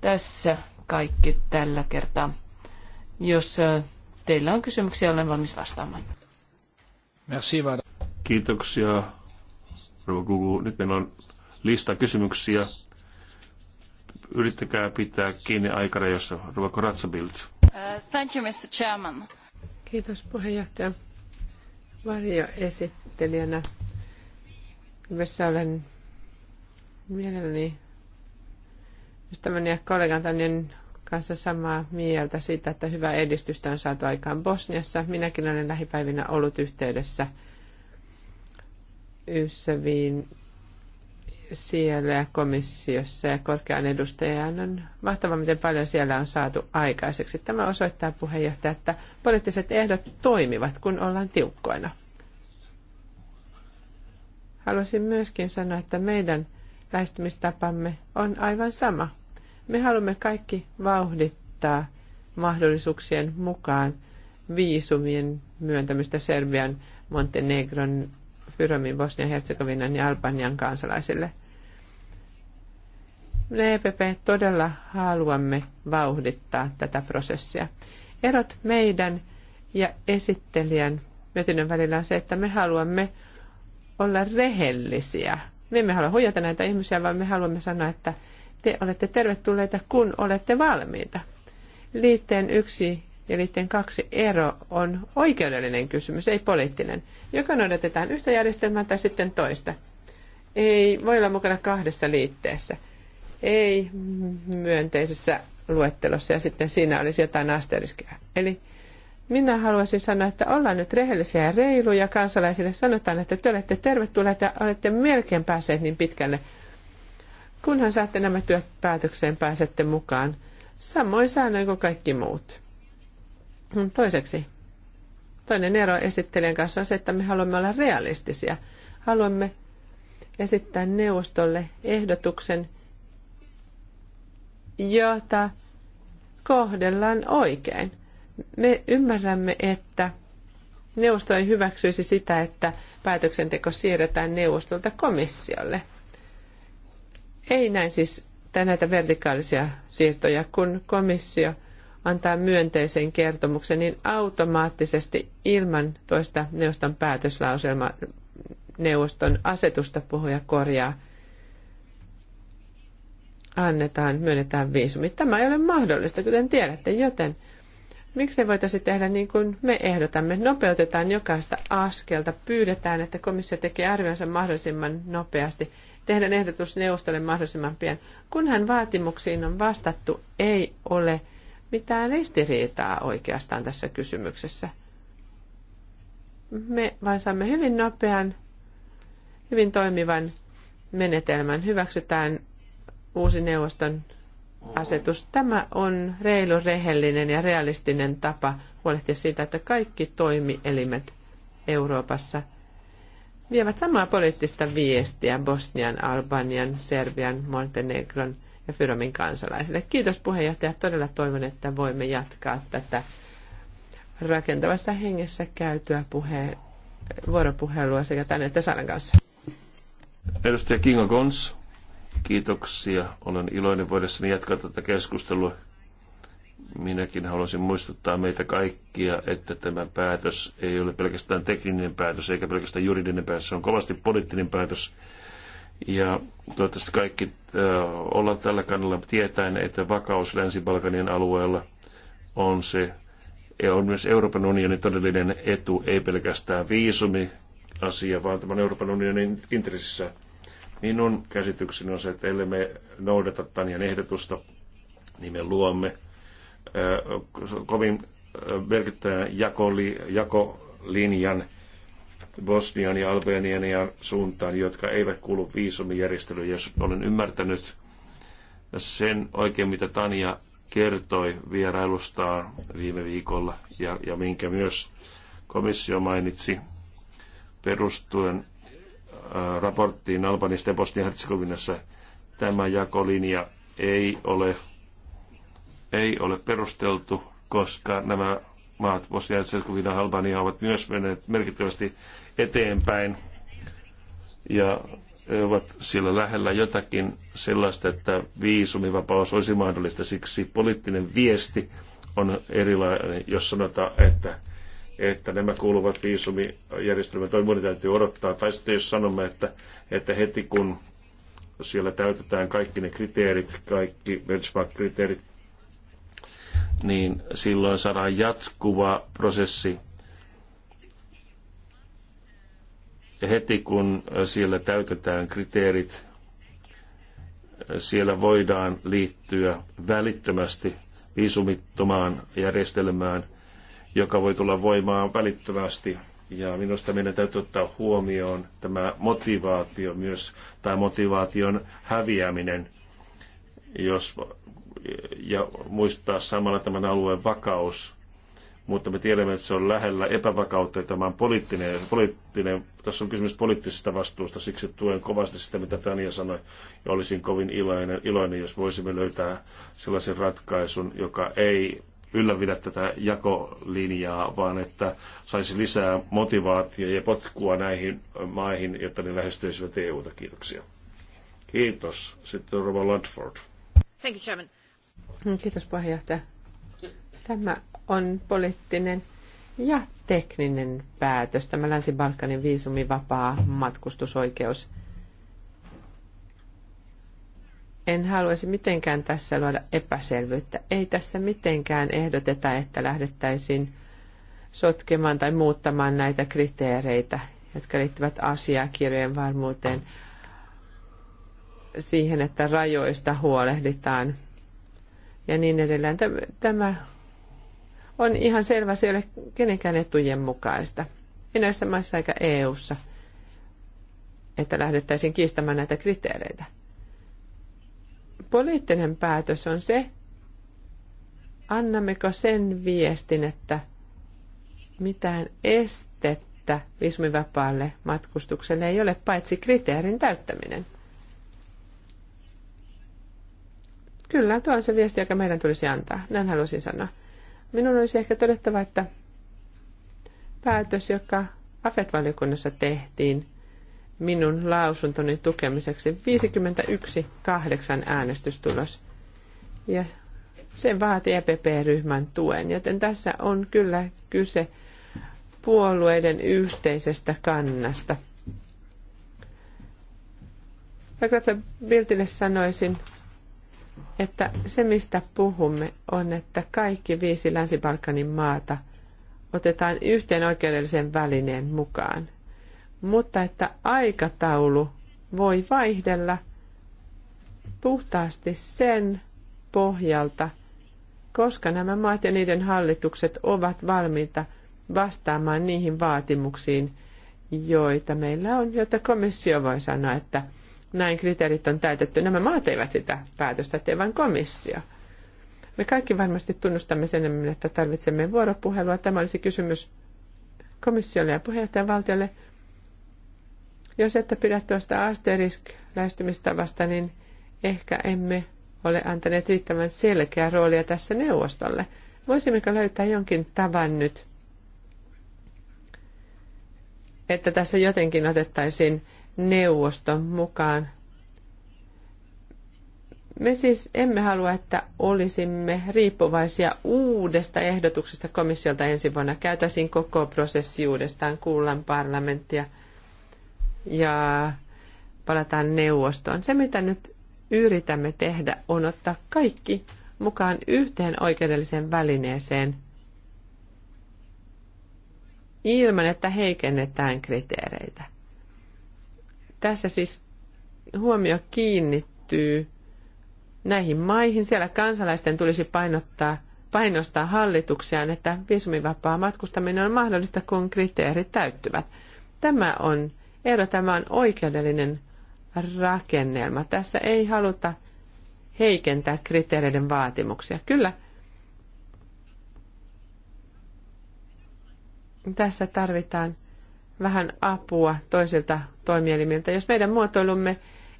Tässä kaikki tällä kertaa. Jos teillä on kysymyksiä, olen valmis vastaamaan. Merci, Kiitoksia, Rova Gugu. Nyt meillä on lista kysymyksiä. Yrittäkää pitää kiinni aikarajoissa. Rova Koratsabilt. Uh, thank you, Mr. Chairman. Kiitos puheenjohtaja esittelijänä. Yhdessä olen mielelläni ystäväni ja kollegantani kanssa samaa mieltä siitä, että hyvää edistystä on saatu aikaan Bosniassa. Minäkin olen lähipäivinä ollut yhteydessä Ysäviin siellä komissiossa ja korkean edustajan on mahtavaa, miten paljon siellä on saatu aikaiseksi. Tämä osoittaa puheenjohtaja, että poliittiset ehdot toimivat, kun ollaan tiukkoina. Haluaisin myöskin sanoa, että meidän lähestymistapamme on aivan sama. Me haluamme kaikki vauhdittaa mahdollisuuksien mukaan viisumien myöntämistä Serbian, Montenegron Fyromin, Bosnia-Herzegovinan ja Albanian kansalaisille. Me EPP todella haluamme vauhdittaa tätä prosessia. Erot meidän ja esittelijän mietinnön välillä on se, että me haluamme olla rehellisiä. Me emme halua huijata näitä ihmisiä, vaan me haluamme sanoa, että te olette tervetulleita, kun olette valmiita. Liitteen yksi ja kaksi ero on oikeudellinen kysymys, ei poliittinen. Joka noudatetaan yhtä järjestelmää tai sitten toista. Ei voi olla mukana kahdessa liitteessä. Ei myönteisessä luettelossa ja sitten siinä olisi jotain asteriskiä. Eli minä haluaisin sanoa, että ollaan nyt rehellisiä ja reiluja kansalaisille. Sanotaan, että te olette tervetulleita ja olette melkein päässeet niin pitkälle. Kunhan saatte nämä työt päätökseen, pääsette mukaan. Samoin säännöin kuin kaikki muut. Toiseksi, toinen ero esittelijän kanssa on se, että me haluamme olla realistisia. Haluamme esittää neuvostolle ehdotuksen, jota kohdellaan oikein. Me ymmärrämme, että neuvosto ei hyväksyisi sitä, että päätöksenteko siirretään neuvostolta komissiolle. Ei näin siis näitä vertikaalisia siirtoja, kun komissio – antaa myönteisen kertomuksen, niin automaattisesti ilman toista neuvoston päätöslauselmaa neuvoston asetusta puhuja korjaa annetaan, myönnetään viisumit. Tämä ei ole mahdollista, kuten tiedätte, joten miksi voitaisi tehdä niin kuin me ehdotamme. Nopeutetaan jokaista askelta, pyydetään, että komissio tekee arvionsa mahdollisimman nopeasti, tehdään ehdotus neuvostolle mahdollisimman pian. Kunhan vaatimuksiin on vastattu, ei ole mitään ristiriitaa oikeastaan tässä kysymyksessä. Me vain saamme hyvin nopean, hyvin toimivan menetelmän. Hyväksytään uusi neuvoston asetus. Tämä on reilu, rehellinen ja realistinen tapa huolehtia siitä, että kaikki toimielimet Euroopassa vievät samaa poliittista viestiä Bosnian, Albanian, Serbian, Montenegron – ja Fyromin kansalaisille. Kiitos puheenjohtaja. Todella toivon, että voimme jatkaa tätä rakentavassa hengessä käytyä puheen, vuoropuhelua sekä tänne että Saran kanssa. Edustaja Kingo Gons, kiitoksia. Olen iloinen voidessani jatkaa tätä keskustelua. Minäkin haluaisin muistuttaa meitä kaikkia, että tämä päätös ei ole pelkästään tekninen päätös eikä pelkästään juridinen päätös. Se on kovasti poliittinen päätös ja toivottavasti kaikki olla tällä kannalla tietäen, että vakaus Länsi-Balkanin alueella on se e, on myös Euroopan unionin todellinen etu, ei pelkästään viisumi asia, vaan tämän Euroopan unionin intressissä. Minun käsitykseni on se, että ellei me noudata Tanjan ehdotusta, niin me luomme kovin merkittävän jakoli, jakolinjan Bosnian ja Albanian ja suuntaan, jotka eivät kuulu viisumijärjestelyyn, jos olen ymmärtänyt sen oikein, mitä Tania kertoi vierailustaan viime viikolla ja, ja minkä myös komissio mainitsi perustuen ää, raporttiin Albanista ja Bosnia-Herzegovinassa. Tämä jakolinja ei ole, ei ole perusteltu, koska nämä maat, Bosnia ja Herzegovina ja Albania, ovat myös menneet merkittävästi eteenpäin ja ovat siellä lähellä jotakin sellaista, että viisumivapaus olisi mahdollista. Siksi poliittinen viesti on erilainen, jos sanotaan, että, että nämä kuuluvat viisumijärjestelmät muuten täytyy odottaa. Tai sitten jos sanomme, että, että heti kun siellä täytetään kaikki ne kriteerit, kaikki benchmark-kriteerit, niin silloin saadaan jatkuva prosessi. Ja heti kun siellä täytetään kriteerit, siellä voidaan liittyä välittömästi viisumittomaan järjestelmään, joka voi tulla voimaan välittömästi. Ja minusta meidän täytyy ottaa huomioon tämä motivaatio myös, tai motivaation häviäminen – jos, ja muistaa samalla tämän alueen vakaus. Mutta me tiedämme, että se on lähellä epävakautta ja tämä on poliittinen, poliittinen, tässä on kysymys poliittisesta vastuusta, siksi tuen kovasti sitä, mitä Tania sanoi, ja olisin kovin iloinen, iloinen jos voisimme löytää sellaisen ratkaisun, joka ei ylläpidä tätä jakolinjaa, vaan että saisi lisää motivaatiota ja potkua näihin maihin, jotta ne lähestyisivät EU-ta. Kiitoksia. Kiitos. Sitten Rova Ludford. Thank you, Chairman. No, kiitos puheenjohtaja. Tämä on poliittinen ja tekninen päätös, tämä Länsi-Balkanin viisumivapaa matkustusoikeus. En haluaisi mitenkään tässä luoda epäselvyyttä. Ei tässä mitenkään ehdoteta, että lähdettäisiin sotkemaan tai muuttamaan näitä kriteereitä, jotka liittyvät asiakirjojen varmuuteen, siihen, että rajoista huolehditaan ja niin edelleen. Tämä on ihan selvä, se ei ole kenenkään etujen mukaista. Ei näissä maissa eikä EU-ssa, että lähdettäisiin kiistämään näitä kriteereitä. Poliittinen päätös on se, annammeko sen viestin, että mitään estettä visumivapaalle matkustukselle ei ole paitsi kriteerin täyttäminen. Kyllä, tuo on se viesti, joka meidän tulisi antaa. Näin halusin sanoa. Minun olisi ehkä todettava, että päätös, joka AFET-valiokunnassa tehtiin minun lausuntoni tukemiseksi, 51-8 äänestystulos. Ja se vaati EPP-ryhmän tuen, joten tässä on kyllä kyse puolueiden yhteisestä kannasta. Ja Biltille sanoisin, että se mistä puhumme on, että kaikki viisi Länsi-Balkanin maata otetaan yhteen oikeudellisen välineen mukaan, mutta että aikataulu voi vaihdella puhtaasti sen pohjalta, koska nämä maat ja niiden hallitukset ovat valmiita vastaamaan niihin vaatimuksiin, joita meillä on, jotta komissio voi sanoa, että – näin kriteerit on täytetty. Nämä maat eivät sitä päätöstä tee, vaan komissio. Me kaikki varmasti tunnustamme sen, että tarvitsemme vuoropuhelua. Tämä olisi kysymys komissiolle ja puheenjohtajavaltiolle. Jos ette pidä tuosta asterisk-lähestymistavasta, niin ehkä emme ole antaneet riittävän selkeää roolia tässä neuvostolle. Voisimmeko löytää jonkin tavan nyt, että tässä jotenkin otettaisiin neuvoston mukaan. Me siis emme halua, että olisimme riippuvaisia uudesta ehdotuksesta komissiolta ensi vuonna. Käytäisiin koko prosessi uudestaan, kuullaan parlamenttia ja palataan neuvostoon. Se, mitä nyt yritämme tehdä, on ottaa kaikki mukaan yhteen oikeudelliseen välineeseen ilman, että heikennetään kriteereitä. Tässä siis huomio kiinnittyy näihin maihin. Siellä kansalaisten tulisi painottaa, painostaa hallituksiaan, että viisumivapaa matkustaminen on mahdollista, kun kriteerit täyttyvät. Tämä on ero, tämä on oikeudellinen rakennelma. Tässä ei haluta heikentää kriteereiden vaatimuksia. Kyllä tässä tarvitaan vähän apua toisilta toimielimiltä. Jos meidän muotoilumme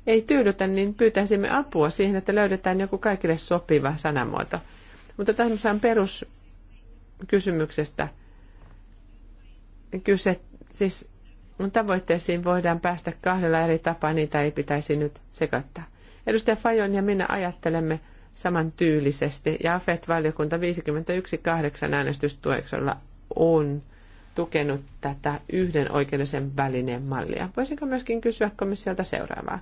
ei tyydytä, niin pyytäisimme apua siihen, että löydetään joku kaikille sopiva sanamuoto. Mutta tässä on peruskysymyksestä kyse. Siis tavoitteisiin voidaan päästä kahdella eri tapaa, niitä ei pitäisi nyt sekoittaa. Edustaja Fajon ja minä ajattelemme samantyylisesti, ja AFET-valiokunta 51.8 äänestystueksella on tukenut tätä yhden oikeudellisen välineen mallia. Voisinko myöskin kysyä komissiolta seuraavaa?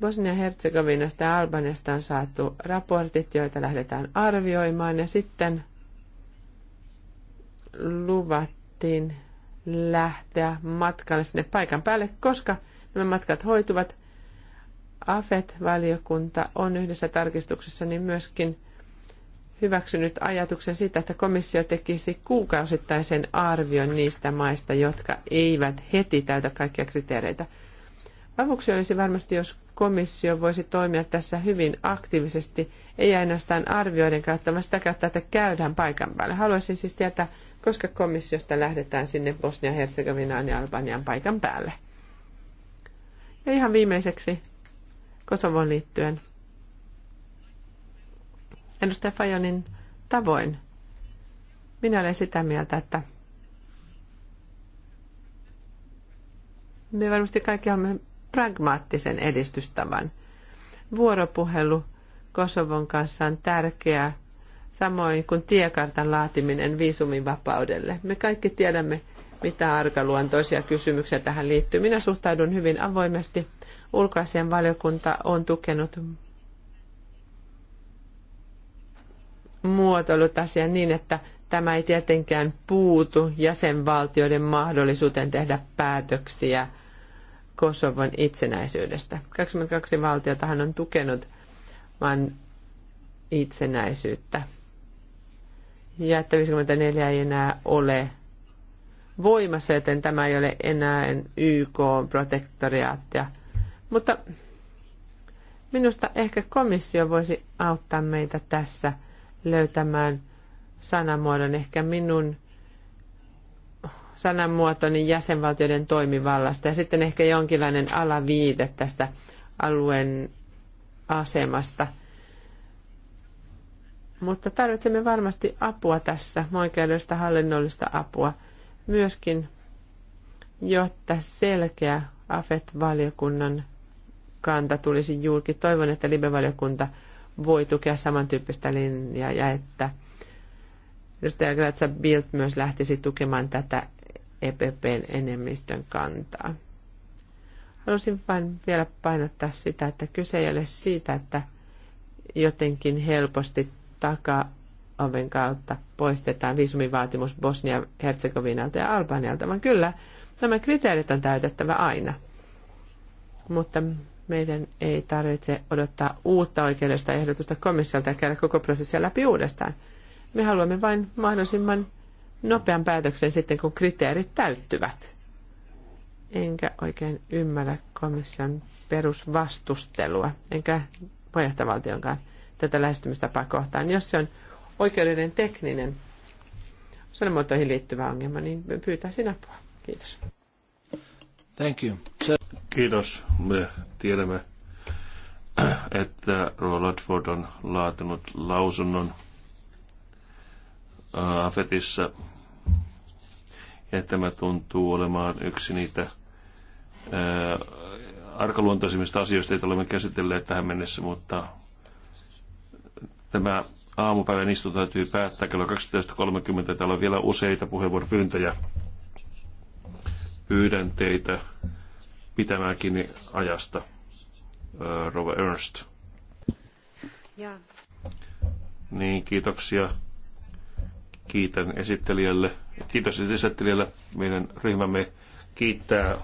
Bosnia-Herzegovinasta ja Albaniasta on saatu raportit, joita lähdetään arvioimaan, ja sitten luvattiin lähteä matkalle sinne paikan päälle, koska nämä matkat hoituvat. AFET-valiokunta on yhdessä tarkistuksessa niin myöskin hyväksynyt ajatuksen siitä, että komissio tekisi kuukausittaisen arvion niistä maista, jotka eivät heti täytä kaikkia kriteereitä. Avuksi olisi varmasti, jos komissio voisi toimia tässä hyvin aktiivisesti, ei ainoastaan arvioiden kautta, vaan sitä kautta, että käydään paikan päällä. Haluaisin siis tietää, koska komissiosta lähdetään sinne Bosnia-Herzegovinaan ja Albanian paikan päälle. Ja ihan viimeiseksi Kosovon liittyen edustaja Fajonin tavoin minä olen sitä mieltä, että me varmasti kaikki olemme pragmaattisen edistystavan. Vuoropuhelu Kosovon kanssa on tärkeää, samoin kuin tiekartan laatiminen viisumivapaudelle. Me kaikki tiedämme, mitä arkaluontoisia kysymyksiä tähän liittyy. Minä suhtaudun hyvin avoimesti. Ulkoasian valiokunta on tukenut muotoillut asian niin, että tämä ei tietenkään puutu jäsenvaltioiden mahdollisuuteen tehdä päätöksiä Kosovon itsenäisyydestä. 22 valtiotahan on tukenut maan itsenäisyyttä. Ja että 54 ei enää ole voimassa, joten tämä ei ole enää YK-protektoriaattia. Mutta minusta ehkä komissio voisi auttaa meitä tässä – löytämään sanamuodon. Ehkä minun sanamuotoni jäsenvaltioiden toimivallasta ja sitten ehkä jonkinlainen alaviite tästä alueen asemasta. Mutta tarvitsemme varmasti apua tässä, oikeudellista hallinnollista apua myöskin, jotta selkeä AFET-valiokunnan kanta tulisi julki. Toivon, että libe valiokunta voi tukea samantyyppistä linjaa ja että edustaja Gratza Bildt myös lähtisi tukemaan tätä EPPn enemmistön kantaa. Halusin vain vielä painottaa sitä, että kyse ei ole siitä, että jotenkin helposti takaoven kautta poistetaan viisumivaatimus Bosnia-Herzegovinalta ja Albanialta, vaan kyllä nämä kriteerit on täytettävä aina. Mutta meidän ei tarvitse odottaa uutta oikeudellista ehdotusta komissiolta ja käydä koko prosessia läpi uudestaan. Me haluamme vain mahdollisimman nopean päätöksen sitten, kun kriteerit täyttyvät. Enkä oikein ymmärrä komission perusvastustelua, enkä puheenjohtavaltionkaan tätä lähestymistapaa kohtaan. Jos se on oikeudellinen tekninen sanamuotoihin liittyvä ongelma, niin pyytäisin apua. Kiitos. Thank you. Kiitos. Me tiedämme, että Roland Ford on laatinut lausunnon äh, Afetissa. Ja tämä tuntuu olemaan yksi niitä äh, arkaluontoisimmista asioista, joita olemme käsitelleet tähän mennessä, mutta tämä aamupäivän istunto täytyy päättää kello 12.30. Täällä on vielä useita puheenvuoropyyntöjä. Pyydän teitä pitämään kiinni ajasta. Rova Ernst. Ja. Niin, kiitoksia. Kiitän esittelijälle. Kiitos esittelijälle. Meidän ryhmämme kiittää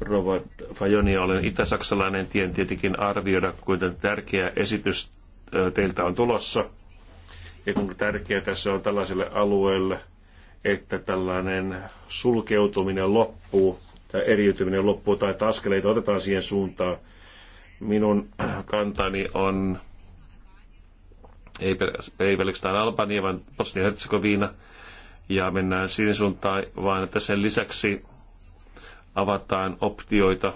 Rova Fajonia. Olen itä-saksalainen. Tien tietenkin arvioida, kuinka tärkeä esitys teiltä on tulossa ja kuinka tärkeä tässä on tällaiselle alueelle – että tällainen sulkeutuminen loppuu tai eriytyminen loppuu tai että askeleita otetaan siihen suuntaan. Minun kantani on ei, ei pelkästään Albania, vaan Bosnia-Herzegovina ja mennään siihen suuntaan, vaan että sen lisäksi avataan optioita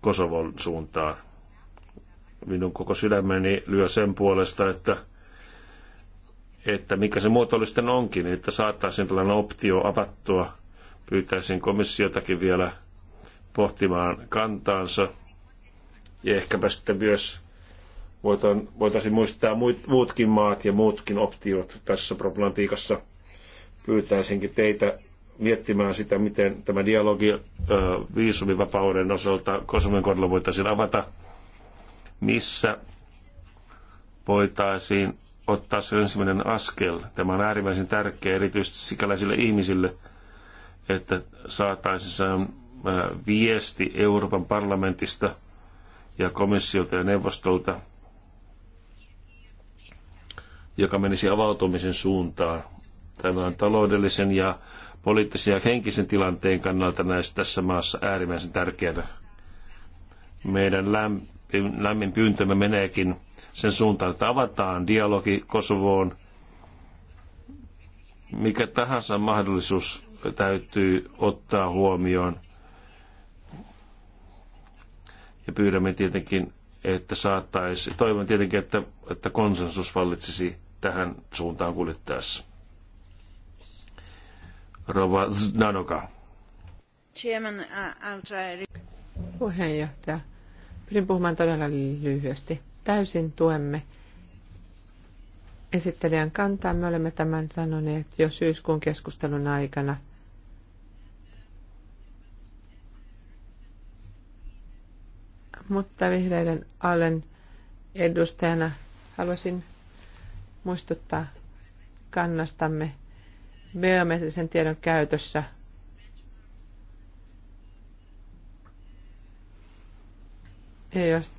Kosovon suuntaan. Minun koko sydämeni lyö sen puolesta, että että mikä se muotoilu sitten onkin, että saattaisiin tällainen optio avattua. Pyytäisin komissiotakin vielä pohtimaan kantaansa. Ja ehkäpä sitten myös voitaisiin muistaa muutkin maat ja muutkin optiot tässä problematiikassa. Pyytäisinkin teitä miettimään sitä, miten tämä dialogi viisumivapauden osalta Kosovo'n kohdalla voitaisiin avata, missä voitaisiin ottaa se ensimmäinen askel. Tämä on äärimmäisen tärkeä erityisesti sikäläisille ihmisille, että saataisiin ähm, äh, viesti Euroopan parlamentista ja komissiolta ja neuvostolta, joka menisi avautumisen suuntaan. Tämä on taloudellisen ja poliittisen ja henkisen tilanteen kannalta näissä tässä maassa äärimmäisen tärkeää. Meidän lämmin, lämmin pyyntömme meneekin sen suuntaan, että avataan dialogi Kosovoon. Mikä tahansa mahdollisuus täytyy ottaa huomioon. Ja pyydämme tietenkin, että saattaisi, toivon tietenkin, että, että konsensus vallitsisi tähän suuntaan kuljettaessa. Rova Zdanoka. Chairman, uh, Puheenjohtaja, pyrin puhumaan todella lyhyesti täysin tuemme esittelijän kantaa. Me olemme tämän sanoneet jo syyskuun keskustelun aikana. Mutta vihreiden allen edustajana haluaisin muistuttaa kannastamme biometrisen tiedon käytössä ja jos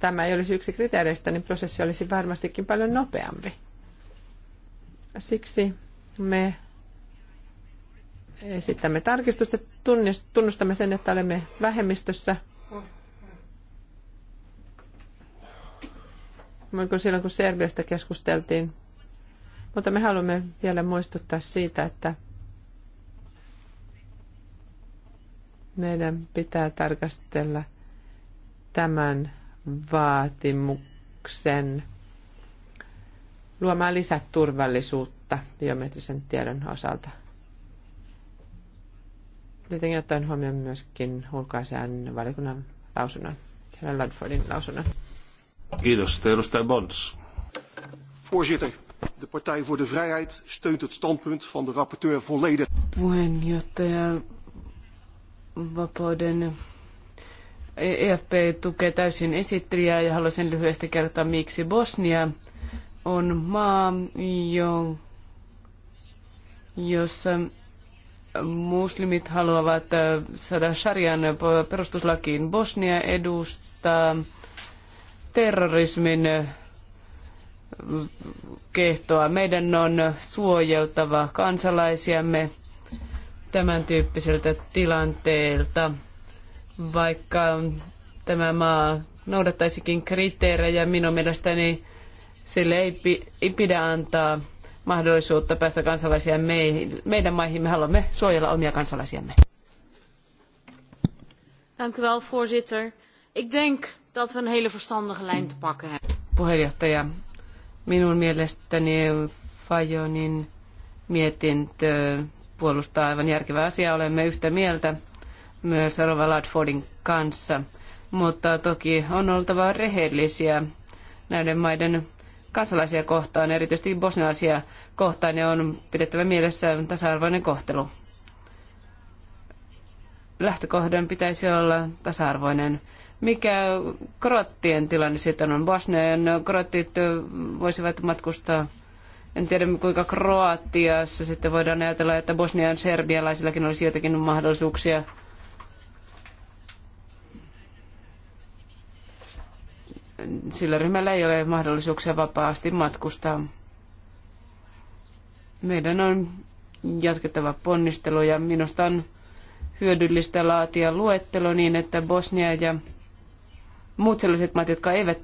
tämä ei olisi yksi kriteereistä, niin prosessi olisi varmastikin paljon nopeampi. Siksi me esittämme tarkistusta, tunnustamme sen, että olemme vähemmistössä. Kun silloin kun Serbiasta keskusteltiin, mutta me haluamme vielä muistuttaa siitä, että meidän pitää tarkastella tämän vaatimuksen luomaan lisäturvallisuutta biometrisen tiedon osalta. Tietenkin ottaen huomioon myöskin ulkoasian valiokunnan lausunnon, Helen Ludfordin lausunnon. Kiitos. Edustaja Bonds. Voorzitter, de Partij voor de Vrijheid steunt het standpunt van de rapporteur volledig. Puheenjohtaja, vapauden EFP tukee täysin esittelijää ja haluaisin lyhyesti kertoa, miksi Bosnia on maa, jo, jossa muslimit haluavat äh, saada sarjan perustuslakiin. Bosnia edustaa terrorismin äh, kehtoa. Meidän on suojeltava kansalaisiamme tämän tyyppiseltä tilanteelta. Vaikka tämä maa noudattaisikin kriteerejä, minun mielestäni sille ei, ei pidä antaa mahdollisuutta päästä kansalaisia meihin, meidän maihin. Me haluamme suojella omia kansalaisiamme. Dank u wel, voorzitter. Ik denk dat we een hele verstandige lijn te pakken hebben. Puheenjohtaja, minun mielestäni Fajonin mietintö puolustaa aivan järkevää asiaa. Olemme yhtä mieltä myös Rova Ladfordin kanssa. Mutta toki on oltava rehellisiä näiden maiden kansalaisia kohtaan, erityisesti bosnialaisia kohtaan, ja on pidettävä mielessä tasa-arvoinen kohtelu. Lähtökohdan pitäisi olla tasa-arvoinen. Mikä kroattien tilanne sitten on? Bosnian kroatit voisivat matkustaa en tiedä kuinka Kroatiassa sitten voidaan ajatella, että Bosnian serbialaisillakin olisi jotakin mahdollisuuksia sillä ryhmällä ei ole mahdollisuuksia vapaasti matkustaa. Meidän on jatkettava ponnisteluja. Minusta on hyödyllistä laatia luettelo niin, että Bosnia ja muut sellaiset maat, jotka eivät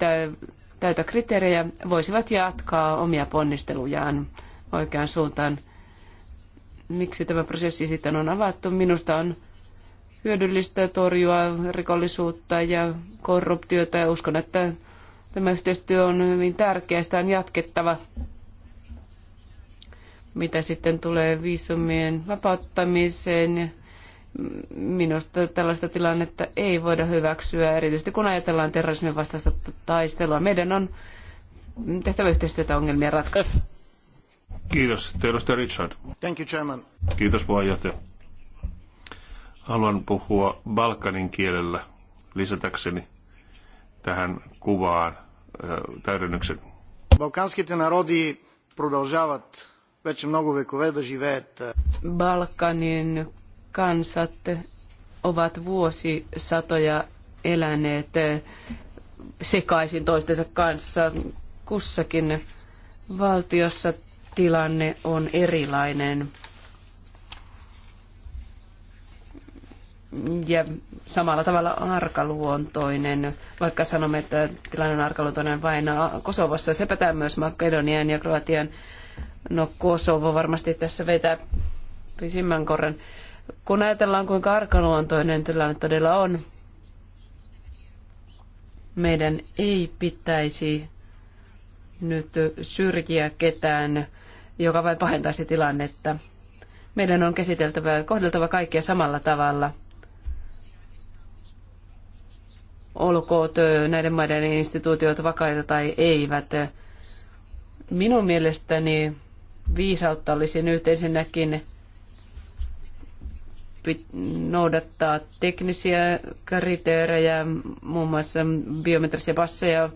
täytä kriteerejä, voisivat jatkaa omia ponnistelujaan oikeaan suuntaan. Miksi tämä prosessi sitten on avattu? Minusta on hyödyllistä torjua rikollisuutta ja korruptiota ja uskon, että Tämä yhteistyö on hyvin tärkeä, sitä on jatkettava. Mitä sitten tulee viisumien vapauttamiseen, minusta tällaista tilannetta ei voida hyväksyä, erityisesti kun ajatellaan terrorismin vastaista taistelua. Meidän on tehtävä yhteistyötä ongelmien ratkaisuun. Kiitos. Edustaja Richard. Thank you, Chairman. Kiitos puheenjohtaja. Haluan puhua Balkanin kielellä lisätäkseni tähän kuvaan täydennyksen. Balkanskите народи продължават вече много векове да живеят. Balkanin kansat ovat vuosisatoja eläneet sekaisin toistensa kanssa. Kussakin valtiossa tilanne on erilainen. ja samalla tavalla arkaluontoinen, vaikka sanomme, että tilanne on arkaluontoinen vain Kosovossa. Se pätää myös Makedonian ja Kroatian. No Kosovo varmasti tässä vetää pisimmän korren. Kun ajatellaan, kuinka arkaluontoinen tilanne todella on, meidän ei pitäisi nyt syrjiä ketään, joka vain pahentaisi tilannetta. Meidän on käsiteltävä ja kohdeltava kaikkia samalla tavalla – olkoot näiden maiden instituutiot vakaita tai eivät. Minun mielestäni viisautta olisi nyt ensinnäkin noudattaa teknisiä kriteerejä, muun muassa biometrisiä passeja,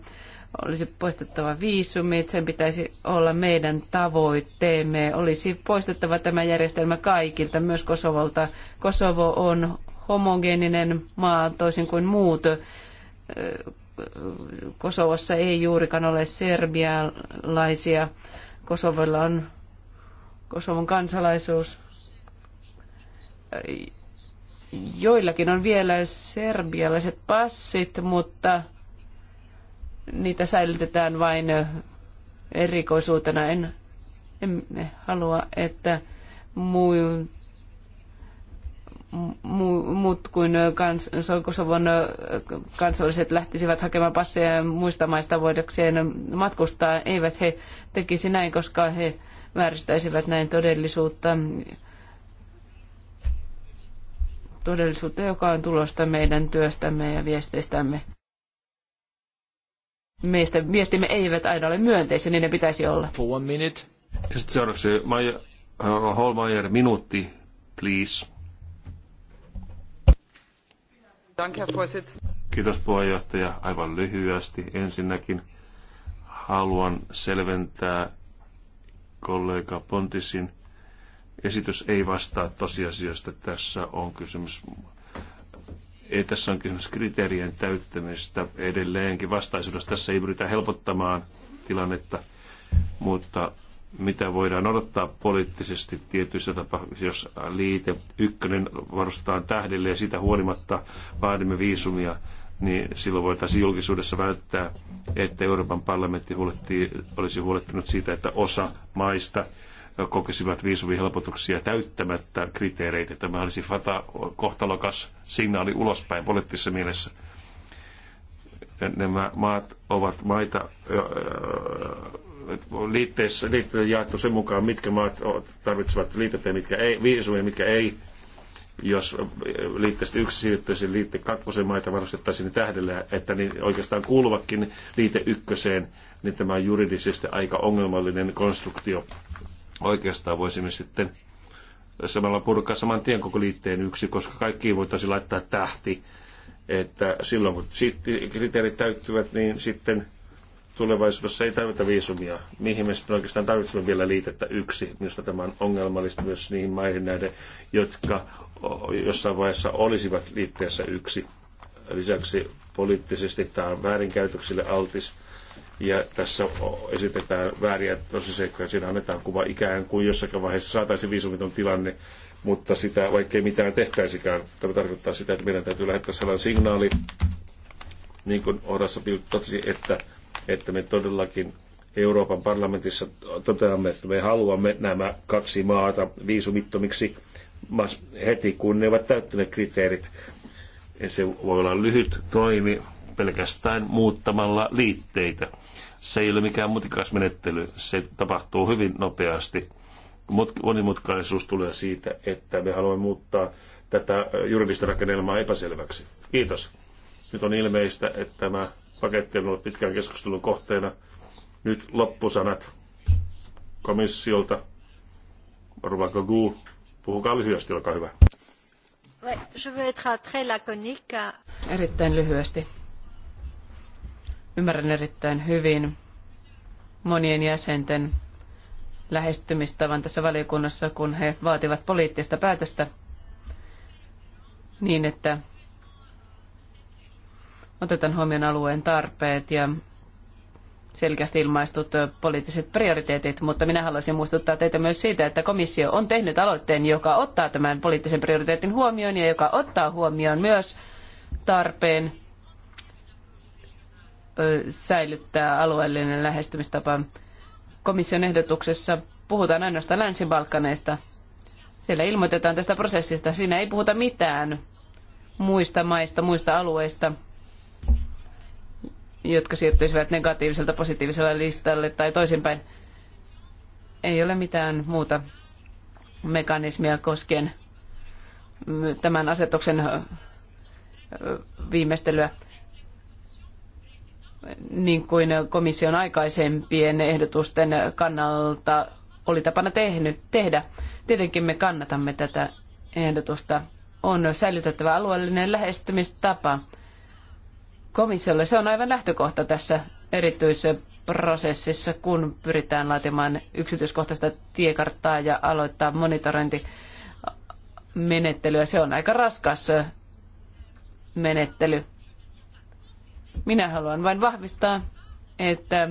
olisi poistettava viisumit, sen pitäisi olla meidän tavoitteemme. Olisi poistettava tämä järjestelmä kaikilta, myös Kosovolta. Kosovo on homogeeninen maa, toisin kuin muut Kosovossa ei juurikaan ole serbialaisia. Kosovolla on Kosovon kansalaisuus. Joillakin on vielä serbialaiset passit, mutta niitä säilytetään vain erikoisuutena. En, en halua, että muut muut kuin kans, Kosovon kansalliset lähtisivät hakemaan passeja muista maista voidakseen matkustaa, eivät he tekisi näin, koska he vääristäisivät näin todellisuutta. Todellisuutta, joka on tulosta meidän työstämme ja viesteistämme. Meistä viestimme eivät aina ole myönteisiä, niin ne pitäisi olla. For one minute. Sitten seuraavaksi Maja, Holmeier, minuutti, please. Kiitos puheenjohtaja. Aivan lyhyesti ensinnäkin haluan selventää kollega Pontisin esitys ei vastaa tosiasioista. Tässä on kysymys ei tässä on kysymys kriteerien täyttämistä edelleenkin vastaisuudessa. Tässä ei pyritä helpottamaan tilannetta, mutta mitä voidaan odottaa poliittisesti tietyissä tapauksissa, jos liite ykkönen varustetaan tähdelle ja sitä huolimatta vaadimme viisumia, niin silloin voitaisiin julkisuudessa väittää, että Euroopan parlamentti olisi huolettanut siitä, että osa maista kokisivat viisumihelpotuksia täyttämättä kriteereitä. Tämä olisi fata kohtalokas signaali ulospäin poliittisessa mielessä. Nämä maat ovat maita, liitteessä, liitteessä jaettu sen mukaan, mitkä maat tarvitsevat liitettä ja mitkä ei, viisumia, mitkä ei. Jos liitteestä yksi siirryttäisiin liitte kakkosen maita varustettaisiin niin tähdellä, että niin oikeastaan kuuluvatkin liite ykköseen, niin tämä on juridisesti aika ongelmallinen konstruktio. Oikeastaan voisimme sitten samalla purkaa saman tien koko liitteen yksi, koska kaikkiin voitaisiin laittaa tähti. Että silloin kun kriteerit täyttyvät, niin sitten tulevaisuudessa ei tarvita viisumia, mihin me sitten oikeastaan tarvitsemme vielä liitettä yksi. Minusta tämä on ongelmallista myös niihin maihin näiden, jotka jossain vaiheessa olisivat liitteessä yksi. Lisäksi poliittisesti tämä on väärinkäytöksille altis. Ja tässä esitetään vääriä tosiseikkoja. Siinä annetaan kuva ikään kuin jossakin vaiheessa saataisiin viisumiton tilanne, mutta sitä vaikkei mitään tehtäisikään. Tämä tarkoittaa sitä, että meidän täytyy lähettää sellainen signaali, niin kuin Orassa totesi, että että me todellakin Euroopan parlamentissa toteamme, että me haluamme nämä kaksi maata viisumittomiksi heti, kun ne ovat täyttäneet kriteerit. Se voi olla lyhyt toimi pelkästään muuttamalla liitteitä. Se ei ole mikään mutikas menettely, se tapahtuu hyvin nopeasti. Monimutkaisuus tulee siitä, että me haluamme muuttaa tätä juridista rakennelmaa epäselväksi. Kiitos. Nyt on ilmeistä, että tämä Paketti on ollut pitkään keskustelun kohteena. Nyt loppusanat komissiolta. Ruvanko Guu, puhukaa lyhyesti, olkaa hyvä. Erittäin lyhyesti. Ymmärrän erittäin hyvin monien jäsenten lähestymistavan tässä valiokunnassa, kun he vaativat poliittista päätöstä niin, että otetaan huomioon alueen tarpeet ja selkeästi ilmaistut poliittiset prioriteetit, mutta minä haluaisin muistuttaa teitä myös siitä, että komissio on tehnyt aloitteen, joka ottaa tämän poliittisen prioriteetin huomioon ja joka ottaa huomioon myös tarpeen säilyttää alueellinen lähestymistapa. Komission ehdotuksessa puhutaan ainoastaan Länsi-Balkaneista. Siellä ilmoitetaan tästä prosessista. Siinä ei puhuta mitään muista maista, muista alueista – jotka siirtyisivät negatiiviselta positiiviselle listalle tai toisinpäin. Ei ole mitään muuta mekanismia koskien tämän asetuksen viimeistelyä niin kuin komission aikaisempien ehdotusten kannalta oli tapana tehnyt, tehdä. Tietenkin me kannatamme tätä ehdotusta. On säilytettävä alueellinen lähestymistapa komissiolle. Se on aivan lähtökohta tässä erityisprosessissa, kun pyritään laatimaan yksityiskohtaista tiekarttaa ja aloittaa monitorointimenettelyä. Se on aika raskas menettely. Minä haluan vain vahvistaa, että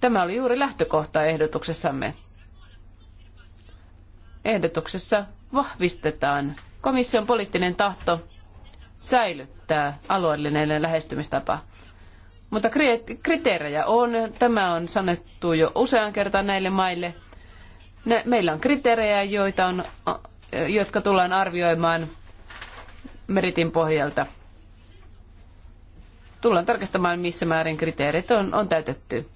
tämä oli juuri lähtökohta ehdotuksessamme. Ehdotuksessa vahvistetaan komission poliittinen tahto säilyttää alueellinen lähestymistapa. Mutta kriteerejä on. Tämä on sanottu jo usean kertaan näille maille. meillä on kriteerejä, joita on, jotka tullaan arvioimaan meritin pohjalta. Tullaan tarkastamaan, missä määrin kriteerit on, on täytetty.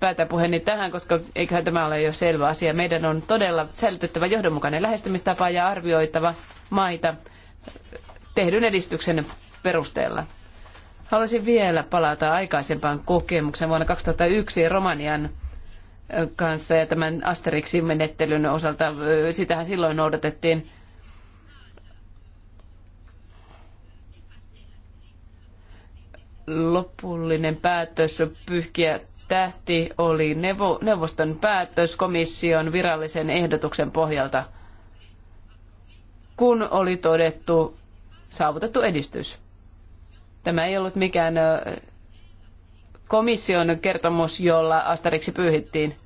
Päätä puheeni tähän, koska eiköhän tämä ole jo selvä asia. Meidän on todella säilytettävä johdonmukainen lähestymistapa ja arvioitava maita tehdyn edistyksen perusteella. Haluaisin vielä palata aikaisempaan kokemukseen vuonna 2001 Romanian kanssa ja tämän Asterixin menettelyn osalta. Sitähän silloin noudatettiin. Lopullinen päätös pyyhkiä tähti oli neuvoston päätös komission virallisen ehdotuksen pohjalta, kun oli todettu saavutettu edistys. Tämä ei ollut mikään komission kertomus, jolla Astariksi pyyhittiin,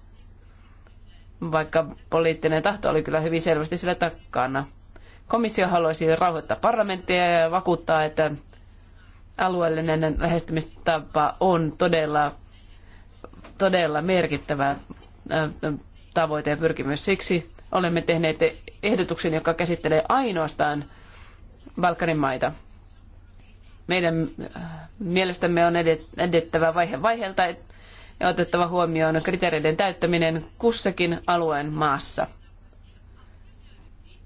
vaikka poliittinen tahto oli kyllä hyvin selvästi sillä takana. Komissio haluaisi rauhoittaa parlamenttia ja vakuuttaa, että alueellinen lähestymistapa on todella, todella merkittävä tavoite ja pyrkimys. Siksi olemme tehneet ehdotuksen, joka käsittelee ainoastaan Balkanin maita. Meidän äh, mielestämme on edettävä vaihe vaiheelta ja otettava huomioon kriteereiden täyttäminen kussakin alueen maassa.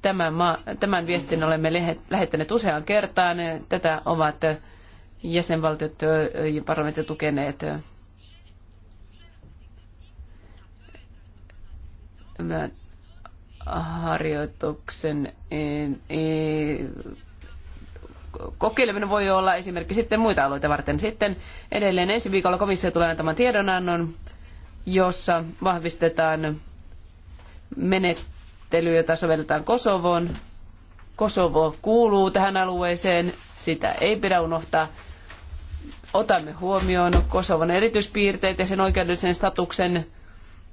Tämän, maa, tämän viestin olemme lähettäneet useaan kertaan. Tätä ovat jäsenvaltiot ja parlamentit tukeneet harjoituksen kokeileminen voi olla esimerkki sitten muita alueita varten. Sitten edelleen ensi viikolla komissio tulee antamaan tiedonannon, jossa vahvistetaan menettely, jota sovelletaan Kosovoon. Kosovo kuuluu tähän alueeseen, sitä ei pidä unohtaa. Otamme huomioon Kosovon erityispiirteet ja sen oikeudellisen statuksen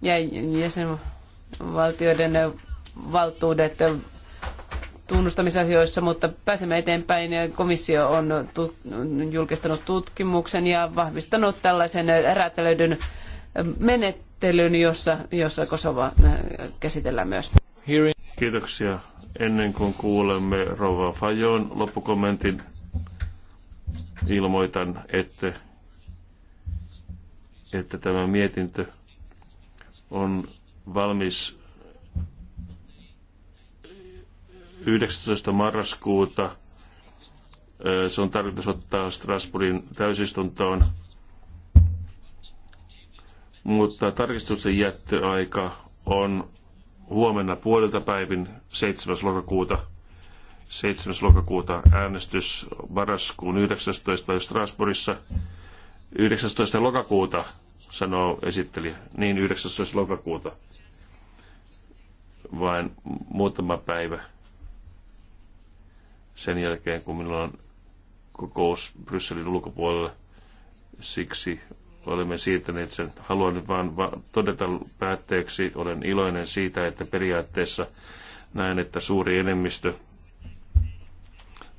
ja jäsenvaltioiden valtuudet tunnustamisasioissa, mutta pääsemme eteenpäin. Komissio on julkistanut tutkimuksen ja vahvistanut tällaisen räätälöidyn menettelyn, jossa, jossa Kosova äh, käsitellään myös. Kiitoksia. Ennen kuin kuulemme Rova Fajon loppukommentin, ilmoitan, että, että tämä mietintö on valmis 19. marraskuuta se on tarkoitus ottaa Strasbourgin täysistuntoon, mutta tarkistusten jättöaika on huomenna puolilta päivin 7. lokakuuta. 7. lokakuuta äänestys marraskuun 19. Strasbourgissa. 19. lokakuuta, sanoo esittelijä. Niin, 19. lokakuuta. Vain muutama päivä sen jälkeen, kun minulla on kokous Brysselin ulkopuolella. Siksi olemme siirtäneet sen. Haluan nyt vain todeta päätteeksi, olen iloinen siitä, että periaatteessa näen, että suuri enemmistö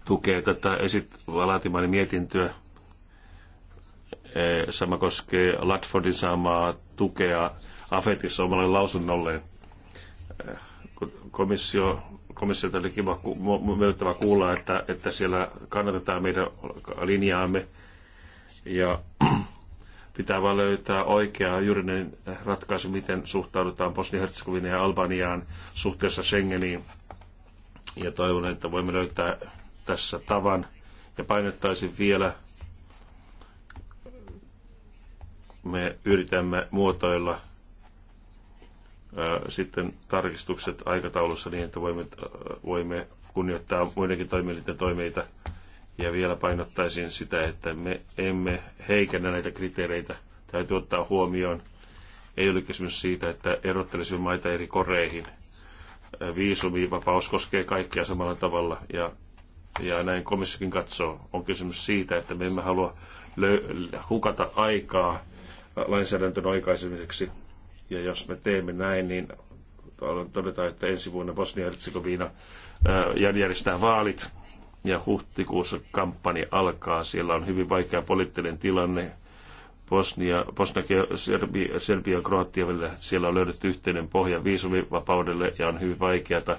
tukee tätä esit- laatimani mietintöä. E, sama koskee Latfordin saamaa tukea Afetissa omalle lausunnolleen. E, komissio komissiolta oli kiva myötävä kuulla, että, että siellä kannatetaan meidän linjaamme ja pitää vaan löytää oikea juridinen ratkaisu, miten suhtaudutaan Bosnia-Herzegovinaan ja Albaniaan suhteessa Schengeniin. Ja toivon, että voimme löytää tässä tavan. Ja painettaisin vielä, me yritämme muotoilla sitten tarkistukset aikataulussa niin, että voimme, voimme kunnioittaa muidenkin toimielinten toimeita. Ja vielä painottaisin sitä, että me emme heikennä näitä kriteereitä. Täytyy ottaa huomioon. Ei ole kysymys siitä, että erottelisimme maita eri koreihin. Viisumivapaus koskee kaikkia samalla tavalla ja, ja näin komissiokin katsoo. On kysymys siitä, että me emme halua hukata aikaa lainsäädäntön aikaisemiseksi ja jos me teemme näin, niin todetaan, että ensi vuonna Bosnia-Herzegovina järjestää vaalit ja huhtikuussa kampanja alkaa. Siellä on hyvin vaikea poliittinen tilanne. Bosnia, Bosnia Serbia, Serbia ja Kroatia välillä siellä on löydetty yhteinen pohja viisumivapaudelle ja on hyvin vaikeata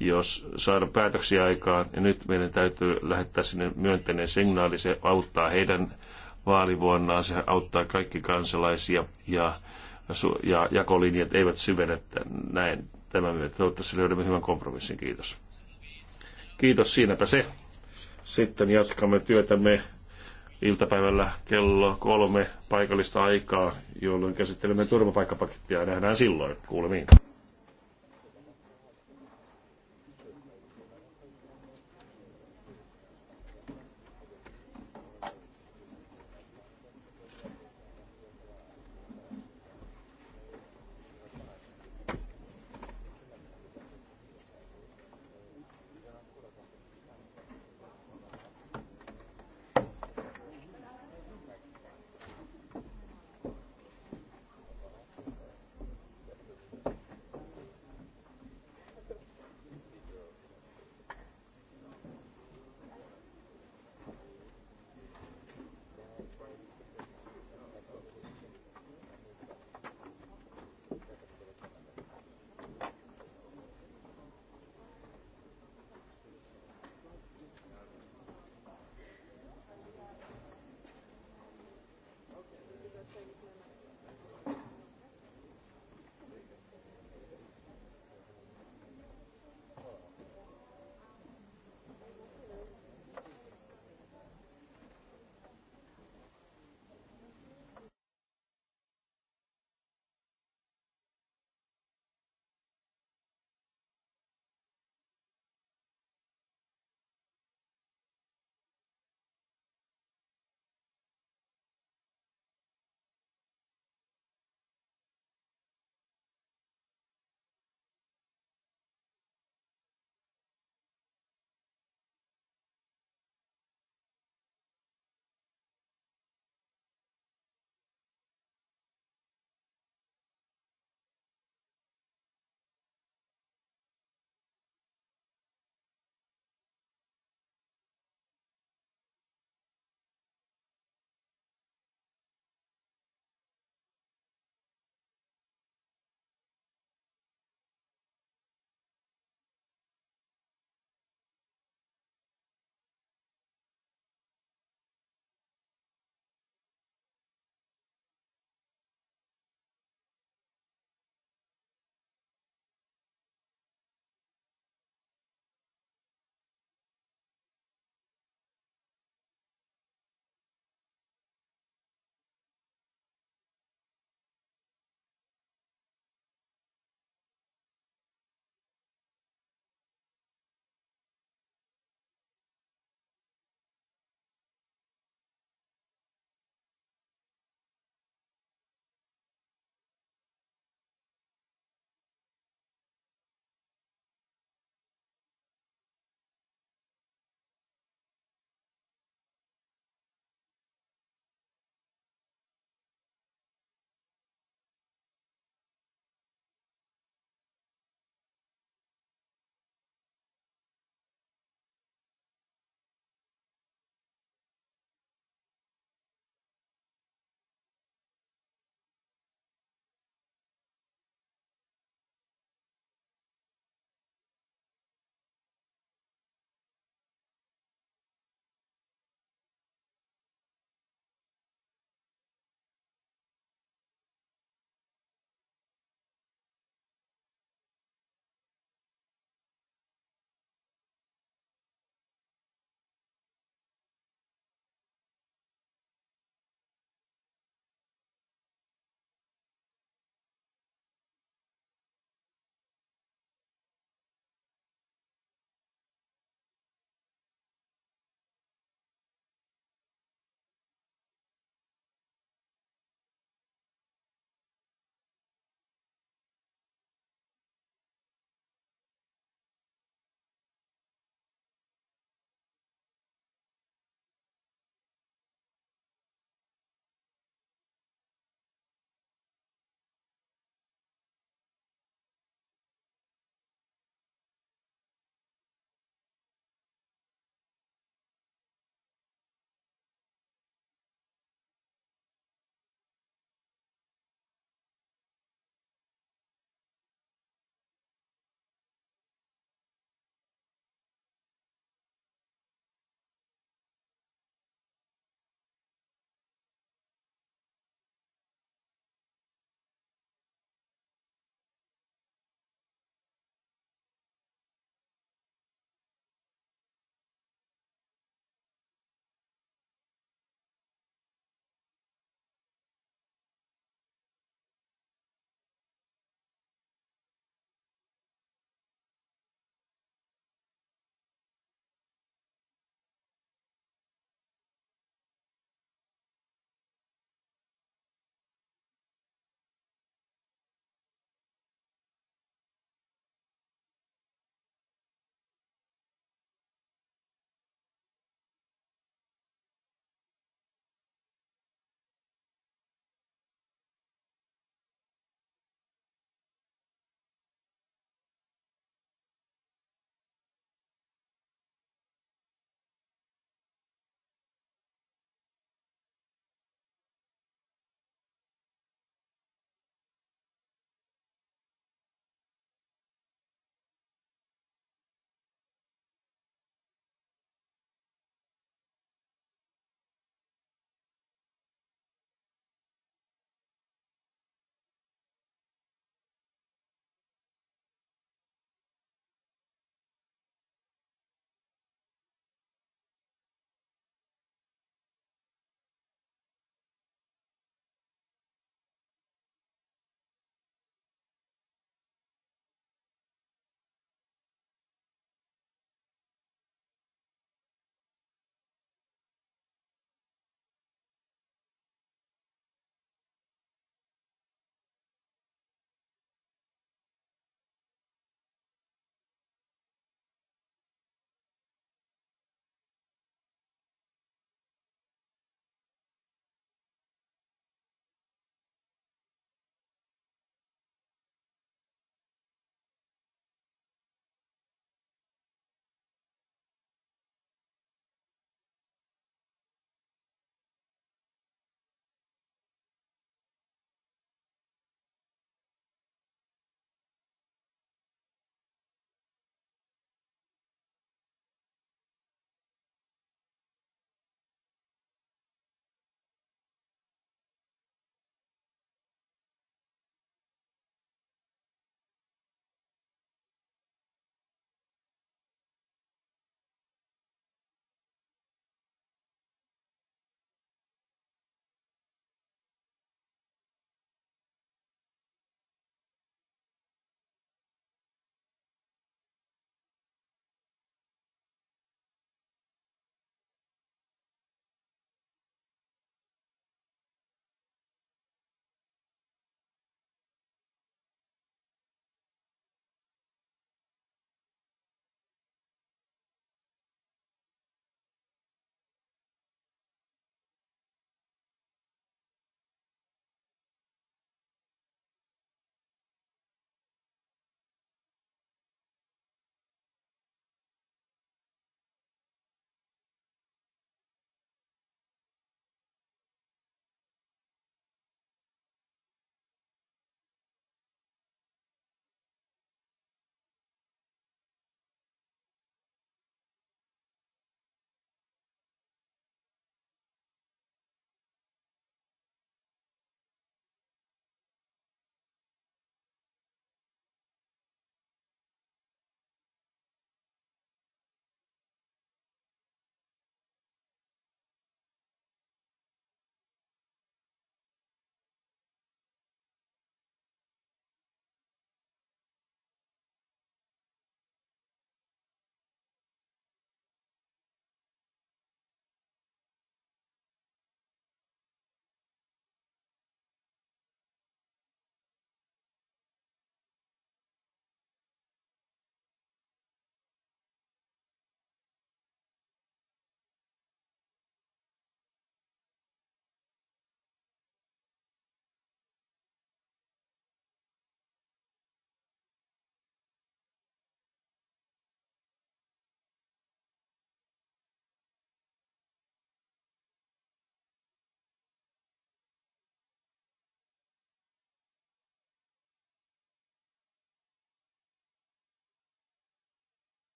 jos saada päätöksiä aikaan. Ja nyt meidän täytyy lähettää sinne myönteinen signaali. Se auttaa heidän vaalivuonnaan, se auttaa kaikki kansalaisia ja ja jakolinjat eivät syvene näin tämän myötä. Toivottavasti löydämme hyvän kompromissin. Kiitos. Kiitos, siinäpä se. Sitten jatkamme työtämme iltapäivällä kello kolme paikallista aikaa, jolloin käsittelemme turvapaikkapakettia. Nähdään silloin. Kuulemiin.